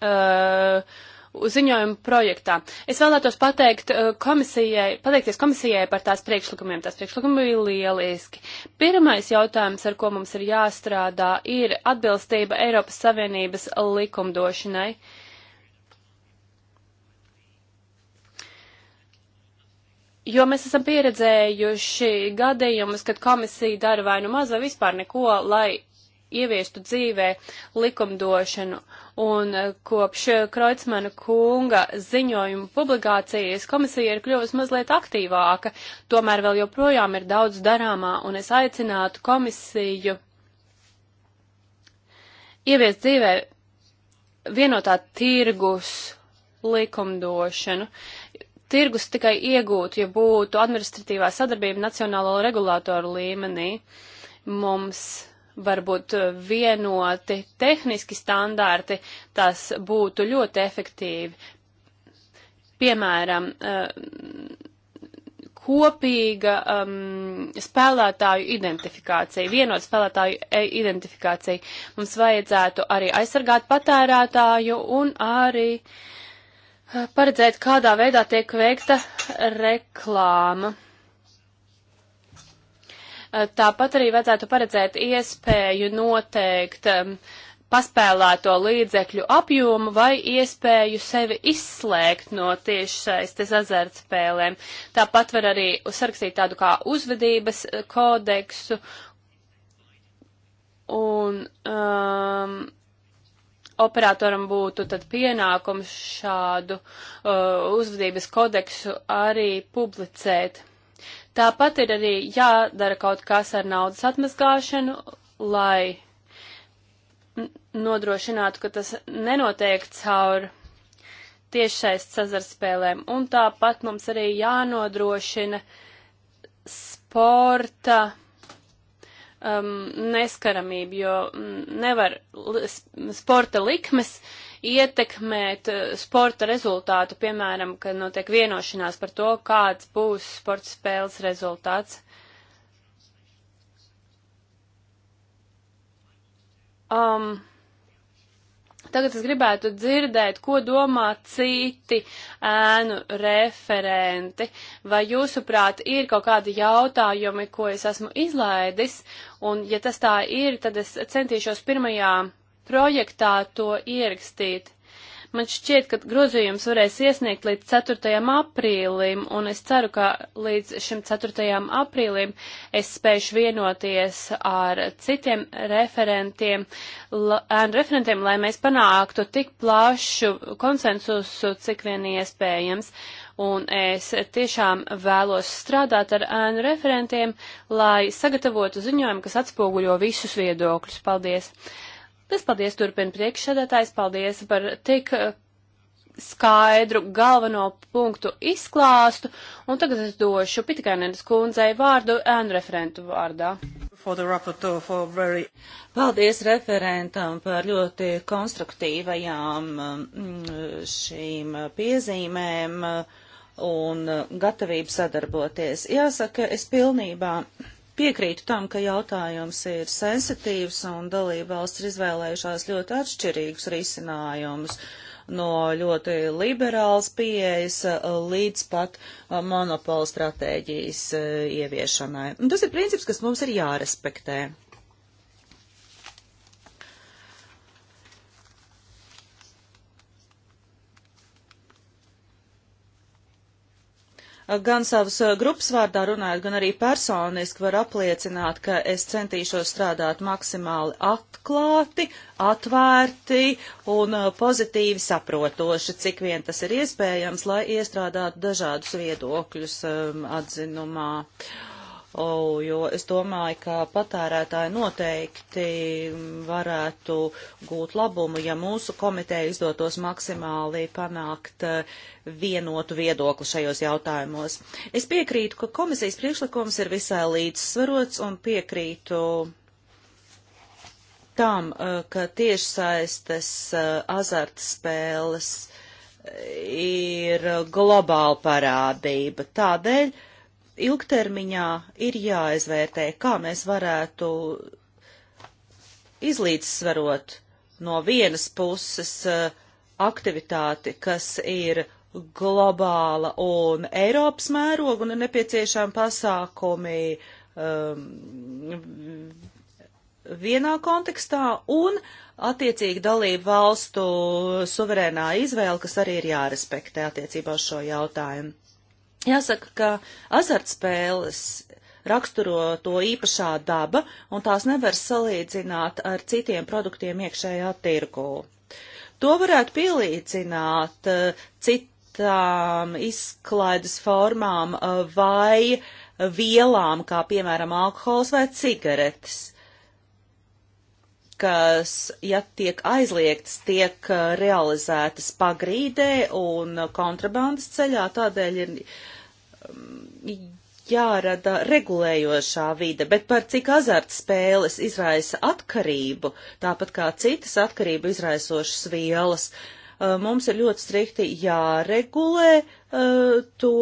uh, ziņojuma projektā. Es vēlētos pateikt uh, komisijai, pateikties komisijai par tās priekšlikumiem. Tās priekšlikumi bija lieliski. Pirmais jautājums, ar ko mums ir jāstrādā, ir atbilstība Eiropas Savienības likumdošanai. Jo mēs esam pieredzējuši gadījumus, kad komisija dara vai nu maz vai vispār neko, lai ieviestu dzīvē likumdošanu. Un eh, kopš eh, Kreutzmana kunga ziņojuma publikācijas komisija ir kļuvusi mazliet aktīvāka, tomēr vēl joprojām ir daudz darāmā, un es aicinātu komisiju ieviest dzīvē vienotā tirgus likumdošanu. Tirgus tikai iegūtu, ja būtu administratīvā sadarbība nacionālo regulātoru līmenī. Mums varbūt eh, vienoti tehniski standarti, tas būtu ļoti efektīvi. Piemēram, eh, kopīga um, spēlētāju identifikācija, vienot spēlētāju e, identifikācija. Mums vajadzētu arī aizsargāt patērētāju un arī eh, paredzēt, kādā veidā tiek veikta reklāma. Eh, tāpat arī vajadzētu paredzēt iespēju noteikt um, paspēlēto līdzekļu apjomu vai iespēju sevi izslēgt no tiešsaistes azartspēlēm. Tāpat var arī sarakstīt tādu kā uzvedības eh, kodeksu un um, operatoram būtu tad pienākums šādu uh, uzvedības kodeksu arī publicēt. Tāpat ir arī jādara kaut kas ar naudas atmazgāšanu, lai nodrošinātu, ka tas nenotiek caur tiešais sazarspēlēm. Un tāpat mums arī jānodrošina sporta um, neskaramība, jo mm, nevar sporta likmes uh, ietekmēt eh, sporta rezultātu, piemēram, kad notiek vienošanās par to, kāds būs sporta spēles rezultāts. Um, tagad es gribētu dzirdēt, ko domā citi ēnu referenti, vai jūsuprāt ir kaut kādi jautājumi, ko es esmu izlaidis, un ja tas tā ir, tad es centīšos pirmajā projektā to ierakstīt. Man šķiet, ka grozījums varēs iesniegt līdz 4. aprīlim, un es ceru, ka līdz šim 4. aprīlim es spēšu vienoties ar citiem referentiem, la, referentiem lai mēs panāktu tik plašu konsensusu, cik vien iespējams. Un es tiešām vēlos strādāt ar ēnu referentiem, lai sagatavotu ziņojumu, kas atspoguļo visus viedokļus. Paldies! Lies paldies turpina priekšsēdētājs, paldies par tik eh, skaidru galveno punktu izklāstu, un tagad es došu Pitikainenes kundzei vārdu ēnu referentu vārdā. Very... Paldies referentam par ļoti konstruktīvajām mm, šīm piezīmēm un gatavību sadarboties. Jāsaka, es pilnībā Piekrītu tam, ka jautājums ir sensitīvs un dalība valsts ir izvēlējušās ļoti atšķirīgus risinājumus no ļoti liberāls pieejas eh, līdz pat eh, monopola stratēģijas eh, ieviešanai. Un tas ir princips, kas mums ir jārespektē. gan savas eh, grupas vārdā runājot, gan arī personiski var apliecināt, ka es centīšos strādāt maksimāli atklāti, atvērti un eh, pozitīvi saprotoši, cik vien tas ir iespējams, lai iestrādātu dažādus viedokļus um, atzinumā. Uh, Oh, jo es domāju, ka patērētāji noteikti varētu gūt labumu, ja mūsu komiteja izdotos maksimāli panākt eh, vienotu viedokli šajos jautājumos. Es piekrītu, ka komisijas priekšlikums ir visai līdzsvarots un piekrītu tam, eh, ka tiešsaistes eh, azartspēles ir globāla parādība. Tādēļ ilgtermiņā ir jāizvērtē, kā mēs varētu izlīdzsvarot no vienas puses eh, aktivitāti, kas ir globāla un Eiropas mēroga un ir nepieciešami pasākumi um, vienā kontekstā un attiecīgi dalību valstu suverēnā izvēle, kas arī ir jārespektē attiecībā uz šo jautājumu. Jāsaka, ka azartspēles raksturo to īpašā daba, un tās nevar salīdzināt ar citiem produktiem iekšējā tirgū. To varētu pielīdzināt eh, citām izklaides formām eh, vai vielām, kā piemēram alkohols vai cigaretes kas, ja tiek aizliegtas, tiek uh, realizētas pagrīdē un kontrabandas ceļā, tādēļ ir um, jārada regulējošā vide, bet par cik azartspēles izraisa atkarību, tāpat kā citas atkarību izraisošas vielas, uh, mums ir ļoti strikti jāregulē uh, to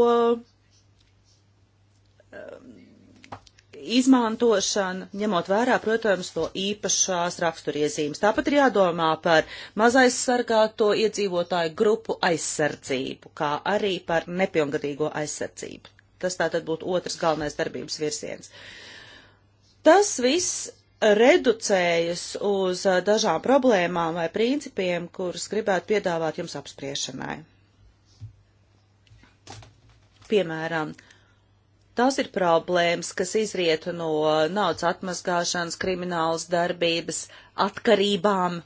izmantošana, ņemot vērā, protams, to īpašās raksturiezīmes. Tāpat ir jādomā par mazaizsargāto iedzīvotāju grupu aizsardzību, kā arī par nepilngadīgo aizsardzību. Tas tātad būtu otrs galvenais darbības virziens. Tas viss reducējas uz dažām problēmām vai principiem, kurus gribētu piedāvāt jums apspriešanai. Piemēram, Tās ir problēmas, kas izriet no naudas atmazgāšanas, kriminālas darbības, atkarībām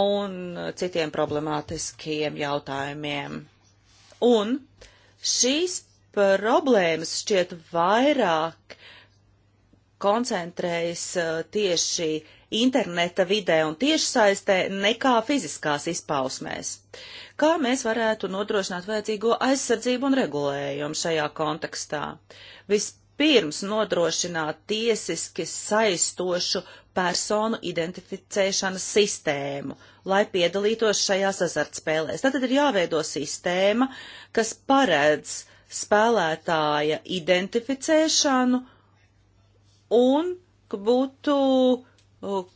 un citiem problemātiskiem jautājumiem. Un šīs problēmas šķiet vairāk koncentrējas uh, tieši interneta vidē un tiešsaistē nekā fiziskās izpausmēs kā mēs varētu nodrošināt vajadzīgo aizsardzību un regulējumu šajā kontekstā. Vispirms nodrošināt tiesiski saistošu personu identificēšanas sistēmu, lai piedalītos šajās azartspēlēs. Tad ir jāveido sistēma, kas paredz spēlētāja identificēšanu un ka būtu uh,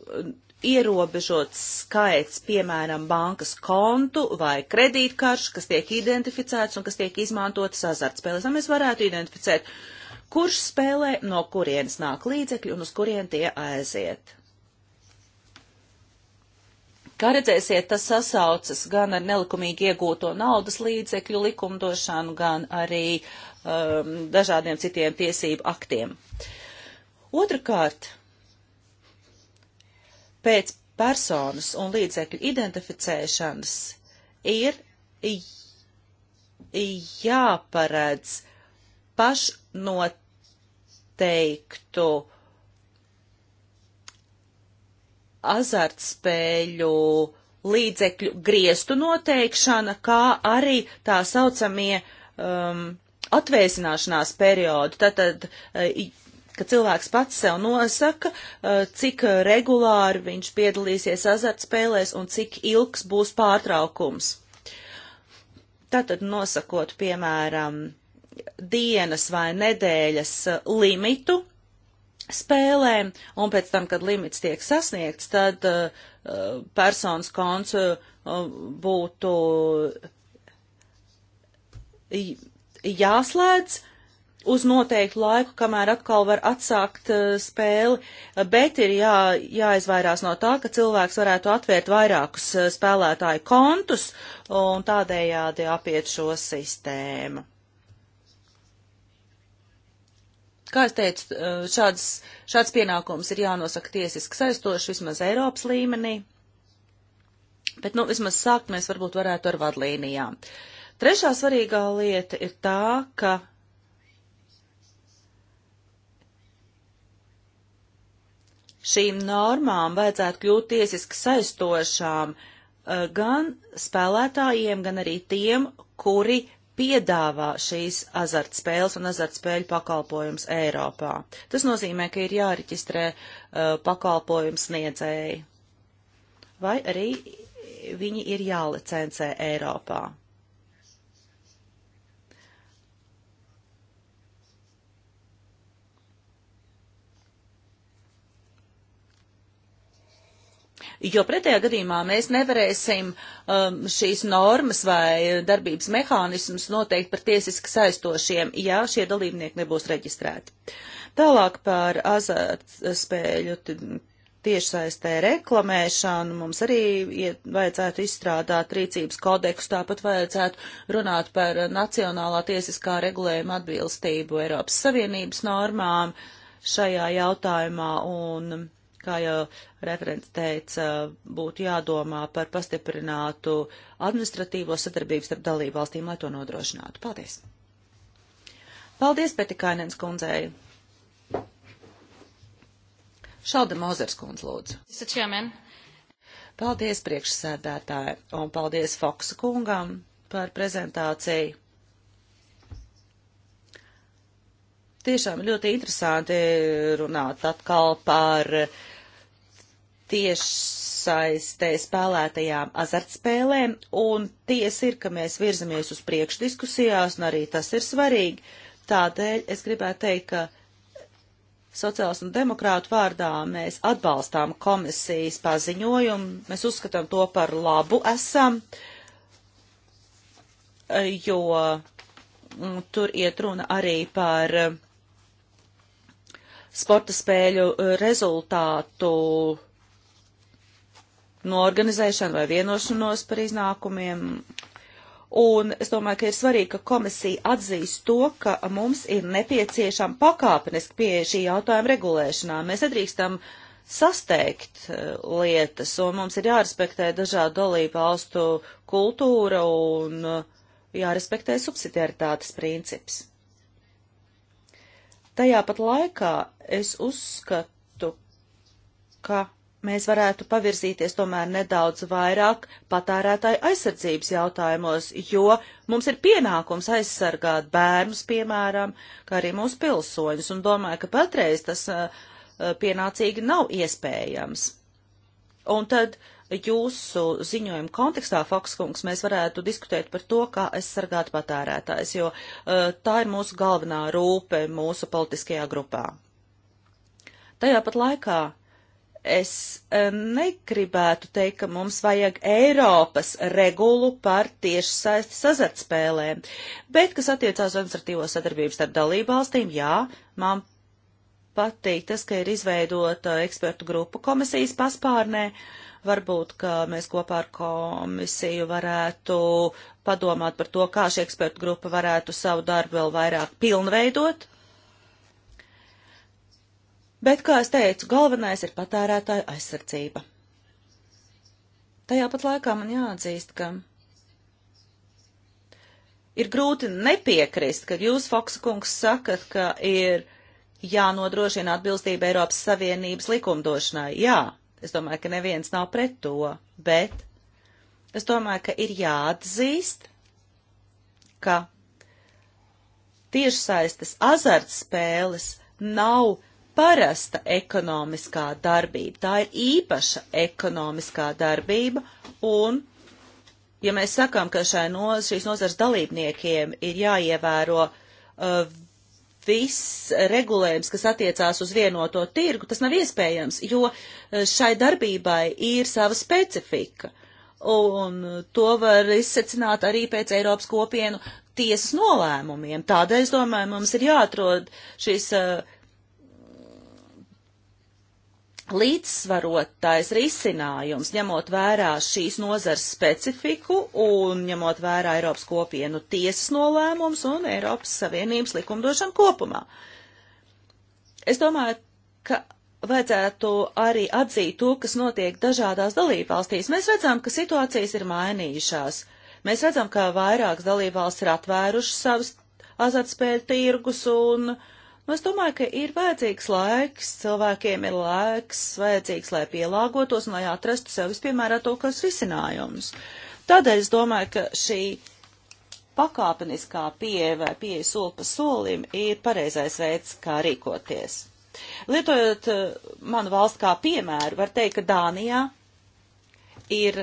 ierobežots skaits, piemēram, bankas kontu vai kredītkaršu, kas tiek identificēts un kas tiek izmantotas azartspēlēs. Mēs varētu identificēt, kurš spēlē, no kurienes nāk līdzekļi un uz kurien tie aiziet. Kā redzēsiet, tas sasaucas gan ar nelikumīgi iegūto naudas līdzekļu likumdošanu, gan arī um, dažādiem citiem tiesību aktiem. Otrakārt, pēc personas un līdzekļu identificēšanas ir jāparedz pašnoteiktu azartspēļu līdzekļu griestu noteikšana, kā arī tā saucamie um, atvēsināšanās periodi. Tātad, uh, ka cilvēks pats sev nosaka, eh, cik eh, regulāri viņš piedalīsies azartspēlēs un cik ilgs būs pārtraukums. Tātad nosakot, piemēram, dienas vai nedēļas eh, limitu spēlēm, un pēc tam, kad limits tiek sasniegts, tad uh, personas konts uh, būtu jāslēdz, uh, uz noteiktu laiku, kamēr atkal var atsākt uh, spēli, bet ir jā, jāizvairās no tā, ka cilvēks varētu atvērt vairākus uh, spēlētāju kontus un tādējādi apiet šo sistēmu. Kā es teicu, eh, šāds, šāds pienākums ir jānosaka tiesiski saistoši vismaz Eiropas līmenī, bet, nu, vismaz sākt mēs varbūt varētu ar vadlīnijām. Trešā svarīgā lieta ir tā, ka šīm normām vajadzētu kļūt tiesiski saistošām eh, gan spēlētājiem, gan arī tiem, kuri piedāvā šīs azartspēles un azartspēļu pakalpojums Eiropā. Tas nozīmē, ka ir jāreģistrē uh, pakalpojums sniedzēji. Vai arī viņi ir jālicencē Eiropā. jo pretējā gadījumā mēs nevarēsim um, šīs normas vai darbības mehānismus noteikt par tiesiski saistošiem, ja šie dalībnieki nebūs reģistrēti. Tālāk par azartspēļu tiešsaistē reklamēšanu mums arī vajadzētu izstrādāt rīcības kodeksu, tāpat vajadzētu runāt par nacionālā tiesiskā regulējuma atbilstību Eiropas Savienības normām šajā jautājumā un kā jau referents teica, būtu jādomā par pastiprinātu administratīvo sadarbību starp dalību valstīm, lai to nodrošinātu. Paldies! Paldies, Petikainens kundzei! Šalda Mozers kundz lūdzu. Paldies priekšsēdētāji un paldies Foksa kungam par prezentāciju. Tiešām ļoti interesanti runāt atkal par uh, tiešsaistē spēlētajām azartspēlēm, un tiesa ir, ka mēs virzamies uz priekšu diskusijās, un arī tas ir svarīgi. Tādēļ es gribētu teikt, ka sociāls un demokrātu vārdā mēs atbalstām komisijas paziņojumu, mēs uzskatām to par labu esam, jo mm, tur iet runa arī par mm, sporta spēļu rezultātu noorganizēšanu vai vienošanos par iznākumiem. Un es domāju, ka ir svarīgi, ka komisija atzīst to, ka mums ir nepieciešama pakāpeniski pieeja šī jautājuma regulēšanā. Mēs nedrīkstam sasteigt eh, lietas, un mums ir jārespektē dažādu dalību valstu kultūra un eh, jārespektē subsidiaritātes princips. Tajā pat laikā es uzskatu, ka mēs varētu pavirzīties tomēr nedaudz vairāk patērētāju aizsardzības jautājumos, jo mums ir pienākums aizsargāt bērnus, piemēram, kā arī mūsu pilsoņus, un domāju, ka patreiz tas uh, pienācīgi nav iespējams. Un tad jūsu ziņojuma kontekstā, Fokskungs, mēs varētu diskutēt par to, kā aizsargāt patērētājs, jo uh, tā ir mūsu galvenā rūpe mūsu politiskajā grupā. Tajā pat laikā uh, es eh, negribētu teikt, ka mums vajag Eiropas regulu par tieši saisti sazartspēlēm, bet, kas attiecās administratīvo sadarbību starp dalībvalstīm, jā, man patīk tas, ka ir izveidota ekspertu grupa komisijas paspārnē. Varbūt, ka mēs kopā ar komisiju varētu padomāt par to, kā šī ekspertu grupa varētu savu darbu vēl vairāk pilnveidot, Bet, kā es teicu, galvenais ir patērētāju aizsardzība. Tajā pat laikā man jāatzīst, ka ir grūti nepiekrist, kad jūs, Foksa kungs, sakat, ka ir jānodrošina atbilstība Eiropas Savienības likumdošanai. Jā, es domāju, ka neviens nav pret to, bet es domāju, ka ir jāatzīst, ka tiešsaistes azartspēles nav parasta ekonomiskā darbība, tā ir īpaša ekonomiskā darbība, un, ja mēs sakām, ka noz, šīs nozars dalībniekiem ir jāievēro uh, viss regulējums, kas attiecās uz vienoto tirgu, tas nav iespējams, jo uh, šai darbībai ir sava specifika. Un uh, to var izsecināt arī pēc Eiropas kopienu tiesas nolēmumiem. Tādēļ, es domāju, mums ir jāatrod šis uh, līdzsvarotais risinājums, ņemot vērā šīs nozars specifiku un ņemot vērā Eiropas kopienu tiesas nolēmums un Eiropas Savienības likumdošanu kopumā. Es domāju, ka vajadzētu arī atzīt to, kas notiek dažādās dalībvalstīs. Mēs redzam, ka situācijas ir mainījušās. Mēs redzam, ka vairākas dalībvalstis ir atvērušas savus azartspēļu tirgus un uh, Un es domāju, ka ir vajadzīgs laiks, cilvēkiem ir laiks, vajadzīgs, lai pielāgotos un lai atrastu sev vispiemērotākos risinājumus. Tādēļ es domāju, ka šī pakāpeniskā pieeja vai pieeja soli pa solim ir pareizais veids, kā rīkoties. Lietojot eh, manu valstu kā piemēru, var teikt, ka Dānijā ir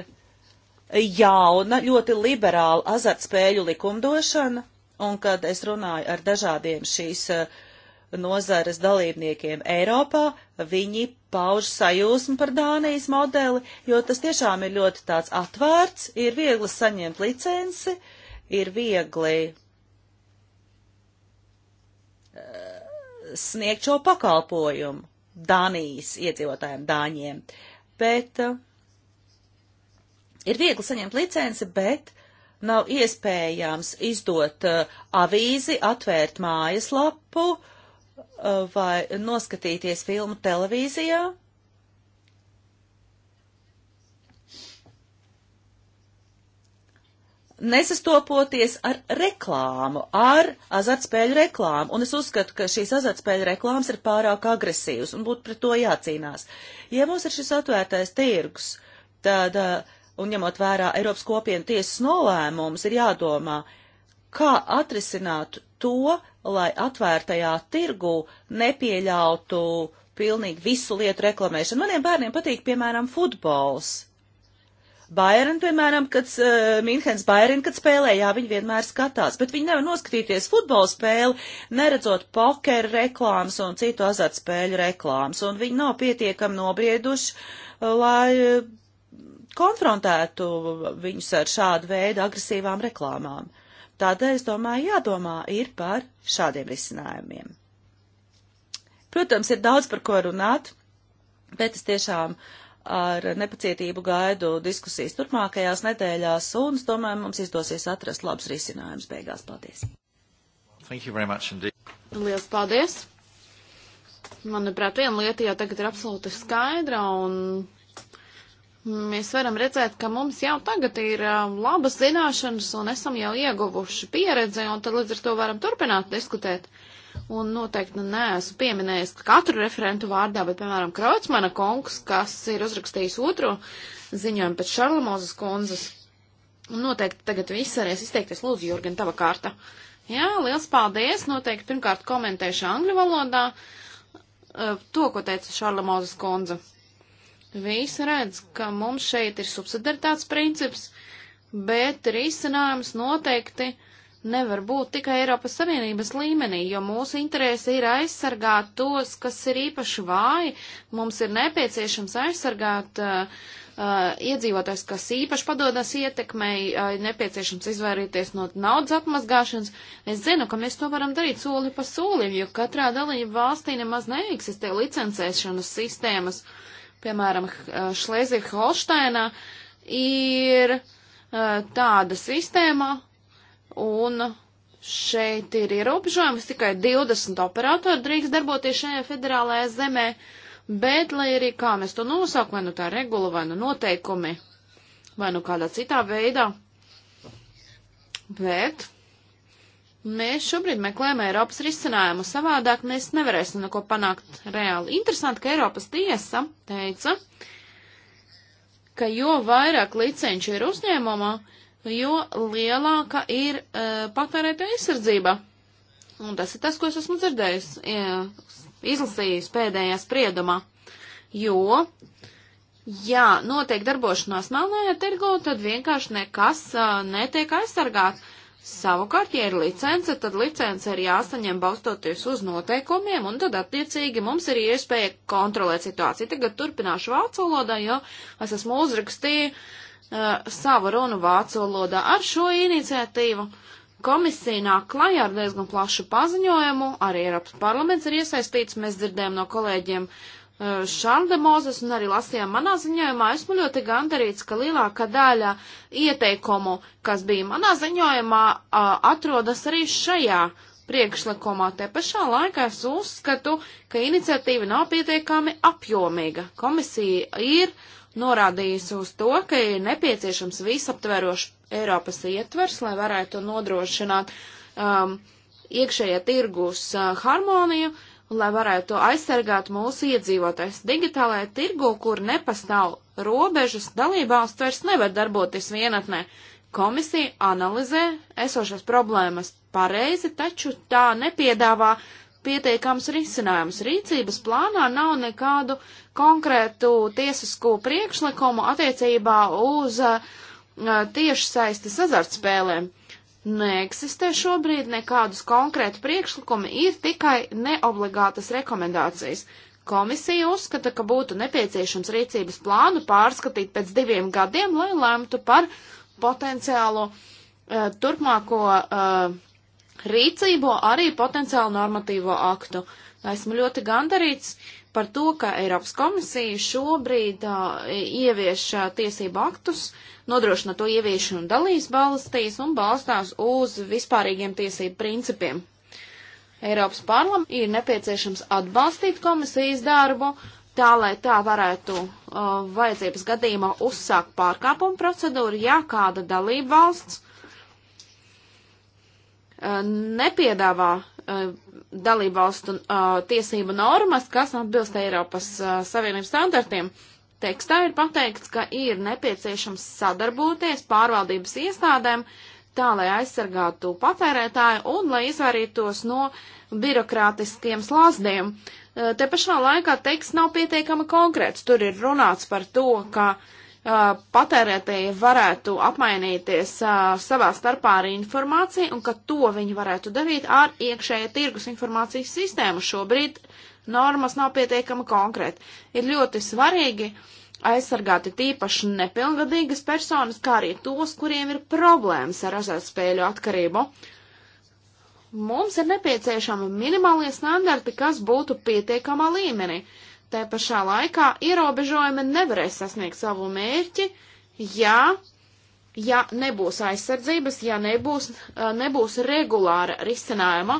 jauna, ļoti liberāla azartspēļu likumdošana, un kad es runāju ar dažādiem šīs uh, nozares dalībniekiem Eiropā, viņi pauž sajūsmu par Dānijas modeli, jo tas tiešām ir ļoti tāds atvērts, ir viegli saņemt licenci, ir viegli eh, sniegt šo pakalpojumu Dānijas iedzīvotājiem, Dāņiem. Bet uh, ir viegli saņemt licenci, bet nav iespējams izdot uh, avīzi, atvērt mājaslapu, uh, vai noskatīties filmu televīzijā. nesastopoties ar reklāmu, ar azartspēļu reklāmu, un es uzskatu, ka šīs azartspēļu reklāmas ir pārāk agresīvas un būtu pret to jācīnās. Ja mums ir šis atvērtais tirgus, tad, un ņemot vērā Eiropas kopienu tiesas nolēmumus, ir jādomā, kā atrisināt to, lai atvērtajā tirgu nepieļautu pilnīgi visu lietu reklamēšanu. Maniem bērniem patīk, piemēram, futbols. Bairn, piemēram, kad uh, eh, Minhens Bairn, kad spēlē, jā, viņi vienmēr skatās, bet viņi nevar noskatīties futbola spēli, neredzot pokeru reklāmas un citu azartspēļu reklāmas, un viņi nav pietiekami nobrieduši, eh, lai uh, konfrontētu viņus ar šādu veidu agresīvām reklāmām. Tādēļ, es domāju, jādomā ir par šādiem risinājumiem. Protams, ir daudz par ko runāt, bet es tiešām ar nepacietību gaidu diskusijas turpmākajās nedēļās, un es domāju, mums izdosies atrast labs risinājums beigās. Paldies! Lielas paldies! Manuprāt, viena lieta jau tagad ir absolūti skaidra, un Mēs varam redzēt, ka mums jau tagad ir um, labas zināšanas un esam jau ieguvuši pieredzi, un tad līdz ar to varam turpināt diskutēt. Un noteikti nu, neesmu pieminējis katru referentu vārdā, bet, piemēram, Kraucmana kungs, kas ir uzrakstījis otro ziņojumu pēc Šarlamozas kundzes. Un noteikti tagad viss varēs izteikties, lūdzu, Jurgen, tava kārta. Jā, liels paldies, noteikti pirmkārt komentēšu angļu valodā uh, to, ko teica Šarlamozas kundze. Visi redz, ka mums šeit ir subsidaritāts princips, bet risinājums noteikti nevar būt tikai Eiropas Savienības līmenī, jo mūsu interese ir aizsargāt tos, kas ir īpaši vāji. Mums ir nepieciešams aizsargāt uh, uh, iedzīvotājs, kas īpaši padodas ietekmei, uh, nepieciešams izvairīties no naudas apmazgāšanas. Es zinu, ka mēs to varam darīt soli pa solim, jo katrā dalība valstī nemaz neeksistē licencēšanas sistēmas. Uh, Piemēram, eh, Šlēzija Holšteinā ir eh, tāda sistēma, un šeit ir ierobežojums tikai 20 operatori drīkst darboties šajā federālajā zemē, bet, lai arī kā mēs to nosaukt, vai nu tā regula, vai nu noteikumi, vai nu kādā citā veidā, bet Mēs šobrīd meklējam Eiropas risinājumu, savādāk mēs nevarēsim neko panākt reāli. Interesanti, ka Eiropas tiesa teica, ka jo vairāk licenču ir uzņēmumā, jo lielāka ir e, patērētāja aizsardzība. Un tas ir tas, ko es esmu dzirdējis, e, izlasījis pēdējā spriedumā. Jo, ja notiek darbošanās melnējā tirgu, tad vienkārši nekas e, netiek aizsargāts Savukārt, ja ir licence, tad licence ir jāsaņem balstoties uz noteikumiem, un tad attiecīgi mums ir iespēja kontrolēt situāciju. Tagad turpināšu vācu valodā, jo es esmu uzrakstīju uh, savu runu vācu valodā ar šo iniciatīvu. Komisija nāk klajā ar diezgan plašu paziņojumu, arī Eiropas parlaments ir iesaistīts, mēs dzirdējam no kolēģiem uh, Eh, Šalde Mozes un arī lasījām manā ziņojumā, esmu ļoti gandarīts, ka lielākā daļa ieteikumu, kas bija manā ziņojumā, eh, atrodas arī šajā priekšlikumā. Te pašā laikā es uzskatu, ka iniciatīva nav pietiekami apjomīga. Komisija ir norādījusi uz to, ka ir nepieciešams visaptverošs Eiropas ietvers, lai varētu nodrošināt um, iekšējā tirgus uh, harmoniju. Uh, un lai varētu aizsargāt mūsu iedzīvotājs. Digitālajā tirgu, kur nepastāv robežas, dalībvalsts vairs nevar darboties vienatnē. Komisija analizē esošās problēmas pareizi, taču tā nepiedāvā pietiekams risinājums. Rīcības plānā nav nekādu konkrētu tiesisko priekšlikumu attiecībā uz uh, tieši saistes azartspēlēm neeksistē šobrīd nekādus konkrētu priekšlikumi, ir tikai neobligātas rekomendācijas. Komisija uzskata, ka būtu nepieciešams rīcības plānu pārskatīt pēc diviem gadiem, lai lemtu par potenciālo uh, turpmāko uh, rīcību, arī potenciālu normatīvo aktu. Esmu ļoti gandarīts par to, ka Eiropas komisija šobrīd uh, ievieš uh, tiesību aktus, nodrošina to ieviešanu dalīs balstīs un balstās uz vispārīgiem tiesību principiem. Eiropas parlamentam ir nepieciešams atbalstīt komisijas darbu, tā lai tā varētu uh, vajadzības gadījumā uzsākt pārkāpumu procedūru, ja kāda dalība valsts uh, nepiedāvā Uh, dalībvalstu uh, tiesību normas, kas atbilst Eiropas uh, Savienības standartiem. Tekstā ir pateikts, ka ir nepieciešams sadarboties pārvaldības iestādēm, tā lai aizsargātu patērētāju un lai izvairītos no birokrātiskiem slazdiem. Te pašā laikā teksts nav pietiekami konkrēts. Tur ir runāts par to, ka uh, uh, patērētēji varētu apmainīties uh, savā starpā ar informāciju un ka to viņi varētu darīt ar iekšējā tirgus informācijas sistēmu. Šobrīd normas nav pietiekama konkrēta. Ir ļoti svarīgi aizsargāt tīpaši nepilngadīgas personas, kā arī tos, kuriem ir problēmas ar azartspēļu atkarību. Mums ir nepieciešami minimālie standarti, kas būtu pietiekamā līmenī. Uh, Te pašā laikā ierobežojumi nevarēs sasniegt savu mērķi, ja, ja nebūs aizsardzības, ja nebūs, eh, nebūs regulāra risinājuma.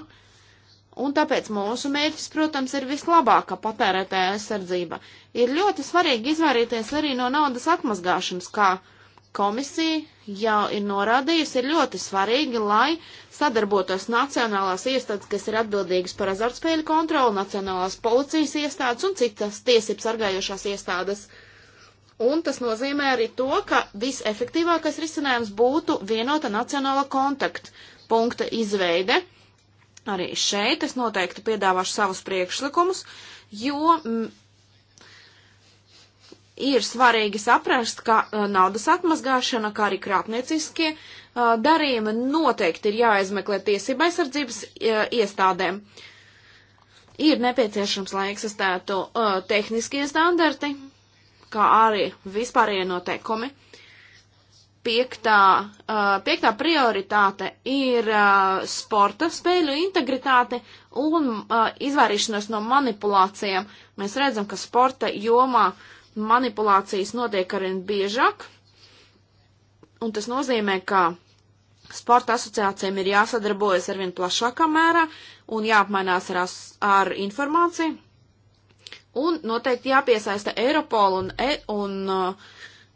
Un tāpēc mūsu mērķis, protams, ir vislabākā patērētāja aizsardzība. Ir ļoti svarīgi izvairīties arī no naudas atmazgāšanas, kā komisija jau ir norādījusi, ir ļoti svarīgi, lai sadarbotos nacionālās iestādes, kas ir atbildīgas par azartspēļu kontroli, nacionālās policijas iestādes un citas tiesības sargājošās iestādes. Un tas nozīmē arī to, ka visefektīvākais risinājums būtu vienota nacionāla kontakta punkta izveide. Arī šeit es noteikti piedāvāšu savus priekšlikumus, jo ir svarīgi saprast, ka uh, naudas atmazgāšana, kā arī krāpnieciskie uh, darījumi noteikti ir jāizmeklē tiesība aizsardzības uh, iestādēm. Ir nepieciešams, lai eksistētu uh, tehniskie standarti, kā arī vispārējie noteikumi. Piektā, uh, piektā prioritāte ir uh, sporta spēļu integritāte un uh, izvairīšanās no manipulācijām. Mēs redzam, ka sporta jomā uh, manipulācijas notiek arvien biežāk, un tas nozīmē, ka sporta asociācijām ir jāsadarbojas arvien plašākā mērā un jāapmainās ar, ar informāciju, un noteikti jāpiesaista Eiropol un, e, un uh,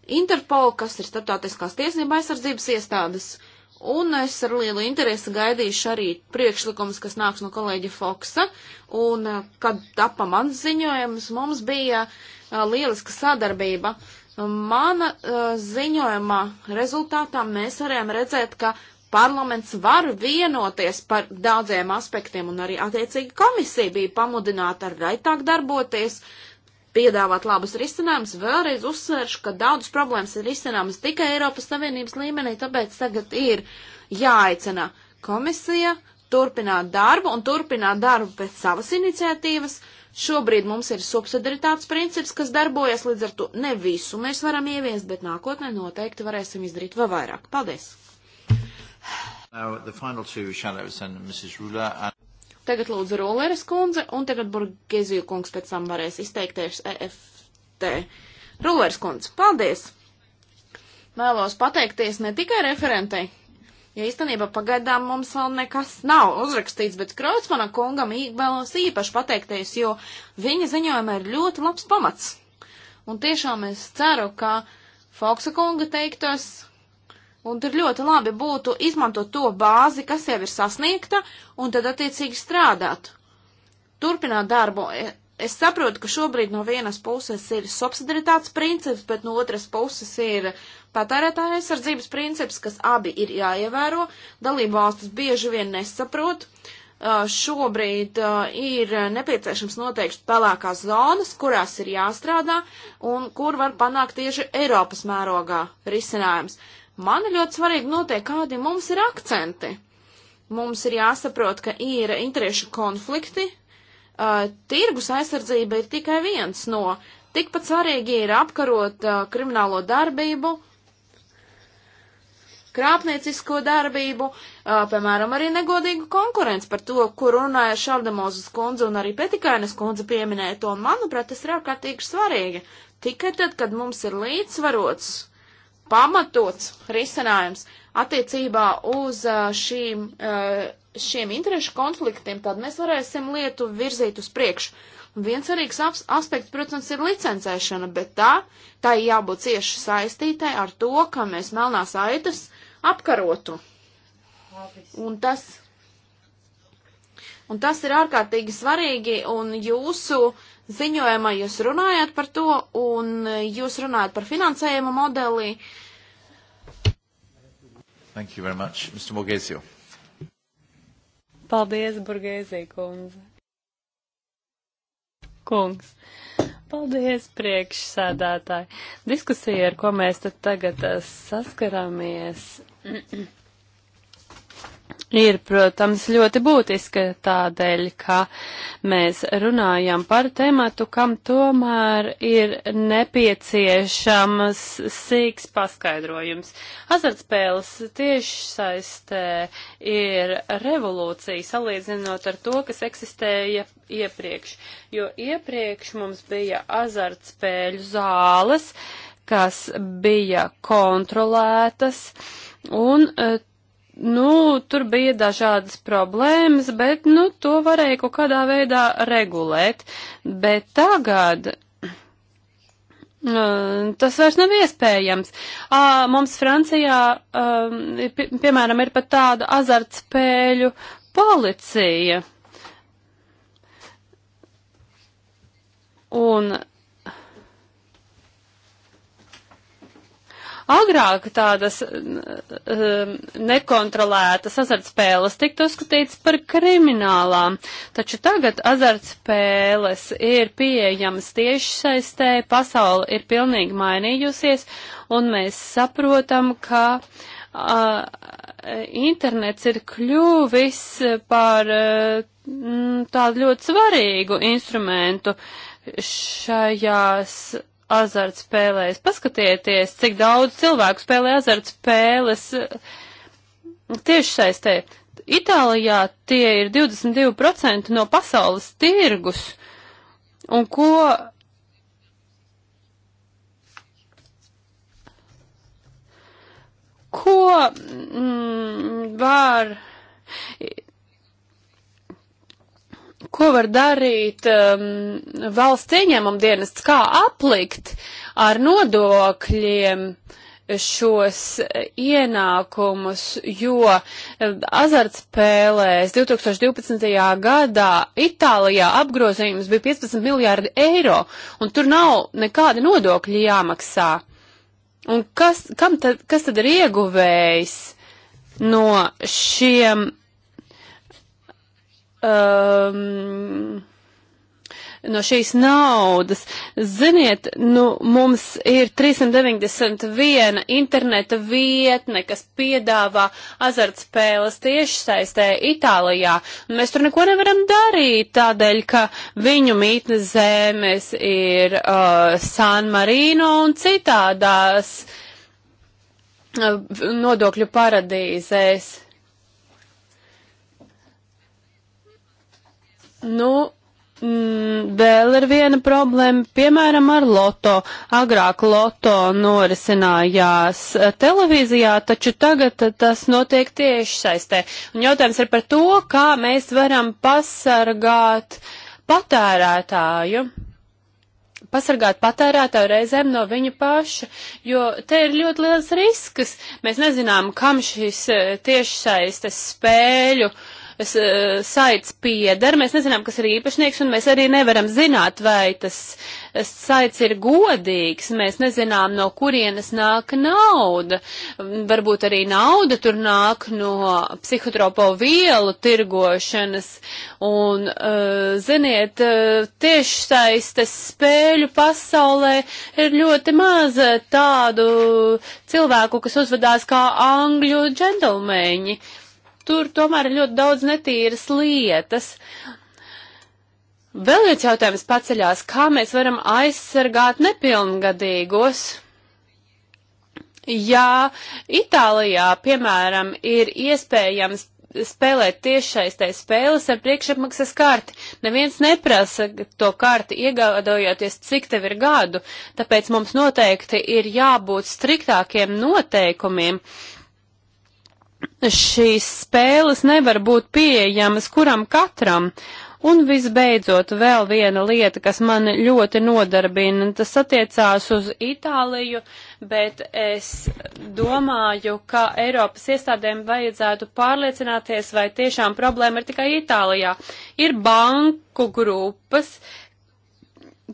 Interpol, kas ir starptautiskās tiesība aizsardzības iestādes, uh, Un es ar lielu interesi gaidīšu arī priekšlikumus, kas nāks no kolēģa Foksa. Un eh, kad tapa mans ziņojums, mums bija uh, lieliska sadarbība. Mana uh, ziņojuma rezultātā mēs varējām redzēt, ka parlaments var vienoties par daudziem aspektiem, un arī attiecīgi komisija bija pamudināta ar raitāk darboties, piedāvāt labus risinājumus. Vēlreiz uzsveršu, ka daudzas problēmas ir risināmas tikai Eiropas Savienības līmenī, tāpēc tagad ir jāaicina komisija turpināt darbu un turpināt darbu pēc savas iniciatīvas. Šobrīd mums ir subsidaritātes princips, kas darbojas līdz ar to ne visu mēs varam ieviest, bet nākotnē noteikti varēsim izdarīt vēl vairāk. Paldies! Now, the final two shadows and Mrs. Ruler and Tagad lūdzu Rūleres kundze, un tagad Burgeziju kungs pēc tam varēs izteikties EFT. Rūleres kundze, paldies! Vēlos pateikties ne tikai referentei, jo ja īstenībā pagaidām mums vēl nekas nav uzrakstīts, bet Kreutzmana kungam vēlos īpaši pateikties, jo viņa ziņojumā ir ļoti labs pamats. Un tiešām es ceru, ka Fauksa kunga teiktos Un tur ļoti labi būtu izmantot to bāzi, kas jau ir sasniegta, un tad attiecīgi strādāt. Turpināt darbu. E, es saprotu, ka šobrīd no vienas puses ir subsidaritātes princips, bet no otras puses ir patērētāja aizsardzības princips, kas abi ir jāievēro. Dalību valstis bieži vien nesaprot. E, šobrīd e, ir nepieciešams noteikti pelēkās zonas, kurās ir jāstrādā un kur var panākt tieši Eiropas mērogā risinājums. Man ir ļoti svarīgi noteikti, kādi mums ir akcenti. Mums ir jāsaprot, ka ir interešu konflikti. Uh, tirgus aizsardzība ir tikai viens no. Tikpat svarīgi ir apkarot uh, kriminālo darbību, krāpniecisko darbību, uh, piemēram, arī negodīgu konkurenci par to, kur runāja Šaldemozes kundze un arī Petikainas kundze pieminēja to. Manuprāt, tas ir ārkārtīgi svarīgi. Tikai tad, kad mums ir līdzsvarots uh, pamatots risinājums attiecībā uz šīm, šiem interešu konfliktiem, tad mēs varēsim lietu virzīt uz priekšu. Un viens svarīgs aspekts, protams, ir licencēšana, bet tā, tā jābūt cieši saistītai ar to, ka mēs melnās aitas apkarotu. Un tas, un tas ir ārkārtīgi svarīgi, un jūsu uh, ziņojumā jūs runājat par to, un jūs runājat par finansējumu modeli. Thank you very much, Mr. Borgesio. Paldies, Borgesio kundze. Kungs. Paldies, priekšsēdētāji. Diskusija, ar ko mēs tad tagad eh, saskaramies ir, protams, ļoti būtiska tādēļ, ka mēs runājam par tematu, kam tomēr ir nepieciešams sīks paskaidrojums. Azartspēles tieši saistē ir revolūcija salīdzinot ar to, kas eksistēja iepriekš, jo iepriekš mums bija azartspēļu zāles, kas bija kontrolētas, un eh, nu, tur bija dažādas problēmas, bet, nu, to varēja kaut kādā veidā regulēt. Bet tagad uh, Tas vairs nav iespējams. Mums Francijā, um, piemēram, ir pat tāda azartspēļu policija. Un Agrāk tādas um, nekontrolētas azartspēles tika uzskatīts par kriminālām, taču tagad azartspēles ir pieejamas tieši saistē, pasaule ir pilnīgi mainījusies, un mēs saprotam, ka uh, internets ir kļuvis par uh, tādu ļoti svarīgu instrumentu šajās azartspēlēs. Paskatieties, cik daudz cilvēku spēlē azartspēles eh, tieši saistē. Itālijā tie ir 22% no pasaules tirgus. Un ko ko mm, var Ko var darīt um, valsts ieņēmuma dienests? Kā aplikt ar nodokļiem? šos ienākumus, jo eh, azartspēlēs 2012. gadā Itālijā apgrozījums bija 15 miljārdi eiro, un tur nav nekādi nodokļi jāmaksā. Un kas, kam tad, kas tad ir ieguvējis no šiem um, no šīs naudas. Ziniet, nu, mums ir 391 interneta vietne, kas piedāvā azartspēles tieši saistē Itālijā. Un mēs tur neko nevaram darīt, tādēļ, ka viņu mītnes zemes ir uh, San Marino un citādās uh, nodokļu paradīzēs. Nu, mm, vēl ir viena problēma, piemēram, ar loto. Agrāk loto norisinājās televīzijā, taču tagad tas notiek tieši saistē. Un jautājums ir par to, kā mēs varam pasargāt patērētāju. Pasargāt patērētāju reizēm no viņa paša, jo te ir ļoti liels risks. Mēs nezinām, kam šis eh, tiešsaistes spēļu uh, Eh, saits pieder, mēs nezinām, kas ir īpašnieks, un mēs arī nevaram zināt, vai tas saits ir godīgs, mēs nezinām, no kurienes nāk nauda. Varbūt arī nauda tur nāk no psihotropo vielu tirgošanas, un, eh, ziniet, eh, tiešsaistes spēļu pasaulē ir ļoti maz tādu cilvēku, kas uzvedās kā angļu džentlmeņi. Uh, tur tomēr ir ļoti daudz netīras lietas. Vēl viens jautājums paceļās, kā mēs varam aizsargāt nepilngadīgos. Ja Itālijā, piemēram, ir iespējams spēlēt tiešsaistē spēles ar priekšapmaksas karti. Neviens neprasa to karti iegādājoties, cik tev ir gadu, tāpēc mums noteikti ir jābūt striktākiem noteikumiem, uh, šīs spēles nevar būt pieejamas kuram katram. Un visbeidzot, vēl viena lieta, kas man ļoti nodarbina, tas attiecās uz Itāliju, bet es domāju, ka Eiropas iestādēm vajadzētu pārliecināties, vai tiešām problēma ir tikai Itālijā. Ir banku grupas,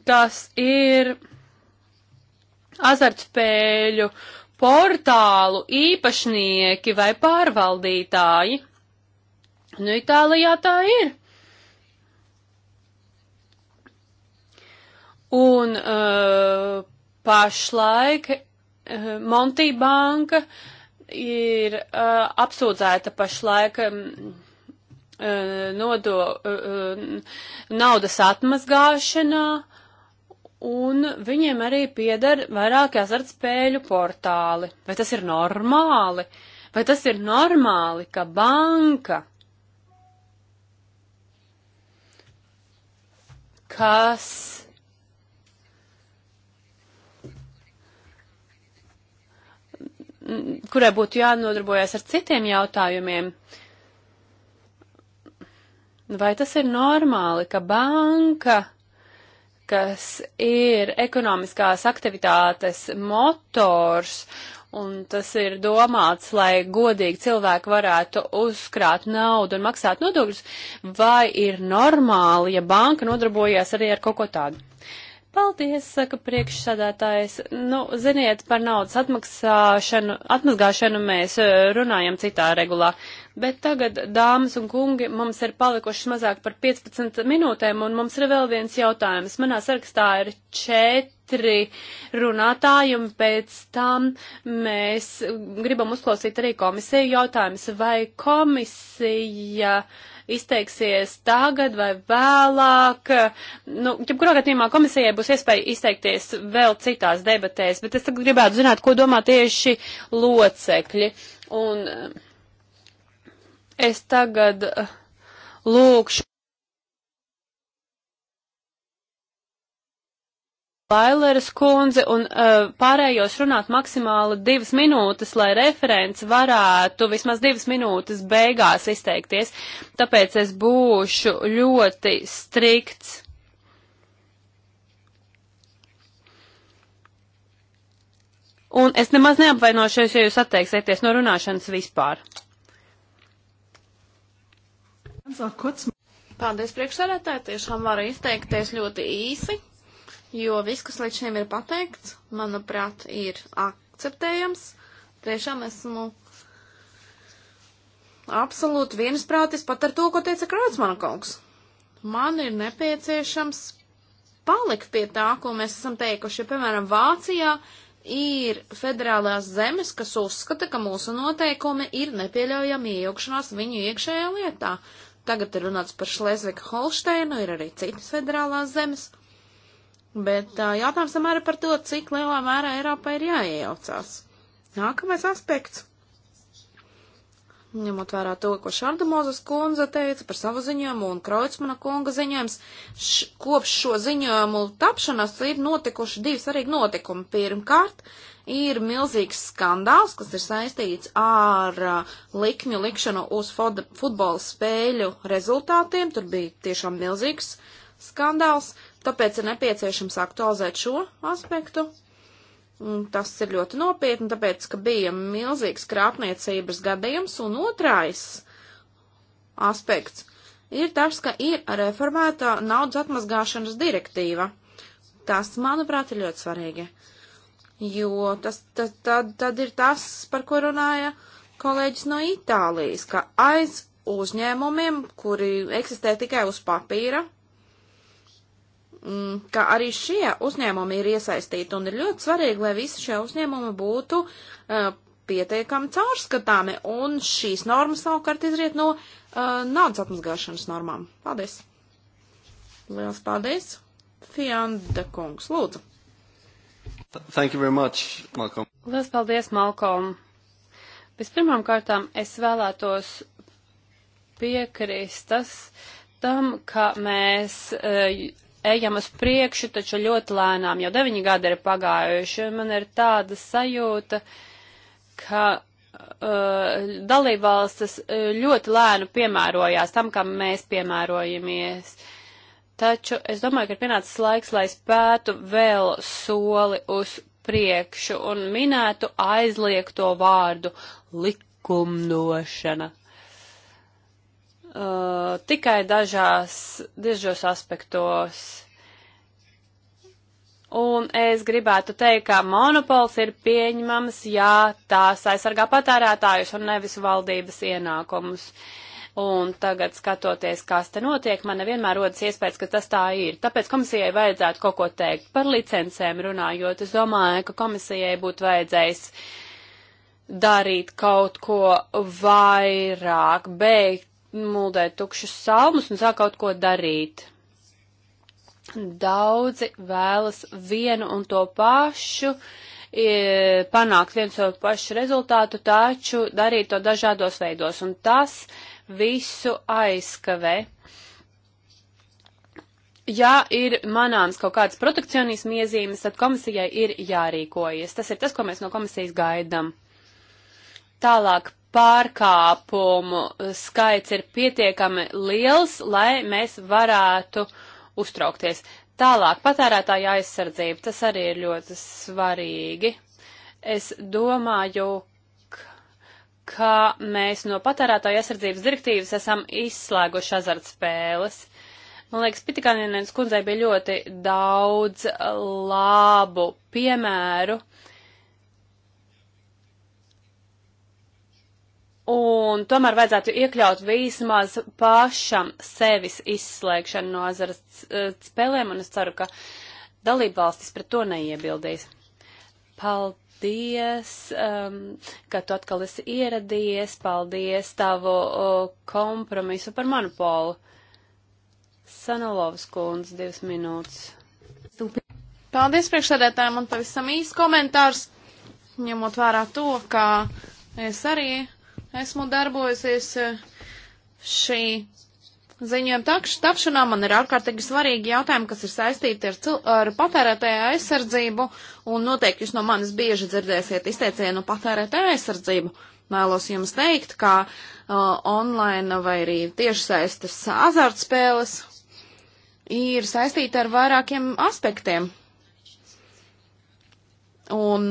kas ir azartspēļu uh, portālu īpašnieki vai pārvaldītāji. Nu, Itālijā tā ir. Un uh, pašlaik uh, Monti banka ir uh, apsūdzēta pašlaik um, uh, nodo uh, uh naudas atmazgāšanā un viņiem arī pieder vairāki azartspēļu portāli. Vai tas ir normāli? Vai tas ir normāli, ka banka, kas kurai būtu jānodarbojas ar citiem jautājumiem, vai tas ir normāli, ka banka kas ir ekonomiskās aktivitātes motors, un tas ir domāts, lai godīgi cilvēki varētu uzkrāt naudu un maksāt nodokļus, vai ir normāli, ja banka nodarbojas arī ar kaut ko tādu? Paldies, saka priekšsādātājs. Nu, ziniet, par naudas atmaksāšanu, atmazgāšanu mēs eh, runājam citā regulā. Uh, Bet tagad, dāmas un kungi, mums ir palikušas mazāk par 15 minūtēm, un mums ir vēl viens jautājums. Manā sarakstā ir četri runātāji, un pēc tam mēs gribam uzklausīt arī komisiju jautājumus. Vai komisija izteiksies tagad vai vēlāk. Nu, jebkurā gadījumā komisijai būs iespēja izteikties vēl citās debatēs, bet es tagad gribētu zināt, ko domā tieši locekļi. Un Es tagad eh, lūkšu. Baileres kundze un uh, pārējos runāt maksimāli divas minūtes, lai referents varētu vismaz divas minūtes beigās izteikties. Tāpēc es būšu ļoti strikts. Un es nemaz neapvainošos, ja jūs atteiksieties no runāšanas vispār. Paldies priekšsēdētāji, tiešām varu izteikties ļoti īsi, jo viss, kas līdz šim ir pateikts, manuprāt, ir akceptējams. Tiešām esmu absolūti viensprātis pat ar to, ko teica Krautsmana kungs. Man ir nepieciešams palikt pie tā, ko mēs esam teikuši, piemēram, Vācijā ir federālās zemes, kas uzskata, ka mūsu noteikumi ir nepieļaujami iejaukšanās viņu iekšējā lietā. Tagad ir runāts par Šlēzvika Holšteinu, ir arī citas federālās zemes. Bet uh, jautājums samērā par to, cik lielā mērā Eiropā ir jāiejaucās. Nākamais aspekts. Ņemot vērā to, ko Šardamozas kundze teica par savu ziņojumu un Kreutzmana kunga ziņojums, š, kopš šo ziņojumu tapšanas ir notikuši divi svarīgi notikumi. Pirmkārt, uh, ir milzīgs skandāls, kas ir saistīts ar uh, likmju likšanu uz futbola spēļu rezultātiem. Tur bija tiešām milzīgs skandāls, tāpēc ir nepieciešams aktualizēt šo aspektu. Un tas ir ļoti nopietni, tāpēc, ka bija milzīgs krāpniecības gadījums, un otrais aspekts ir tas, ka ir reformēta naudas atmazgāšanas direktīva. Tas, manuprāt, ir ļoti svarīgi. Uh, jo tas, tas tad, tad ir tas, par ko runāja kolēģis no Itālijas, ka aiz uzņēmumiem, kuri eksistē tikai uz papīra, mm, ka arī šie uzņēmumi ir iesaistīti un ir ļoti svarīgi, lai visi šie uzņēmumi būtu uh, pietiekami caurskatāmi, un šīs normas savukārt izriet no uh, naudas atmazgāšanas normām. Paldies! Lielas paldies! Fianda kungs, lūdzu! Thank you very much, Malcolm. Lielas paldies, Malcolm. Vispirmām kārtām es vēlētos piekrist tas tam, ka mēs e, ejam uz priekšu, taču ļoti lēnām, jau deviņi gadi ir pagājuši, un man ir tāda sajūta, ka Uh, dalībvalstis eh, ļoti lēnu piemērojās tam, kam mēs piemērojamies. Uh, Taču es domāju, ka ir pienācis laiks, lai spētu vēl soli uz priekšu un minētu aizliegto vārdu likumdošana. Uh, tikai dažās, dažos aspektos. Un es gribētu teikt, ka monopols ir pieņemams, ja tās aizsargā patērētājus un nevis valdības ienākumus. Uh, Un tagad skatoties, kas te notiek, man nevienmēr rodas iespējas, ka tas tā ir. Tāpēc komisijai vajadzētu kaut ko teikt par licencēm runājot. Es domāju, ka komisijai būtu vajadzējis darīt kaut ko vairāk, beigt muldēt tukšus salmus un sāk kaut ko darīt. Daudzi vēlas vienu un to pašu, panākt vienu to pašu rezultātu, taču darīt to dažādos veidos. Un tas uh, visu aizkavē. Ja ir manāms kaut kādas protekcionismu iezīmes, tad komisijai ir jārīkojas. Tas ir tas, ko mēs no komisijas gaidām. Tālāk pārkāpumu skaits ir pietiekami liels, lai mēs varētu uztraukties. Tālāk patērētāja aizsardzība, tas arī ir ļoti svarīgi. Es domāju, ka mēs no patērētāja aizsardzības direktīvas esam izslēguši azartspēles. Man liekas, Pitikānienes kundzei bija ļoti daudz labu piemēru. Un tomēr vajadzētu iekļaut vismaz pašam sevis izslēgšanu no azarts spēlēm, un es ceru, ka dalība valstis pret to neiebildīs. Paldies! paldies, um, ka tu atkal esi ieradies, paldies tavu uh, kompromisu par monopolu. Sanolovs kundze, divas minūtes. Paldies priekšsēdētājiem un pavisam īsts komentārs, ņemot vērā to, ka es arī esmu darbojusies eh, šī ziņojumu tapšanā man ir ārkārtīgi svarīgi jautājumi, kas ir saistīti ar, ar patērētāja aizsardzību, un noteikti jūs no manis bieži dzirdēsiet izteicienu patērētāja aizsardzību. Mēlos jums teikt, ka uh, online vai arī tiešsaistes azartspēles ir saistīta ar vairākiem aspektiem. Un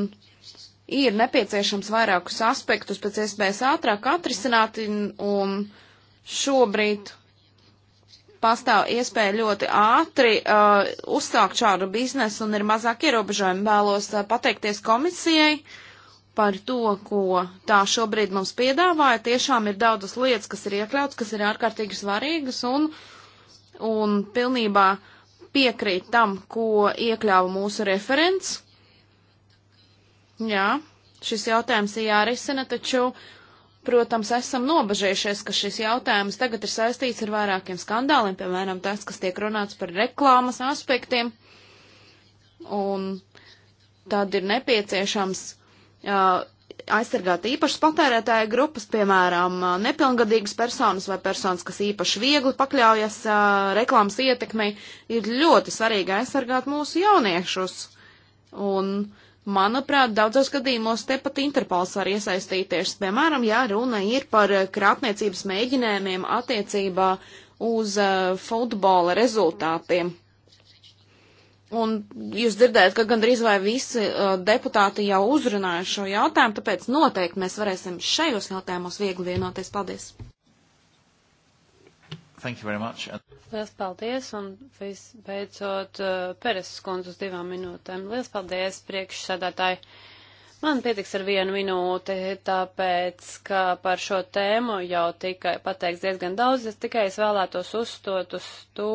ir nepieciešams vairākus aspektus pēc iespējas ātrāk atrisināt, un šobrīd pastāv iespēja ļoti ātri uh, uzsākt šādu biznesu un ir mazāk ierobežojumi. Vēlos uh, pateikties komisijai par to, ko tā šobrīd mums piedāvāja. Tiešām ir daudzas lietas, kas ir iekļauts, kas ir ārkārtīgi svarīgas un, un pilnībā piekrīt tam, ko iekļāva mūsu referents. Jā, šis jautājums ir jārisina, taču uh, Protams, esam nobežījušies, ka šis jautājums tagad ir saistīts ar vairākiem skandāliem, piemēram, tas, kas tiek runāts par reklāmas aspektiem. Un tad ir nepieciešams uh, aizsargāt īpašas patērētāja grupas, piemēram, nepilngadīgas personas vai personas, kas īpaši viegli pakļaujas uh, reklāmas ietekmei, ir ļoti svarīgi aizsargāt mūsu jauniešus. Un uh, Manuprāt, daudzos gadījumos te pat Interpols var iesaistīties. Piemēram, ja runa ir par eh, krāpniecības mēģinējumiem attiecībā uz uh, futbola rezultātiem. Un jūs dzirdējat, ka gandrīz vai visi uh, deputāti jau uzrunāja šo jautājumu, tāpēc noteikti mēs varēsim šajos jautājumos viegli vienoties. Paldies! Thank you very much. Lielas paldies, un visbeidzot, uh, Peres skundz uz divām minūtēm. Lielas paldies, priekšsēdētāji. Uh, Man pietiks ar vienu minūti, tāpēc, ka par šo tēmu jau tika pateikts diezgan daudz, es tikai es vēlētos uzstot uz to,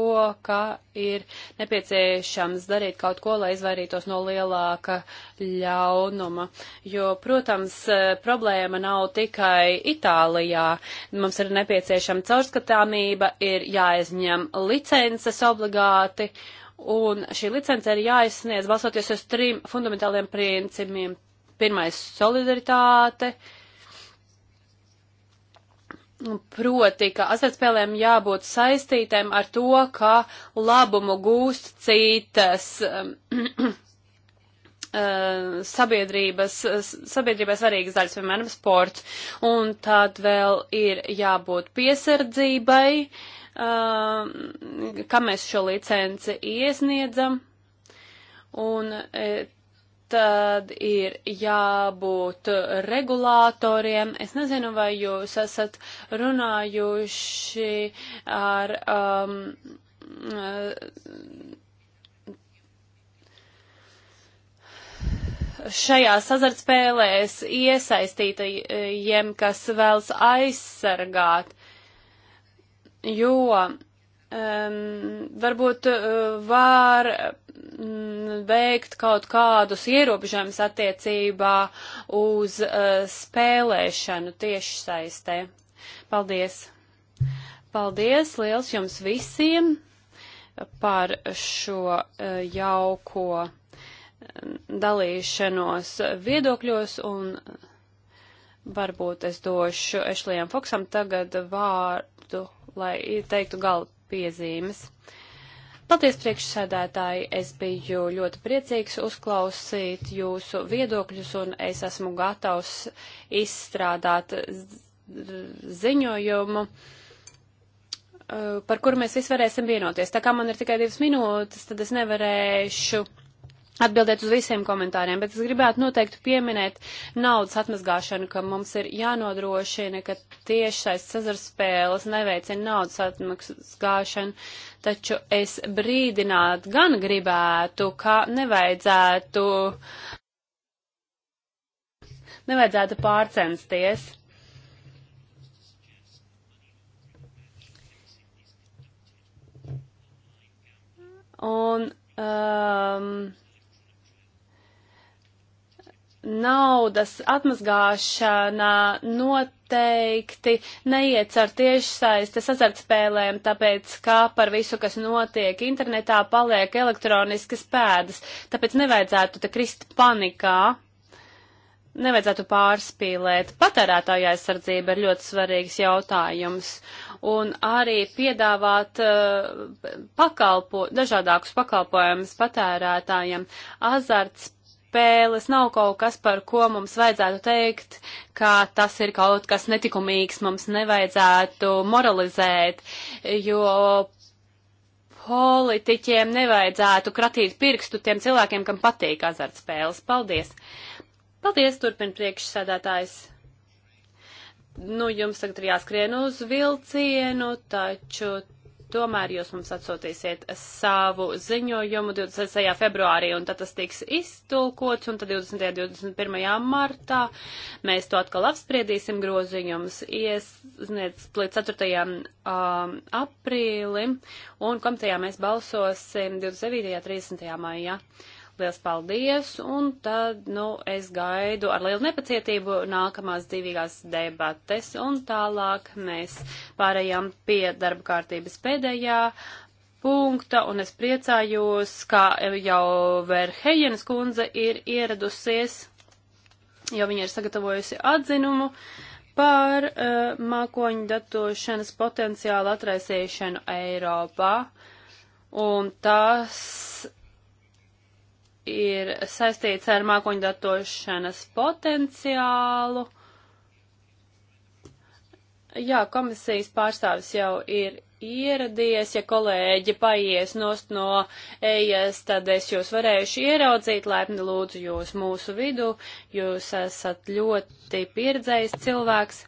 ka ir nepieciešams darīt kaut ko, lai izvairītos no lielāka ļaunuma. Jo, protams, problēma nav tikai Itālijā. Mums ir nepieciešama caurskatāmība, ir jāizņem licences obligāti. Un šī licence ir jāizsniedz balsoties uz trim fundamentāliem principiem Pirmais - solidaritāte. Proti, ka azartspēlēm jābūt saistītēm ar to, ka labumu gūst citas um, uh, sabiedrības, sabiedrībai svarīgas daļas, piemēram, sports. Un tad vēl ir jābūt piesardzībai, um, kā mēs šo licenci iesniedzam. Un eh, tad ir jābūt regulātoriem. Es nezinu, vai jūs esat runājuši ar. Um, Šajās azartspēlēs iesaistītajiem, kas vēlas aizsargāt, jo um, varbūt uh, var mm, veikt kaut kādus ierobežojumus attiecībā uz uh, spēlēšanu tieši saistē. Paldies! Paldies liels jums visiem par šo uh, jauko dalīšanos viedokļos un varbūt es došu Ešlijam Foksam tagad vārdu, lai teiktu galvu piezīmes. Paldies, priekšsēdētāji! Es biju ļoti priecīgs uzklausīt jūsu viedokļus, un es esmu gatavs izstrādāt ziņojumu, eh, par kuru mēs visi varēsim vienoties. Tā kā man ir tikai divas minūtes, tad es nevarēšu atbildēt uz visiem komentāriem, bet es gribētu noteikti pieminēt naudas atmazgāšanu, ka mums ir jānodrošina, ka tiešais sazarspēles neveicina naudas atmazgāšanu, taču es brīdināt gan gribētu, ka nevajadzētu, nevajadzētu pārcensties. Un um, naudas atmazgāšana noteikti neiet ar tiešsaistes azartspēlēm, tāpēc kā par visu, kas notiek internetā, paliek elektroniskas pēdas. Tāpēc nevajadzētu te krist panikā, nevajadzētu pārspīlēt. Patērētāja aizsardzība ir ļoti svarīgs jautājums. Un arī piedāvāt uh, pakalpo, dažādākus pakalpojumus patērētājiem. Azarts spēles nav kaut kas, par ko mums vajadzētu teikt, ka tas ir kaut kas netikumīgs, mums nevajadzētu moralizēt, jo politiķiem nevajadzētu kratīt pirkstu tiem cilvēkiem, kam patīk azartspēles. Paldies! Paldies, turpin priekšsēdētājs! Nu, jums tagad ir jāskrien uz vilcienu, taču Tomēr jūs mums atsūtīsiet savu ziņojumu 26. februārī, un tad tas tiks iztulkots, un tad 20. un 21. martā mēs to atkal apspriedīsim groziņums, iesniedz līdz 4. Um, aprīlim, un komitejā mēs balsosim 29. un 30. maijā. Ja? Liels paldies, un tad, nu, es gaidu ar lielu nepacietību nākamās dzīvīgās debates, un tālāk mēs pārējām pie darba kārtības pēdējā punkta, un es priecājos, ka jau Verhejenas kundze ir ieradusies, jo viņa ir sagatavojusi atzinumu par uh, mākoņu datošanas potenciālu atraisīšanu Eiropā. Un tas ir saistīts ar mākoņdatošanas potenciālu. Jā, komisijas pārstāvis jau ir ieradies, ja kolēģi paies nost no ejas, tad es jūs varēšu ieraudzīt, laipni lūdzu jūs mūsu vidu, jūs esat ļoti pieredzējis cilvēks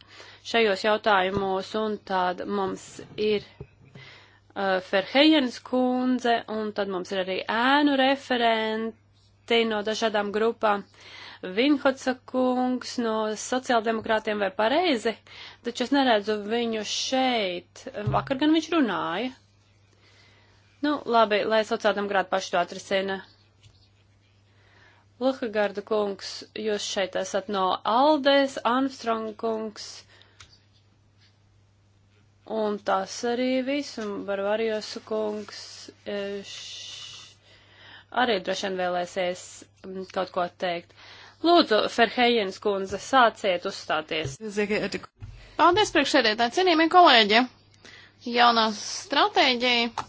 šajos jautājumos, un tad mums ir uh, Ferhejenas kundze, un tad mums ir arī ēnu referenti eksperti no dažādām grupām. Vinhotsa kungs no sociāldemokrātiem vai pareizi, taču es neredzu viņu šeit. Vakar gan viņš runāja. Nu, labi, lai sociāldemokrāti paši to atrisina. Luhagarda kungs, jūs šeit esat no Aldēs, Armstrong kungs. Un tas arī viss, un Barvarijos kungs, š eh, arī droši vien vēlēsies mm, kaut ko teikt. Lūdzu, Ferhejens kundze, sāciet uzstāties. Paldies, priekšsēdētāji, cienījamie kolēģi! Jaunā stratēģija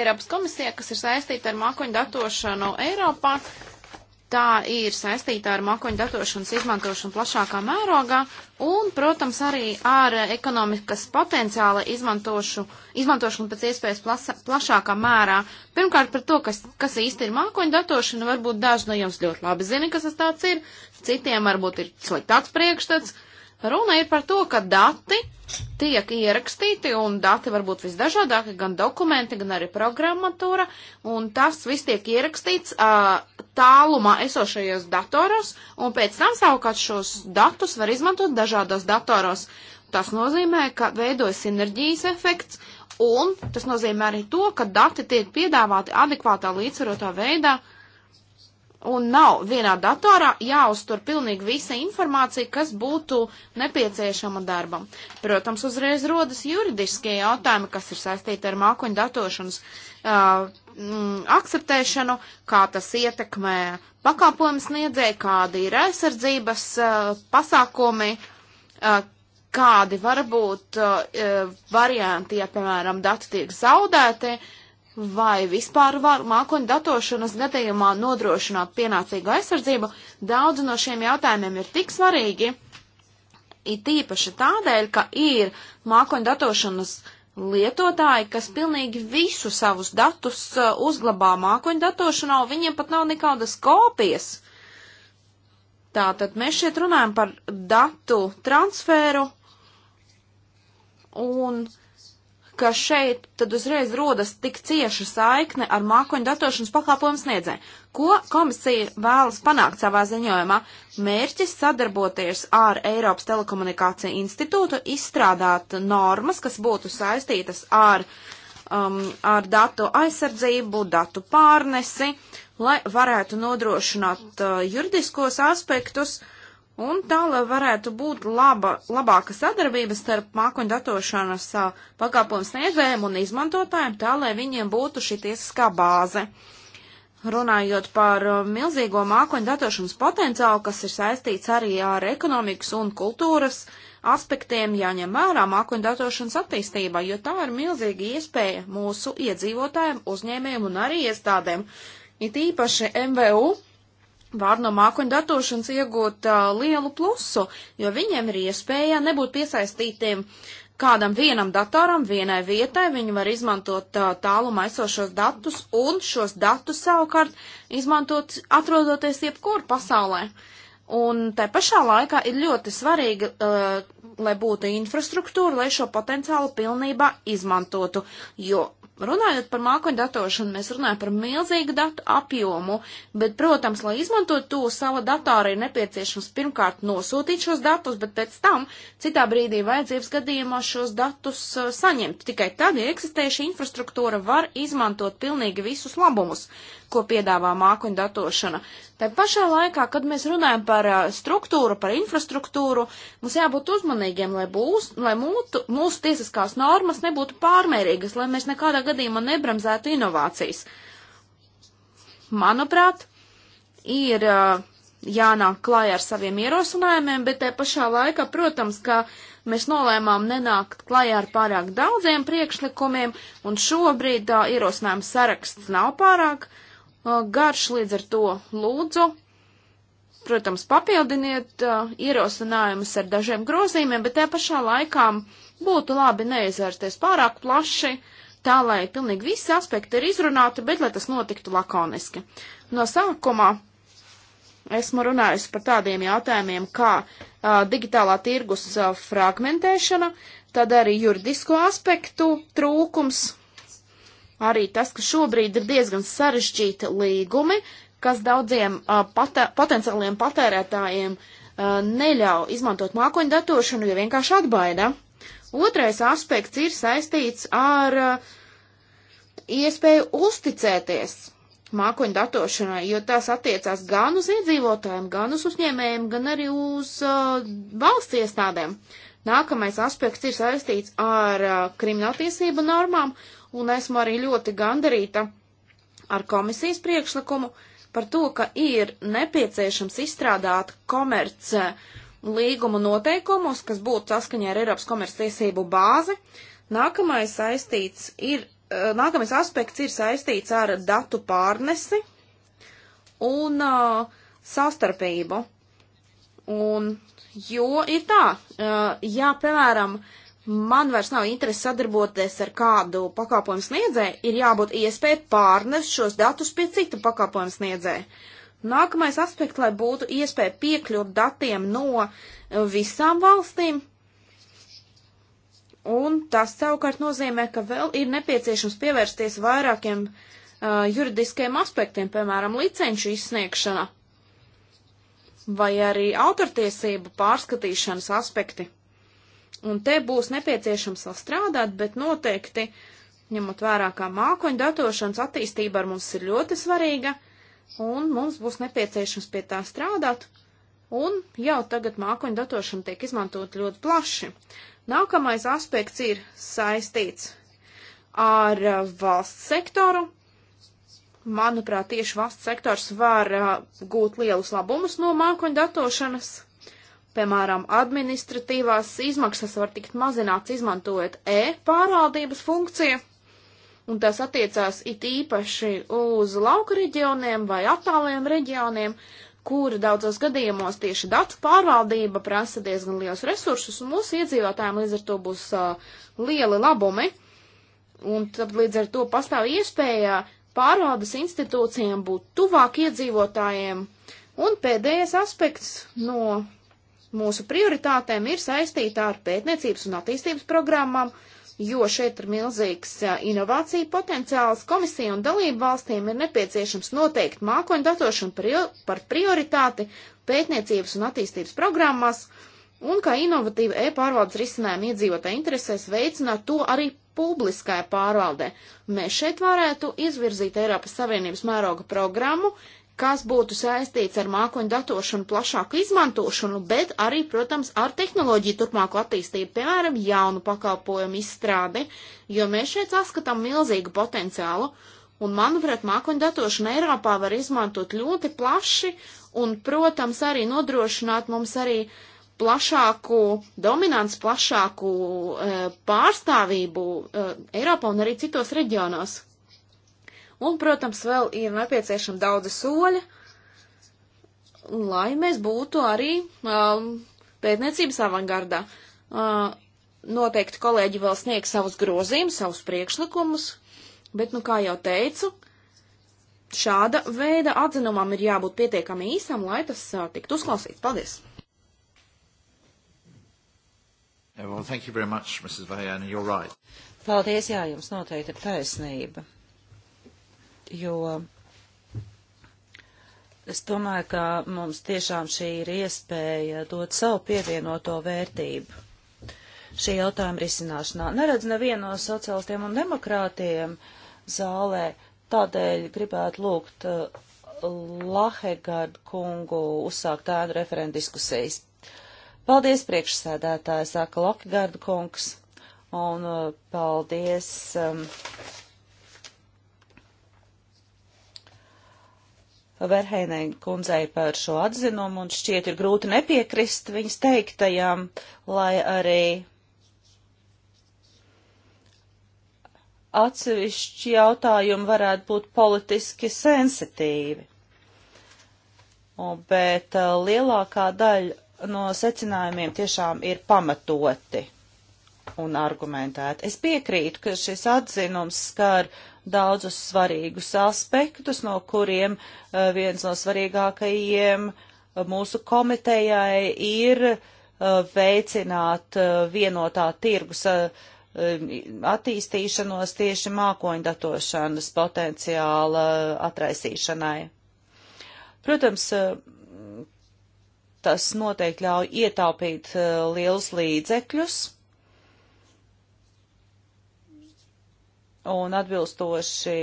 Eiropas komisija, kas ir saistīta ar mākoņu datošanu Eiropā, tā ir saistīta ar mākoņu datošanas izmantošanu plašākā mērogā un, protams, arī ar ekonomikas potenciāla izmantošanu pēc iespējas plasa, plašākā mērā. Pirmkārt, par to, kas, kas īsti ir mākoņu datošana, varbūt daži no jums ļoti labi zina, kas tas tāds ir, citiem varbūt ir sliktāks priekšstats, Runa ir par to, ka dati tiek ierakstīti, un dati var būt visdažādākie, gan dokumenti, gan arī programmatūra, un tas viss tiek ierakstīts uh, tālumā esošajos datoros, un pēc tam savukārt šos datus var izmantot dažādos datoros. Tas nozīmē, ka veidojas sinerģijas efekts, un tas nozīmē arī to, ka dati tiek piedāvāti adekvātā līdzsvarotā veidā uh, un nav vienā datorā jāuztur pilnīgi visa informācija, kas būtu nepieciešama darbam. Protams, uzreiz rodas juridiskie jautājumi, kas ir saistīti ar mākoņu datošanas uh, m, mm, akceptēšanu, kā tas ietekmē pakalpojumu sniedzēju, kādi ir aizsardzības uh, pasākumi, uh, kādi var būt uh, varianti, ja, piemēram, dati tiek zaudēti. Uh, vai vispār var mākoņu datošanas gadījumā nodrošināt pienācīgu aizsardzību, daudz no šiem jautājumiem ir tik svarīgi, it īpaši tādēļ, ka ir mākoņu datošanas lietotāji, kas pilnīgi visu savus datus uh, uzglabā mākoņu datošanā, un viņiem pat nav nekādas kopijas. Tātad mēs šeit runājam par datu transferu un uh, ka šeit tad uzreiz rodas tik cieša saikne ar mākoņu datošanas pakalpojumu sniedzēju. Ko komisija vēlas panākt savā ziņojumā? Mērķis sadarboties ar Eiropas telekomunikāciju institūtu, izstrādāt normas, kas būtu saistītas ar, um, ar datu aizsardzību, datu pārnesi, lai varētu nodrošināt uh, juridiskos aspektus, uh, Un tā, lai varētu būt laba, labāka sadarbība starp mākoņu datošanas pakalpojumu sniedzējiem un izmantotājiem, tā, lai viņiem būtu šī tiesiskā bāze. Runājot par milzīgo mākoņu datošanas potenciālu, kas ir saistīts arī ar ekonomikas un kultūras aspektiem, jāņem vērā mākoņu datošanas attīstībā, jo tā ir milzīga iespēja mūsu iedzīvotājiem, uzņēmējiem un arī iestādēm, it īpaši MVU var no mākoņu datošanas iegūt uh, lielu plusu, jo viņiem ir iespēja nebūt piesaistītiem kādam vienam datoram, vienai vietai, viņi var izmantot uh, tālumā esošos datus un šos datus savukārt izmantot atrodoties jebkur pasaulē. Un te pašā laikā ir ļoti svarīgi, uh, lai būtu infrastruktūra, lai šo potenciālu pilnībā izmantotu, jo runājot par mākoņu datošanu, mēs runājam par milzīgu datu apjomu, bet, protams, lai izmantot to savu datoru, ir nepieciešams pirmkārt nosūtīt šos datus, bet pēc tam citā brīdī vajadzības gadījumā šos datus uh, saņemt. Tikai tad, ja eksistējuša infrastruktūra var izmantot pilnīgi visus labumus ko piedāvā mākoņu datošana. Tā pašā laikā, kad mēs runājam par struktūru, par infrastruktūru, mums jābūt uzmanīgiem, lai, būs, lai mūtu, mūsu tiesiskās normas nebūtu pārmērīgas, lai mēs nekādā gadījumā nebremzētu inovācijas. Manuprāt, ir jānāk klājā ar saviem ierosinājumiem, bet te pašā laikā, protams, ka mēs nolēmām nenākt klajā ar pārāk daudziem priekšlikumiem, un šobrīd tā ierosinājuma saraksts nav pārāk garš, līdz ar to lūdzu. Protams, papildiniet uh, ierosinājumus ar dažiem grozījumiem, bet tajā pašā laikā būtu labi neizvērsties pārāk plaši, tā lai pilnīgi visi aspekti ir izrunāti, bet lai tas notiktu lakoniski. No sākumā esmu runājusi par tādiem jautājumiem kā a, digitālā tirgus a, fragmentēšana, tad arī juridisko aspektu trūkums arī tas, ka šobrīd ir diezgan sarežģīti līgumi, kas daudziem uh, patē, potenciāliem patērētājiem uh, neļauj izmantot mākoņu datošanu, jo vienkārši atbaida. Otrais aspekts ir saistīts ar uh, iespēju uzticēties mākoņu datošanai, jo tas attiecās gan uz iedzīvotājiem, gan uz uzņēmējiem, gan arī uz uh, valsts iestādēm. Nākamais aspekts ir saistīts ar uh, krimināltiesību normām, uh, un esmu arī ļoti gandarīta ar komisijas priekšlikumu par to, ka ir nepieciešams izstrādāt komerce eh, līguma noteikumus, kas būtu saskaņā ar Eiropas komerctiesību bāzi. Nākamais saistīts ir, eh, nākamais aspekts ir saistīts ar datu pārnesi un uh, savstarpību. Un, jo ir tā, uh, ja, piemēram, uh, man vairs nav interesi sadarboties ar kādu pakalpojumu sniedzēju, ir jābūt iespēja pārnest šos datus pie citu pakalpojumu sniedzēju. Nākamais aspekts, lai būtu iespēja piekļūt datiem no eh, visām valstīm, un tas savukārt nozīmē, ka vēl ir nepieciešams pievērsties vairākiem uh, juridiskiem aspektiem, piemēram, licenču izsniegšana vai arī autortiesību pārskatīšanas aspekti. Un te būs nepieciešams vēl strādāt, bet noteikti, ņemot vērā, kā mākoņu datošanas attīstība ar mums ir ļoti svarīga, un mums būs nepieciešams pie tā strādāt, un jau tagad mākoņu datošana tiek izmantot ļoti plaši. Nākamais aspekts ir saistīts ar uh, valsts sektoru. Manuprāt, tieši valsts sektors var uh, gūt lielus labumus no mākoņu datošanas Piemēram, administratīvās izmaksas var tikt mazināts izmantojot e-pārvaldības funkciju, un tas attiecās it īpaši uz lauka reģioniem vai attāliem reģioniem, kur daudzos gadījumos tieši datu pārvaldība prasa diezgan liels resursus, un mūsu iedzīvotājiem līdz ar to būs uh, lieli labumi, un tad līdz ar to pastāv iespēja pārvaldes institūcijām būt tuvāk iedzīvotājiem, Un pēdējais aspekts no mūsu prioritātēm ir saistīta ar pētniecības un attīstības programmām, jo šeit ir milzīgs inovācija potenciāls. Komisija un dalību valstīm ir nepieciešams noteikt mākoņu datošanu par prioritāti pētniecības un attīstības programmās un kā inovatīva e-pārvaldes risinājuma iedzīvotāja interesēs veicināt to arī publiskajā pārvaldē. Mēs šeit varētu izvirzīt Eiropas Savienības mēroga programmu kas būtu saistīts ar mākoņu datošanu plašāku izmantošanu, bet arī, protams, ar tehnoloģiju turpmāku attīstību, piemēram, jaunu pakalpojumu izstrādi, jo mēs šeit saskatām milzīgu potenciālu, un, manuprāt, mākoņu datošanu Eiropā var izmantot ļoti plaši, un, protams, arī nodrošināt mums arī plašāku dominants, plašāku e, pārstāvību e, Eiropā un arī citos reģionos. Un, protams, vēl ir nepieciešami daudzi soļi, lai mēs būtu arī um, pētniecības avangardā. Uh, noteikti kolēģi vēl sniegs savus grozījumus, savus priekšlikumus, bet, nu, kā jau teicu, šāda veida atzinumam ir jābūt pietiekami īsam, lai tas uh, tiktu uzklausīts. Paldies! Yeah, well, thank you very much, Mrs. Vajana. You're right. Paldies, jā, jums noteikti ir taisnība jo es domāju, ka mums tiešām šī ir iespēja dot savu pievienoto vērtību šī jautājuma risināšanā. Neredz nevienu no sociālistiem un demokrātiem zālē, tādēļ gribētu lūgt uh, Lahegard kungu uzsākt tādu referentu diskusijas. Paldies priekšsēdētāji, saka Lahegard kungs, un uh, paldies. Um, Verheinei kundzei par šo atzinumu un šķiet ir grūti nepiekrist viņas teiktajām, lai arī atsevišķi jautājumi varētu būt politiski sensitīvi. Un, bet eh, lielākā daļa no secinājumiem tiešām ir pamatoti un argumentēti. Es piekrītu, ka šis atzinums skar daudzus svarīgus aspektus, no kuriem eh, viens no svarīgākajiem eh, mūsu komitejai ir eh, veicināt vienotā tirgus attīstīšanos tieši mākoņdatošanas potenciāla atraisīšanai. Protams, tas noteikti ļauj ietaupīt lielus līdzekļus un atbilstoši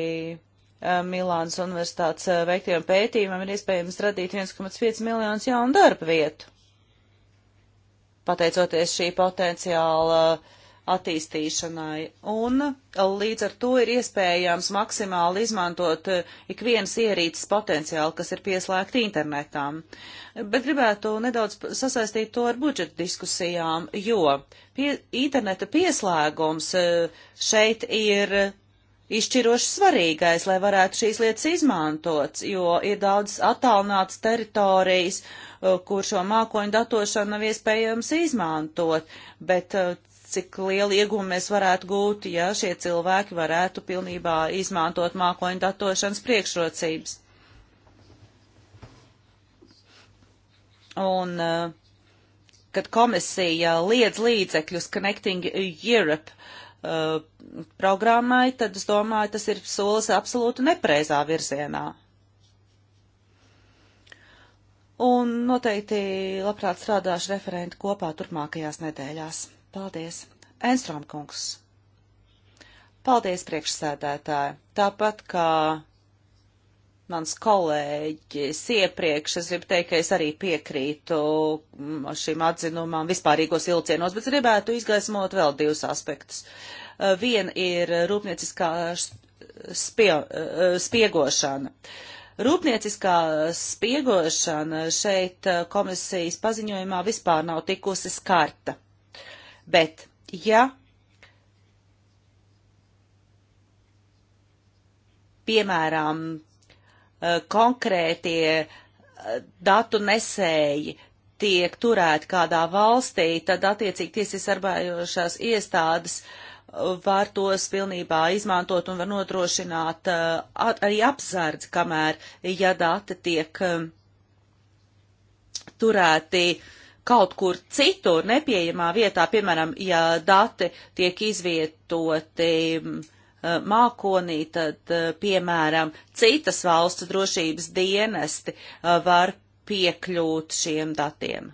eh, Milānas universitātes eh, veiktiem pētījumam ir iespējams radīt 1,5 miljonus jaunu darba vietu. Pateicoties šī potenciāla uh, attīstīšanai, un līdz ar to ir iespējams maksimāli izmantot eh, ikvienas ierīces potenciālu, kas ir pieslēgti internetām. Bet gribētu nedaudz sasaistīt to ar budžeta diskusijām, jo pie, interneta pieslēgums eh, šeit ir izšķiroši svarīgais, lai varētu šīs lietas izmantot, jo ir daudz attālināts teritorijas, eh, kur šo mākoņu datošanu nav iespējams izmantot, bet cik lielu iegūmu mēs varētu gūt, ja šie cilvēki varētu pilnībā izmantot mākoņu datošanas priekšrocības. Un, eh, kad komisija liedz līdzekļus Connecting Europe uh, programmai, tad es domāju, tas ir solis absolūti nepreizā virzienā. Un noteikti labprāt strādāšu referenti kopā turpmākajās nedēļās. Paldies. Enstrom kungs. Paldies, priekšsēdētāji. Tāpat kā mans kolēģis iepriekš, es gribu teikt, ka es arī piekrītu šīm mm, atzinumam vispārīgos ilcienos, bet gribētu izgaismot vēl divus aspektus. Uh, Viena ir rūpnieciskā spie, uh, spiegošana. Rūpnieciskā spiegošana šeit uh, komisijas paziņojumā vispār nav tikusi skarta bet ja piemēram e, konkrētie e, datu nesēji tiek turēti kādā valstī, tad attiecīgi tiesas arbājošās iestādes var tos pilnībā izmantot un var nodrošināt e, arī apsardz, kamēr, ja dati tiek turēti uh, kaut kur citur, nepieejamā vietā, piemēram, ja dati tiek izvietoti mm, eh, mākonī, tad, eh, piemēram, citas valsts drošības dienesti eh, var piekļūt šiem datiem.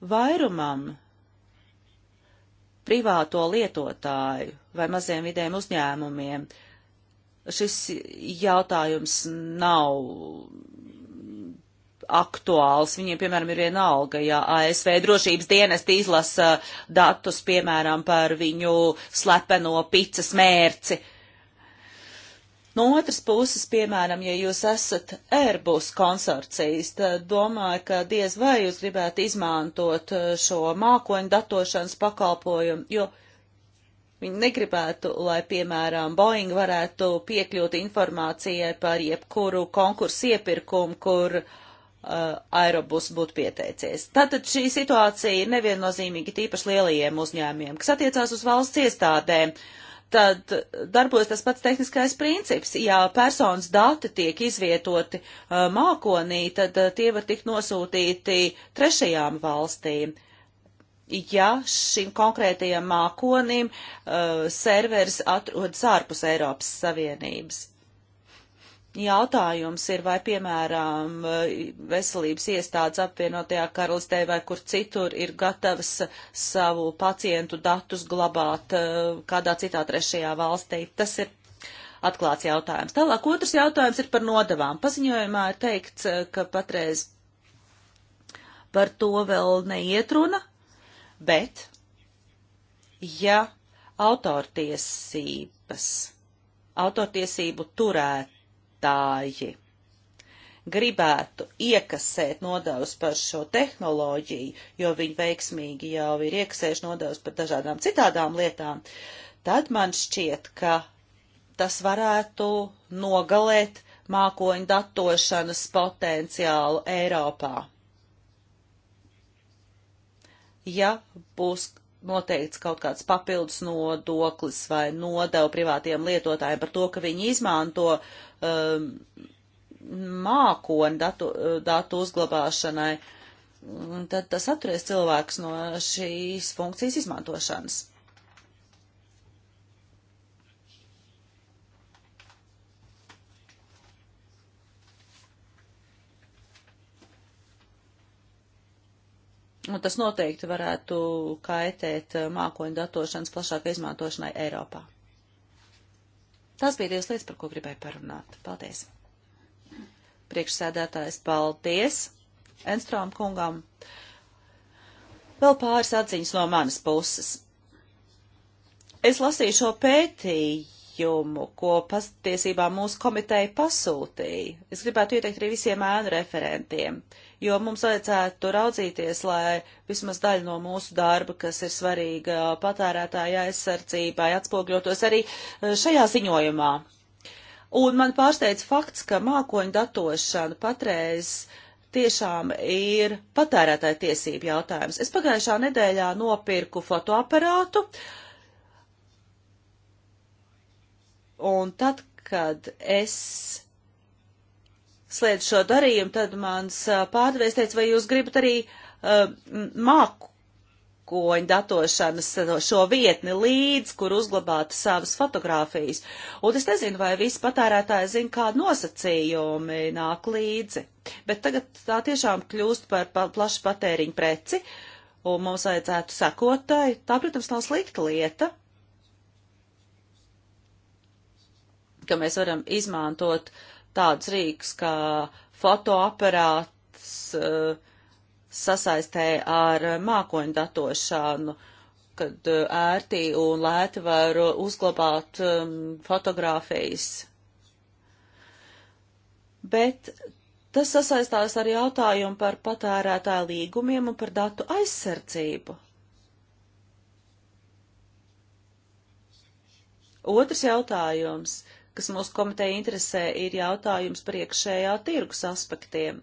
Vairumam privāto lietotāju vai maziem vidiem uzņēmumiem uh, šis jautājums nav aktuāls. Viņiem, piemēram, ir viena alga, ja ASV drošības dienesti izlasa datus, piemēram, par viņu slepeno picas mērci. No otras puses, piemēram, ja jūs esat Airbus konsorcijas, tad domāju, ka diez vai jūs gribētu izmantot šo mākoņu datošanas pakalpojumu, jo Viņi negribētu, lai, piemēram, Boeing varētu piekļūt informācijai par jebkuru konkursu iepirkumu, kur uh, aerobus būtu pieteicies. Tātad šī situācija ir neviennozīmīga tīpaši lielajiem uzņēmiem, kas attiecās uz valsts iestādēm. Tad darbojas tas pats tehniskais princips. Ja personas dati tiek izvietoti uh, mākonī, tad uh, tie var tikt nosūtīti trešajām valstīm. Uh, ja šim konkrētajam mākonim uh, serveris atrodas ārpus Eiropas Savienības. Jautājums ir, vai, piemēram, uh, veselības iestādes apvienotajā karalistē vai kur citur ir gatavas savu pacientu datus glabāt uh, kādā citā trešajā valstī. Tas ir atklāts jautājums. Tālāk otrs jautājums ir par nodavām. Paziņojumā ir teikts, uh, ka patreiz par to vēl neiet runa, bet ja autortiesības, autortiesību turētāji gribētu iekasēt nodevus par šo tehnoloģiju, jo viņi veiksmīgi jau ir iekasējuši nodevus par dažādām citādām lietām, tad man šķiet, ka tas varētu nogalēt mākoņu datošanas potenciālu Eiropā ja būs noteikts kaut kāds papildus nodoklis vai nodeva privātiem lietotājiem par to, ka viņi izmanto um, mākoni datu, datu uzglabāšanai, tad tas atturēs cilvēkus no šīs funkcijas izmantošanas. Un tas noteikti varētu kaitēt eh, mākoņu datošanas plašākai izmantošanai Eiropā. Tās bija divas lietas, par ko gribēju parunāt. Paldies! Priekšsēdētājs, paldies! Enstrom kungam! Vēl pāris atziņas no manas puses. Es lasīju šo pētījumu ziņojumu, ko patiesībā mūsu komiteja pasūtīja. Es gribētu ieteikt arī visiem ēnu referentiem, jo mums vajadzētu raudzīties, lai vismaz daļa no mūsu darba, kas ir svarīga patērētāja aizsardzībai, atspogļotos arī eh, šajā ziņojumā. Un man pārsteidz fakts, ka mākoņu datošana patreiz tiešām ir patērētāja tiesība jautājums. Es pagājušā nedēļā nopirku fotoaparātu, uh, Un tad, kad es slēdzu šo darījumu, tad mans pārdevējs teica, vai jūs gribat arī uh, mākoņu datošanas šo vietni līdz, kur uzglabāt savas fotogrāfijas. Un es nezinu, vai visi patērētāji zina, kādi nosacījumi nāk līdzi. Bet tagad tā tiešām kļūst par pa, plašu patēriņu preci. Un mums vajadzētu sekot tai. Tā, protams, nav slikta lieta, ka mēs varam izmantot tādus rīks kā fotoaparāts eh, sasaistē ar mākoņu datošanu, kad eh, ērti un lēti var uzglabāt um, fotogrāfijas. Bet tas sasaistās ar jautājumu par patērētāju līgumiem un par datu aizsardzību. Otrs jautājums kas mūsu komiteja interesē, ir jautājums par iekšējā tirgus aspektiem.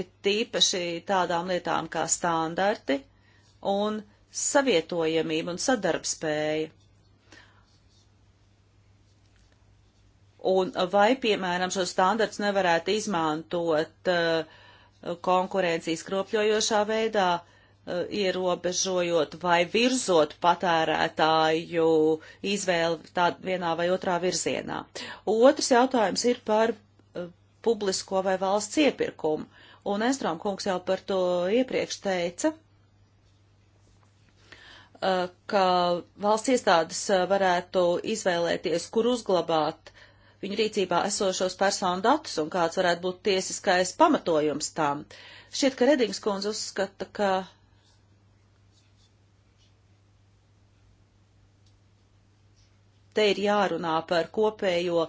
Ir tīpaši tādām lietām kā standarti un savietojamība un sadarbspēja. Un vai, piemēram, šo standarts nevarētu izmantot uh, konkurencijas kropļojošā veidā, uh, Uh, ierobežojot vai virzot patērētāju izvēli tādā vienā vai otrā virzienā. Otrs jautājums ir par uh, publisko vai valsts iepirkumu. Un Estrom kungs jau par to iepriekš teica, uh, ka valsts iestādes varētu izvēlēties, kur uzglabāt viņu rīcībā esošos personu datus un kāds varētu būt tiesiskais pamatojums tām. Šķiet, ka Redings kundze uzskata, ka te ir jārunā par kopējo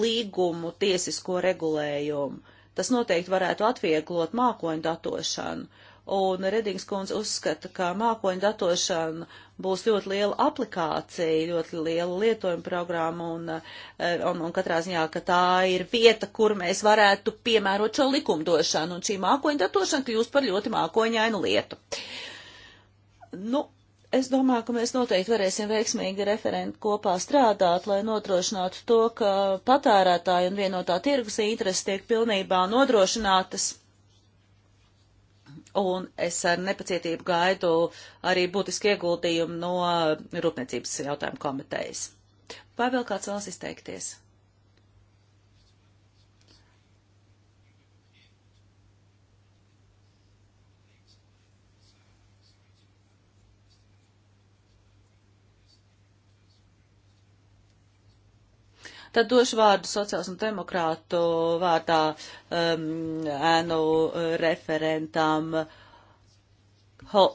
līgumu tiesisko regulējumu. Tas noteikti varētu atvieglot mākoņu datošanu. Un Redings kundze uzskata, ka mākoņu datošana būs ļoti liela aplikācija, ļoti liela lietojuma programma un, eh, un, un katrā ziņā, ka tā ir vieta, kur mēs varētu piemērot šo likumdošanu. Un šī mākoņu datošana kļūst par ļoti mākoņainu lietu. Nu, Es domāju, ka mēs noteikti varēsim veiksmīgi referenti kopā strādāt, lai nodrošinātu to, ka patērētāju un vienotā tirgus intereses tiek pilnībā nodrošinātas. Un es ar nepacietību gaidu arī būtiski ieguldījumu no Rūpniecības jautājumu komitejas. Vai vēl kāds vēlas izteikties? Tad došu vārdu sociāls un demokrātu vārdā um, ēnu referentam. Hol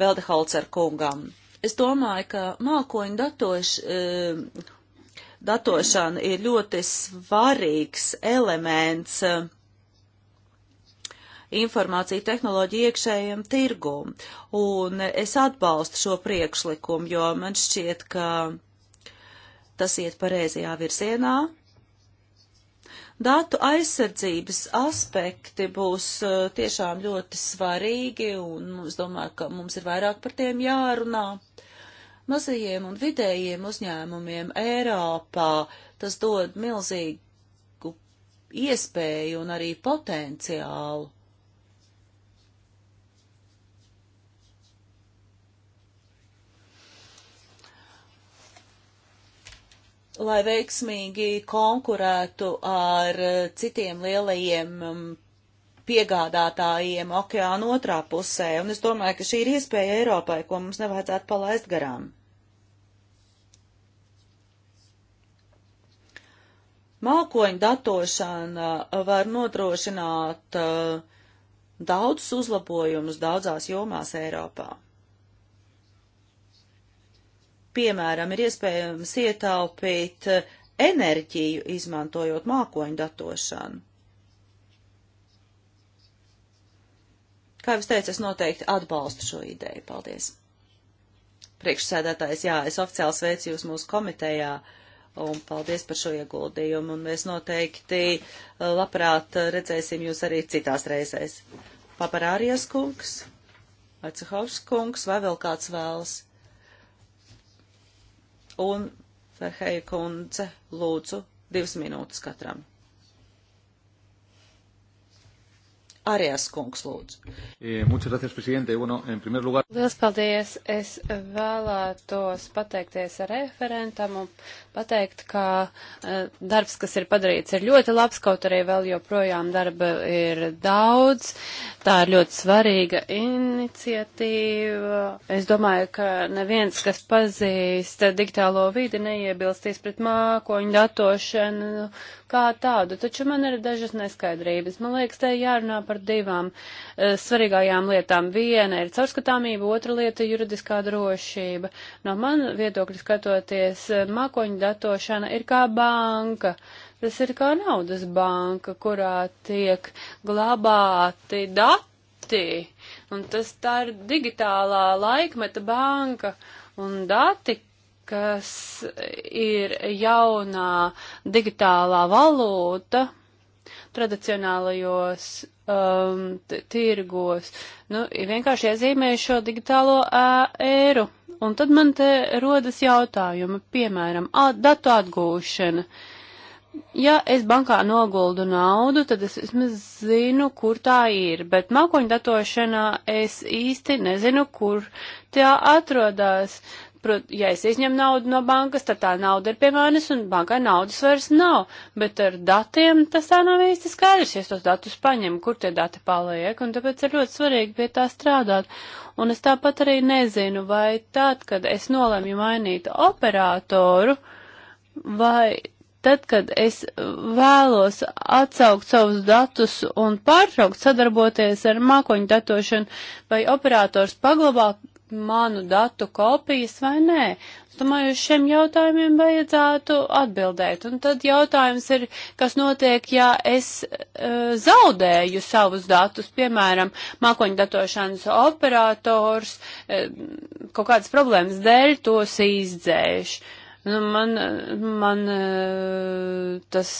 Beldeholcer kungam. Es domāju, ka mākoņu datoš, um, datošana ir ļoti svarīgs elements um, informāciju tehnoloģiju iekšējiem tirgum. Un es atbalstu šo priekšlikumu, jo man šķiet, ka tas iet pareizajā virzienā. Datu aizsardzības aspekti būs eh, tiešām ļoti svarīgi, un es domāju, ka mums ir vairāk par tiem jārunā mazajiem un vidējiem uzņēmumiem Eiropā tas dod milzīgu iespēju un arī potenciālu. lai veiksmīgi konkurētu ar eh, citiem lielajiem mm, piegādātājiem okeāna otrā pusē, un es domāju, ka šī ir iespēja Eiropai, ko mums nevajadzētu palaist garām. Mākoņu datošana var nodrošināt eh, daudzus uzlabojumus daudzās jomās Eiropā piemēram, ir iespējams ietaupīt eh, enerģiju, izmantojot mākoņu datošanu. Kā jau es teicu, es noteikti atbalstu šo ideju. Paldies! Priekšsēdētājs, jā, es oficiāli sveicu jūs mūsu komitejā un paldies par šo ieguldījumu, un mēs noteikti eh, labprāt eh, redzēsim jūs arī citās reizēs. Paparārijas kungs, Vecehovs kungs, vai vēl kāds vēlas un Ferheja kundze lūdzu divas minūtes katram. Arijas kungs lūdzu. Eh, Lielas paldies. Es vēlētos pateikties referentam un pateikt, ka eh, darbs, kas ir padarīts, ir ļoti labs, kaut arī vēl joprojām darba ir daudz. Tā ir ļoti svarīga iniciatīva. Es domāju, ka neviens, kas pazīst digitālo vidi, neiebilstīs pret mākoņu datošanu kā tādu. Taču man ir dažas neskaidrības. Man liekas, te jārunā par divām eh, svarīgajām lietām. Viena ir caurskatāmība, otra lieta - juridiskā drošība. No man viedokļa skatoties, eh, mākoņu datošana ir kā banka. Tas ir kā naudas banka, kurā tiek glabāti dati, un tas tā ir digitālā laikmeta banka, un dati, kas ir jaunā digitālā valūta tradicionālajos um, tirgos. Nu, vienkārši iezīmēju šo digitālo ēru. Un tad man te rodas jautājumi, piemēram, datu atgūšana. Ja es bankā noguldu naudu, tad es vismaz zinu, kur tā ir, bet mākoņdatošanā es īsti nezinu, kur tā atrodas. Protams, ja es izņemu naudu no bankas, tad tā nauda ir pie manis un bankai naudas vairs nav. Bet ar datiem tas tā nav īsti skaidrs, ja es tos datus paņemu, kur tie dati paliek, un tāpēc ir ļoti svarīgi pie tā strādāt. Un es tāpat arī nezinu, vai tad, kad es nolēmu mainīt operatoru, vai tad, kad es vēlos atsaukt savus datus un pārtraukt sadarboties ar mākoņu datošanu, vai operators paglabā manu datu kopijas vai nē. Es domāju, uz šiem jautājumiem vajadzētu atbildēt. Un tad jautājums ir, kas notiek, ja es e, zaudēju savus datus, piemēram, mākoņdatošanas operators e, kaut kādas problēmas dēļ tos izdzēš. Nu, man, man eh, tas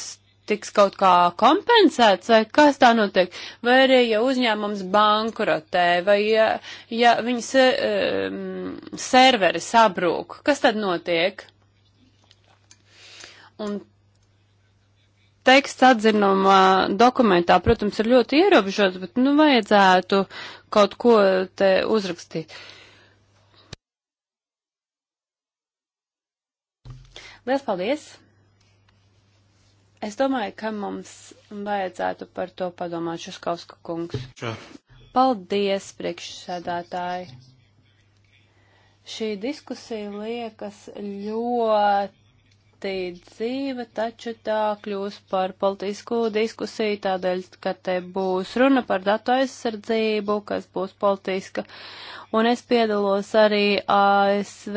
tiks kaut kā kompensēts, vai kas tā notiek? Vai arī, ja uzņēmums bankrotē, vai ja, ja viņas um, serveri sabrūk, kas tad notiek? Un teksts atzinuma dokumentā, protams, ir ļoti ierobežots, bet, nu, vajadzētu kaut ko te uzrakstīt. Liels paldies! Es domāju, ka mums vajadzētu par to padomāt, Šuskauska kungs. Čā. Paldies, priekšsēdētāji! Šī diskusija liekas ļoti ļoti dzīva, taču tā kļūs par politisku diskusiju, tādēļ, ka te būs runa par datu aizsardzību, kas būs politiska. Un es piedalos arī ASV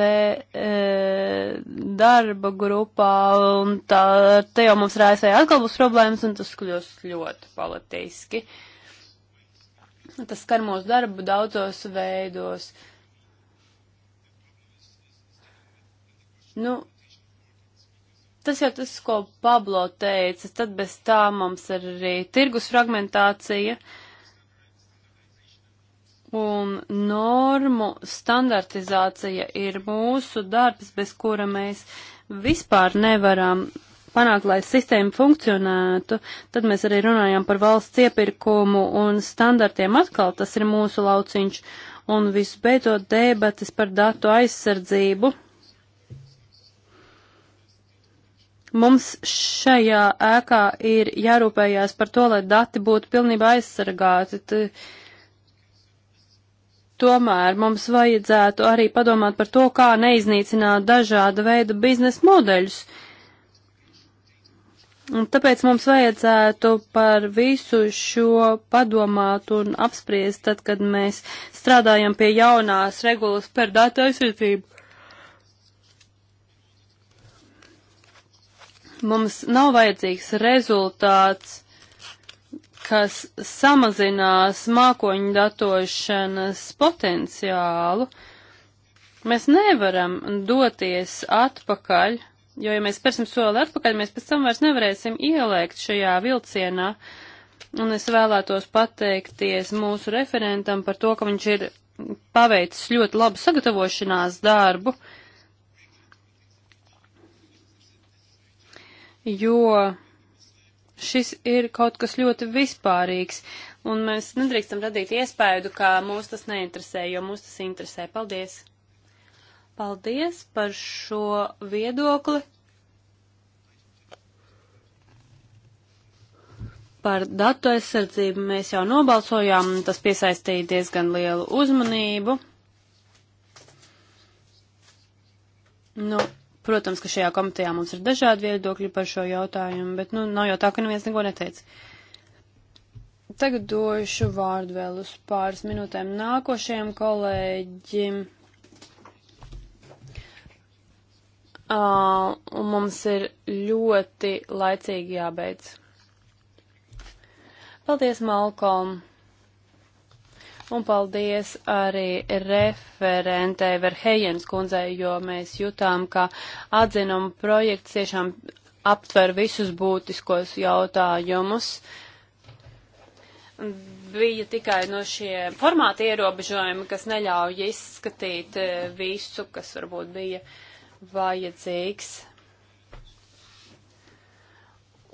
e, darba grupā, un tā, te jau mums ir ASV atkal būs problēmas, un tas kļūs ļoti politiski. Tas skar mūsu darbu daudzos veidos. Nu, Tas jau tas, ko Pablo teica, tad bez tā mums ir arī tirgus fragmentācija un normu standartizācija ir mūsu darbs, bez kura mēs vispār nevaram panākt, lai sistēma funkcionētu, tad mēs arī runājām par valsts iepirkumu un standartiem atkal, tas ir mūsu lauciņš. Un visbeidzot debatas par datu aizsardzību. Mums šajā ēkā ir jārūpējās par to, lai dati būtu pilnībā aizsargāti. T Tomēr mums vajadzētu arī padomāt par to, kā neiznīcināt dažāda veida biznesa modeļus. Un tāpēc mums vajadzētu par visu šo padomāt un apspriest, tad, kad mēs strādājam pie jaunās regulas par datu aizsardzību. Mums nav vajadzīgs rezultāts, kas samazinās mākoņu datošanas potenciālu. Mēs nevaram doties atpakaļ, jo, ja mēs spērsim soli atpakaļ, mēs pēc tam vairs nevarēsim ielēkt šajā vilcienā. Un es vēlētos pateikties mūsu referentam par to, ka viņš ir paveicis ļoti labu sagatavošanās darbu. Uh, jo šis ir kaut kas ļoti vispārīgs, un mēs nedrīkstam radīt iespēju, ka mūs tas neinteresē, jo mūs tas interesē. Paldies! Paldies par šo viedokli. Par datu aizsardzību mēs jau nobalsojām, tas piesaistīja diezgan lielu uzmanību. Nu, Protams, ka šajā komitejā mums ir dažādi viedokļi par šo jautājumu, bet, nu, nav jau tā, ka neviens neko neteica. Tagad došu vārdu vēl uz pāris minūtēm nākošajam kolēģim. Uh, un mums ir ļoti laicīgi jābeidz. Paldies, Malcolm! Un paldies arī referentei Verhejens kundzei, jo mēs jutām, ka atzinuma projekts tiešām aptver visus būtiskos jautājumus. Bija tikai no šie formāti ierobežojumi, kas neļauj izskatīt e, visu, kas varbūt bija vajadzīgs.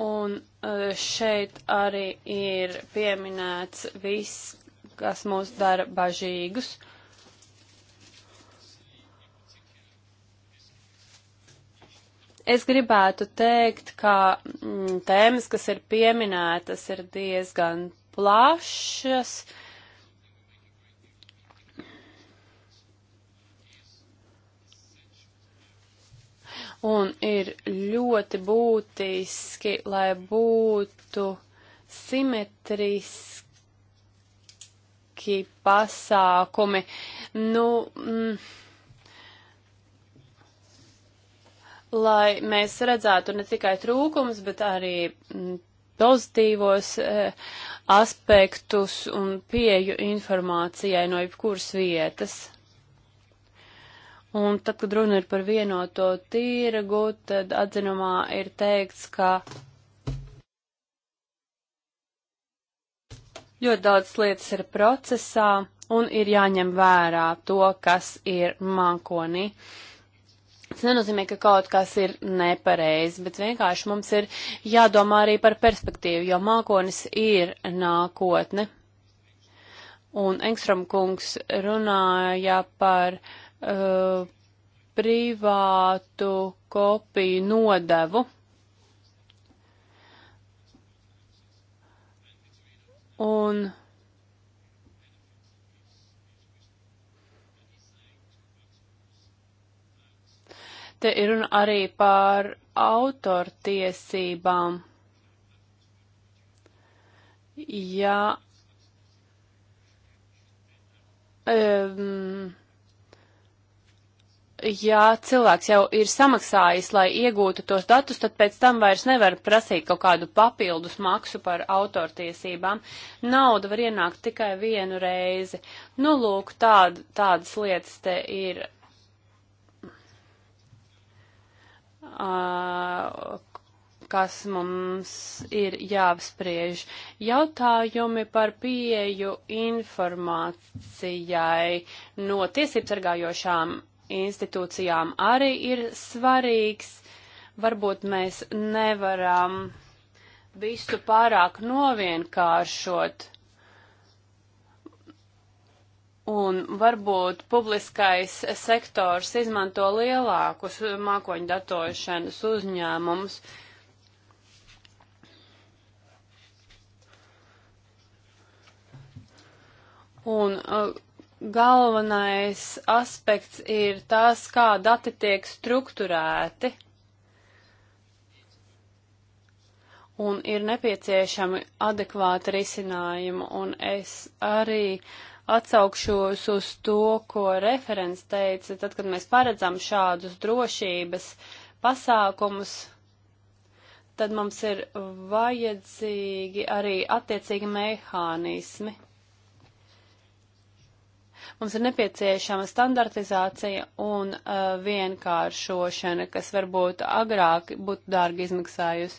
Un e, šeit arī ir pieminēts viss, kas mūs dara bažīgus. Es gribētu teikt, ka mm, tēmas, kas ir pieminētas, ir diezgan plašas. Un ir ļoti būtiski, lai būtu simetriski vairāki pasākumi. Nu, mm, lai mēs redzētu ne tikai trūkums, bet arī mm, pozitīvos e, aspektus un pieju informācijai no jebkuras vietas. Un tad, kad runa ir par vienoto tirgu, tad atzinumā ir teikts, ka Ļoti daudz lietas ir procesā un ir jāņem vērā to, kas ir mākonī. Tas nenozīmē, ka kaut kas ir nepareizi, bet vienkārši mums ir jādomā arī par perspektīvu, jo mākonis ir nākotne. Un Engstrom kungs runāja par uh, privātu kopiju nodevu. Un te ir runa arī par autortiesībām. Ja um, ja cilvēks jau ir samaksājis, lai iegūtu tos datus, tad pēc tam vairs nevar prasīt kaut kādu papildus maksu par autortiesībām. Nauda var ienākt tikai vienu reizi. Nu, lūk, tād, tādas lietas te ir, uh, kas mums ir jāapspriež. Jautājumi par pieeju informācijai no tiesības sargājošām institūcijām arī ir svarīgs. Varbūt mēs nevaram visu pārāk novienkāršot. Un varbūt publiskais sektors izmanto lielākus mākoņu datošanas uzņēmumus. Un uh, galvenais aspekts ir tas, kā dati tiek strukturēti. Un ir nepieciešami adekvāti risinājumi, un es arī atsaukšos uz to, ko referents teica, tad, kad mēs paredzam šādus drošības pasākumus, tad mums ir vajadzīgi arī attiecīgi mehānismi. Mums ir nepieciešama standartizācija un uh, vienkāršošana, kas varbūt agrāk būtu dārgi izmaksājusi.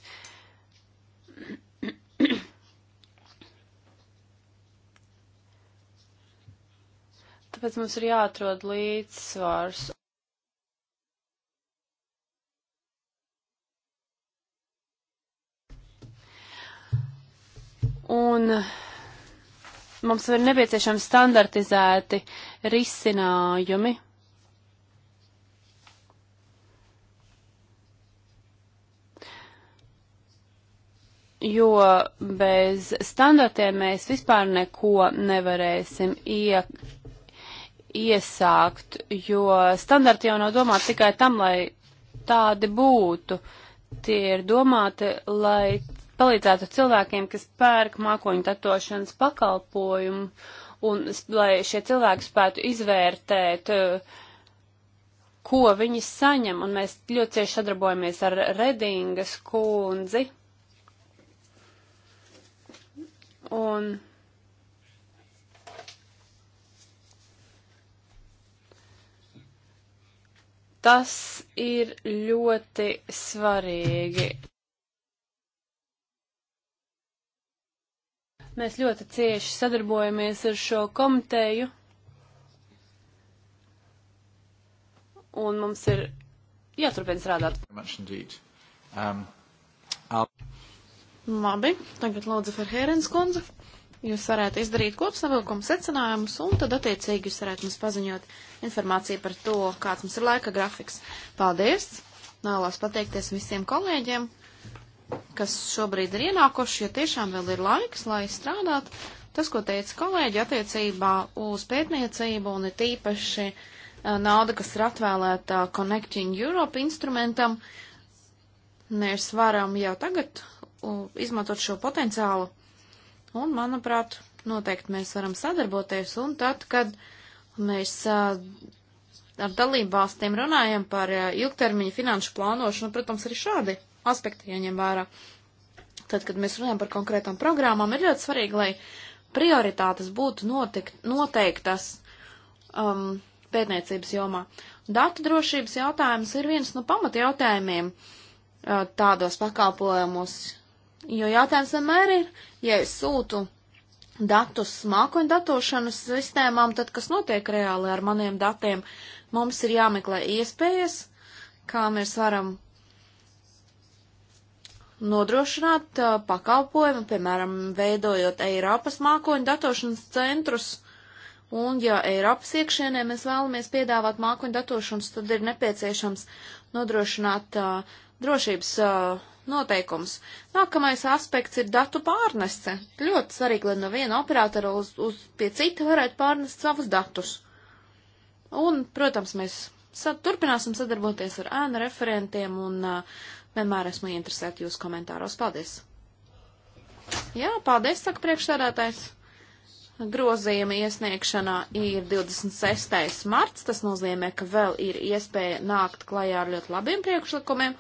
Tāpēc mums ir jāatrod līdzsvars. Un uh, Mums ir nepieciešami standartizēti risinājumi. Jo bez standartiem mēs vispār neko nevarēsim ie, iesākt, jo standarti jau nav domāti tikai tam, lai tādi būtu. Tie ir domāti, lai palīdzētu cilvēkiem, kas pērk mākoņu tatošanas pakalpojumu, un lai šie cilvēki spētu izvērtēt, uh, ko viņi saņem, un mēs ļoti cieši sadarbojamies ar Redingas kundzi. Un tas ir ļoti svarīgi. Mēs ļoti cieši sadarbojamies ar šo komiteju. Un mums ir jāturpina strādāt. Um, Labi, tagad lūdzu Ferhērens kundze. Jūs varētu izdarīt kopsavilkumu secinājumus, un tad attiecīgi jūs varētu mums paziņot informāciju par to, kāds mums ir laika grafiks. Paldies! Nālās pateikties visiem kolēģiem, kas šobrīd ir ienākuši, ja tiešām vēl ir laiks, lai strādāt. Tas, ko teica kolēģi attiecībā uz pētniecību un ir tīpaši eh, nauda, kas ir atvēlēta Connecting Europe instrumentam, mēs varam jau tagad izmantot šo potenciālu. Un, manuprāt, noteikti mēs varam sadarboties. Un tad, kad mēs eh, ar dalībvalstīm runājam par eh, ilgtermiņa finanšu plānošanu, protams, arī šādi aspekti jāņem vērā. Tad, kad mēs runājam par konkrētām programmām, ir ļoti svarīgi, lai prioritātes būtu notikt, noteiktas um, pētniecības jomā. Datu drošības jautājums ir viens no pamatjautājumiem uh, tādos pakalpojumos, jo jautājums vienmēr ir, ja es sūtu datus mākoņu datošanas sistēmām, tad kas notiek reāli ar maniem datiem? Mums ir jāmeklē iespējas, kā mēs varam nodrošināt uh, pakalpojumu, piemēram, veidojot Eiropas mākoņu datošanas centrus. Un, ja Eiropas iekšienē mēs vēlamies piedāvāt mākoņu datošanas, tad ir nepieciešams nodrošināt uh, drošības uh, noteikums. Nākamais aspekts ir datu pārnese. Ļoti svarīgi, lai no viena operatora uz, uz pie cita varētu pārnest savus datus. Un, protams, mēs sad, turpināsim sadarboties ar ēnu referentiem un uh, Vienmēr esmu interesēta jūsu komentāros. Paldies! Jā, paldies, saka priekšsēdētājs. Grozījuma iesniegšanā ir 26. marts, tas nozīmē, ka vēl ir iespēja nākt klajā ar ļoti labiem priekšlikumiem.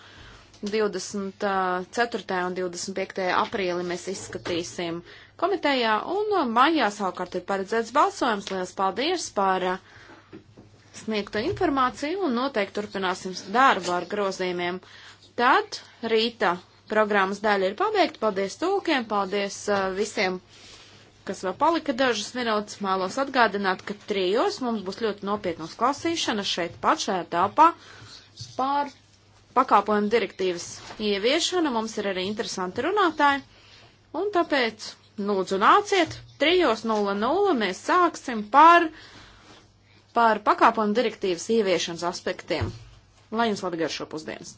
24. un 25. aprīli mēs izskatīsim komitejā, un maijā savukārt ir paredzēts balsojums. Lielas paldies par uh, sniegto informāciju, un noteikti turpināsim darbu ar grozījumiem. Tad rīta programmas daļa ir pabeigta. Paldies tūkiem, paldies uh, visiem, kas vēl palika dažas minūtes. Mēlos atgādināt, ka trijos mums būs ļoti nopietnas klausīšanas šeit pašā telpā pār pakāpojumu direktīvas ieviešanu. Mums ir arī interesanti runātāji. Un tāpēc lūdzu nāciet, 3.00 mēs sāksim par, par pakāpojumu direktīvas ieviešanas aspektiem. Lai jums labi garšo pusdienas!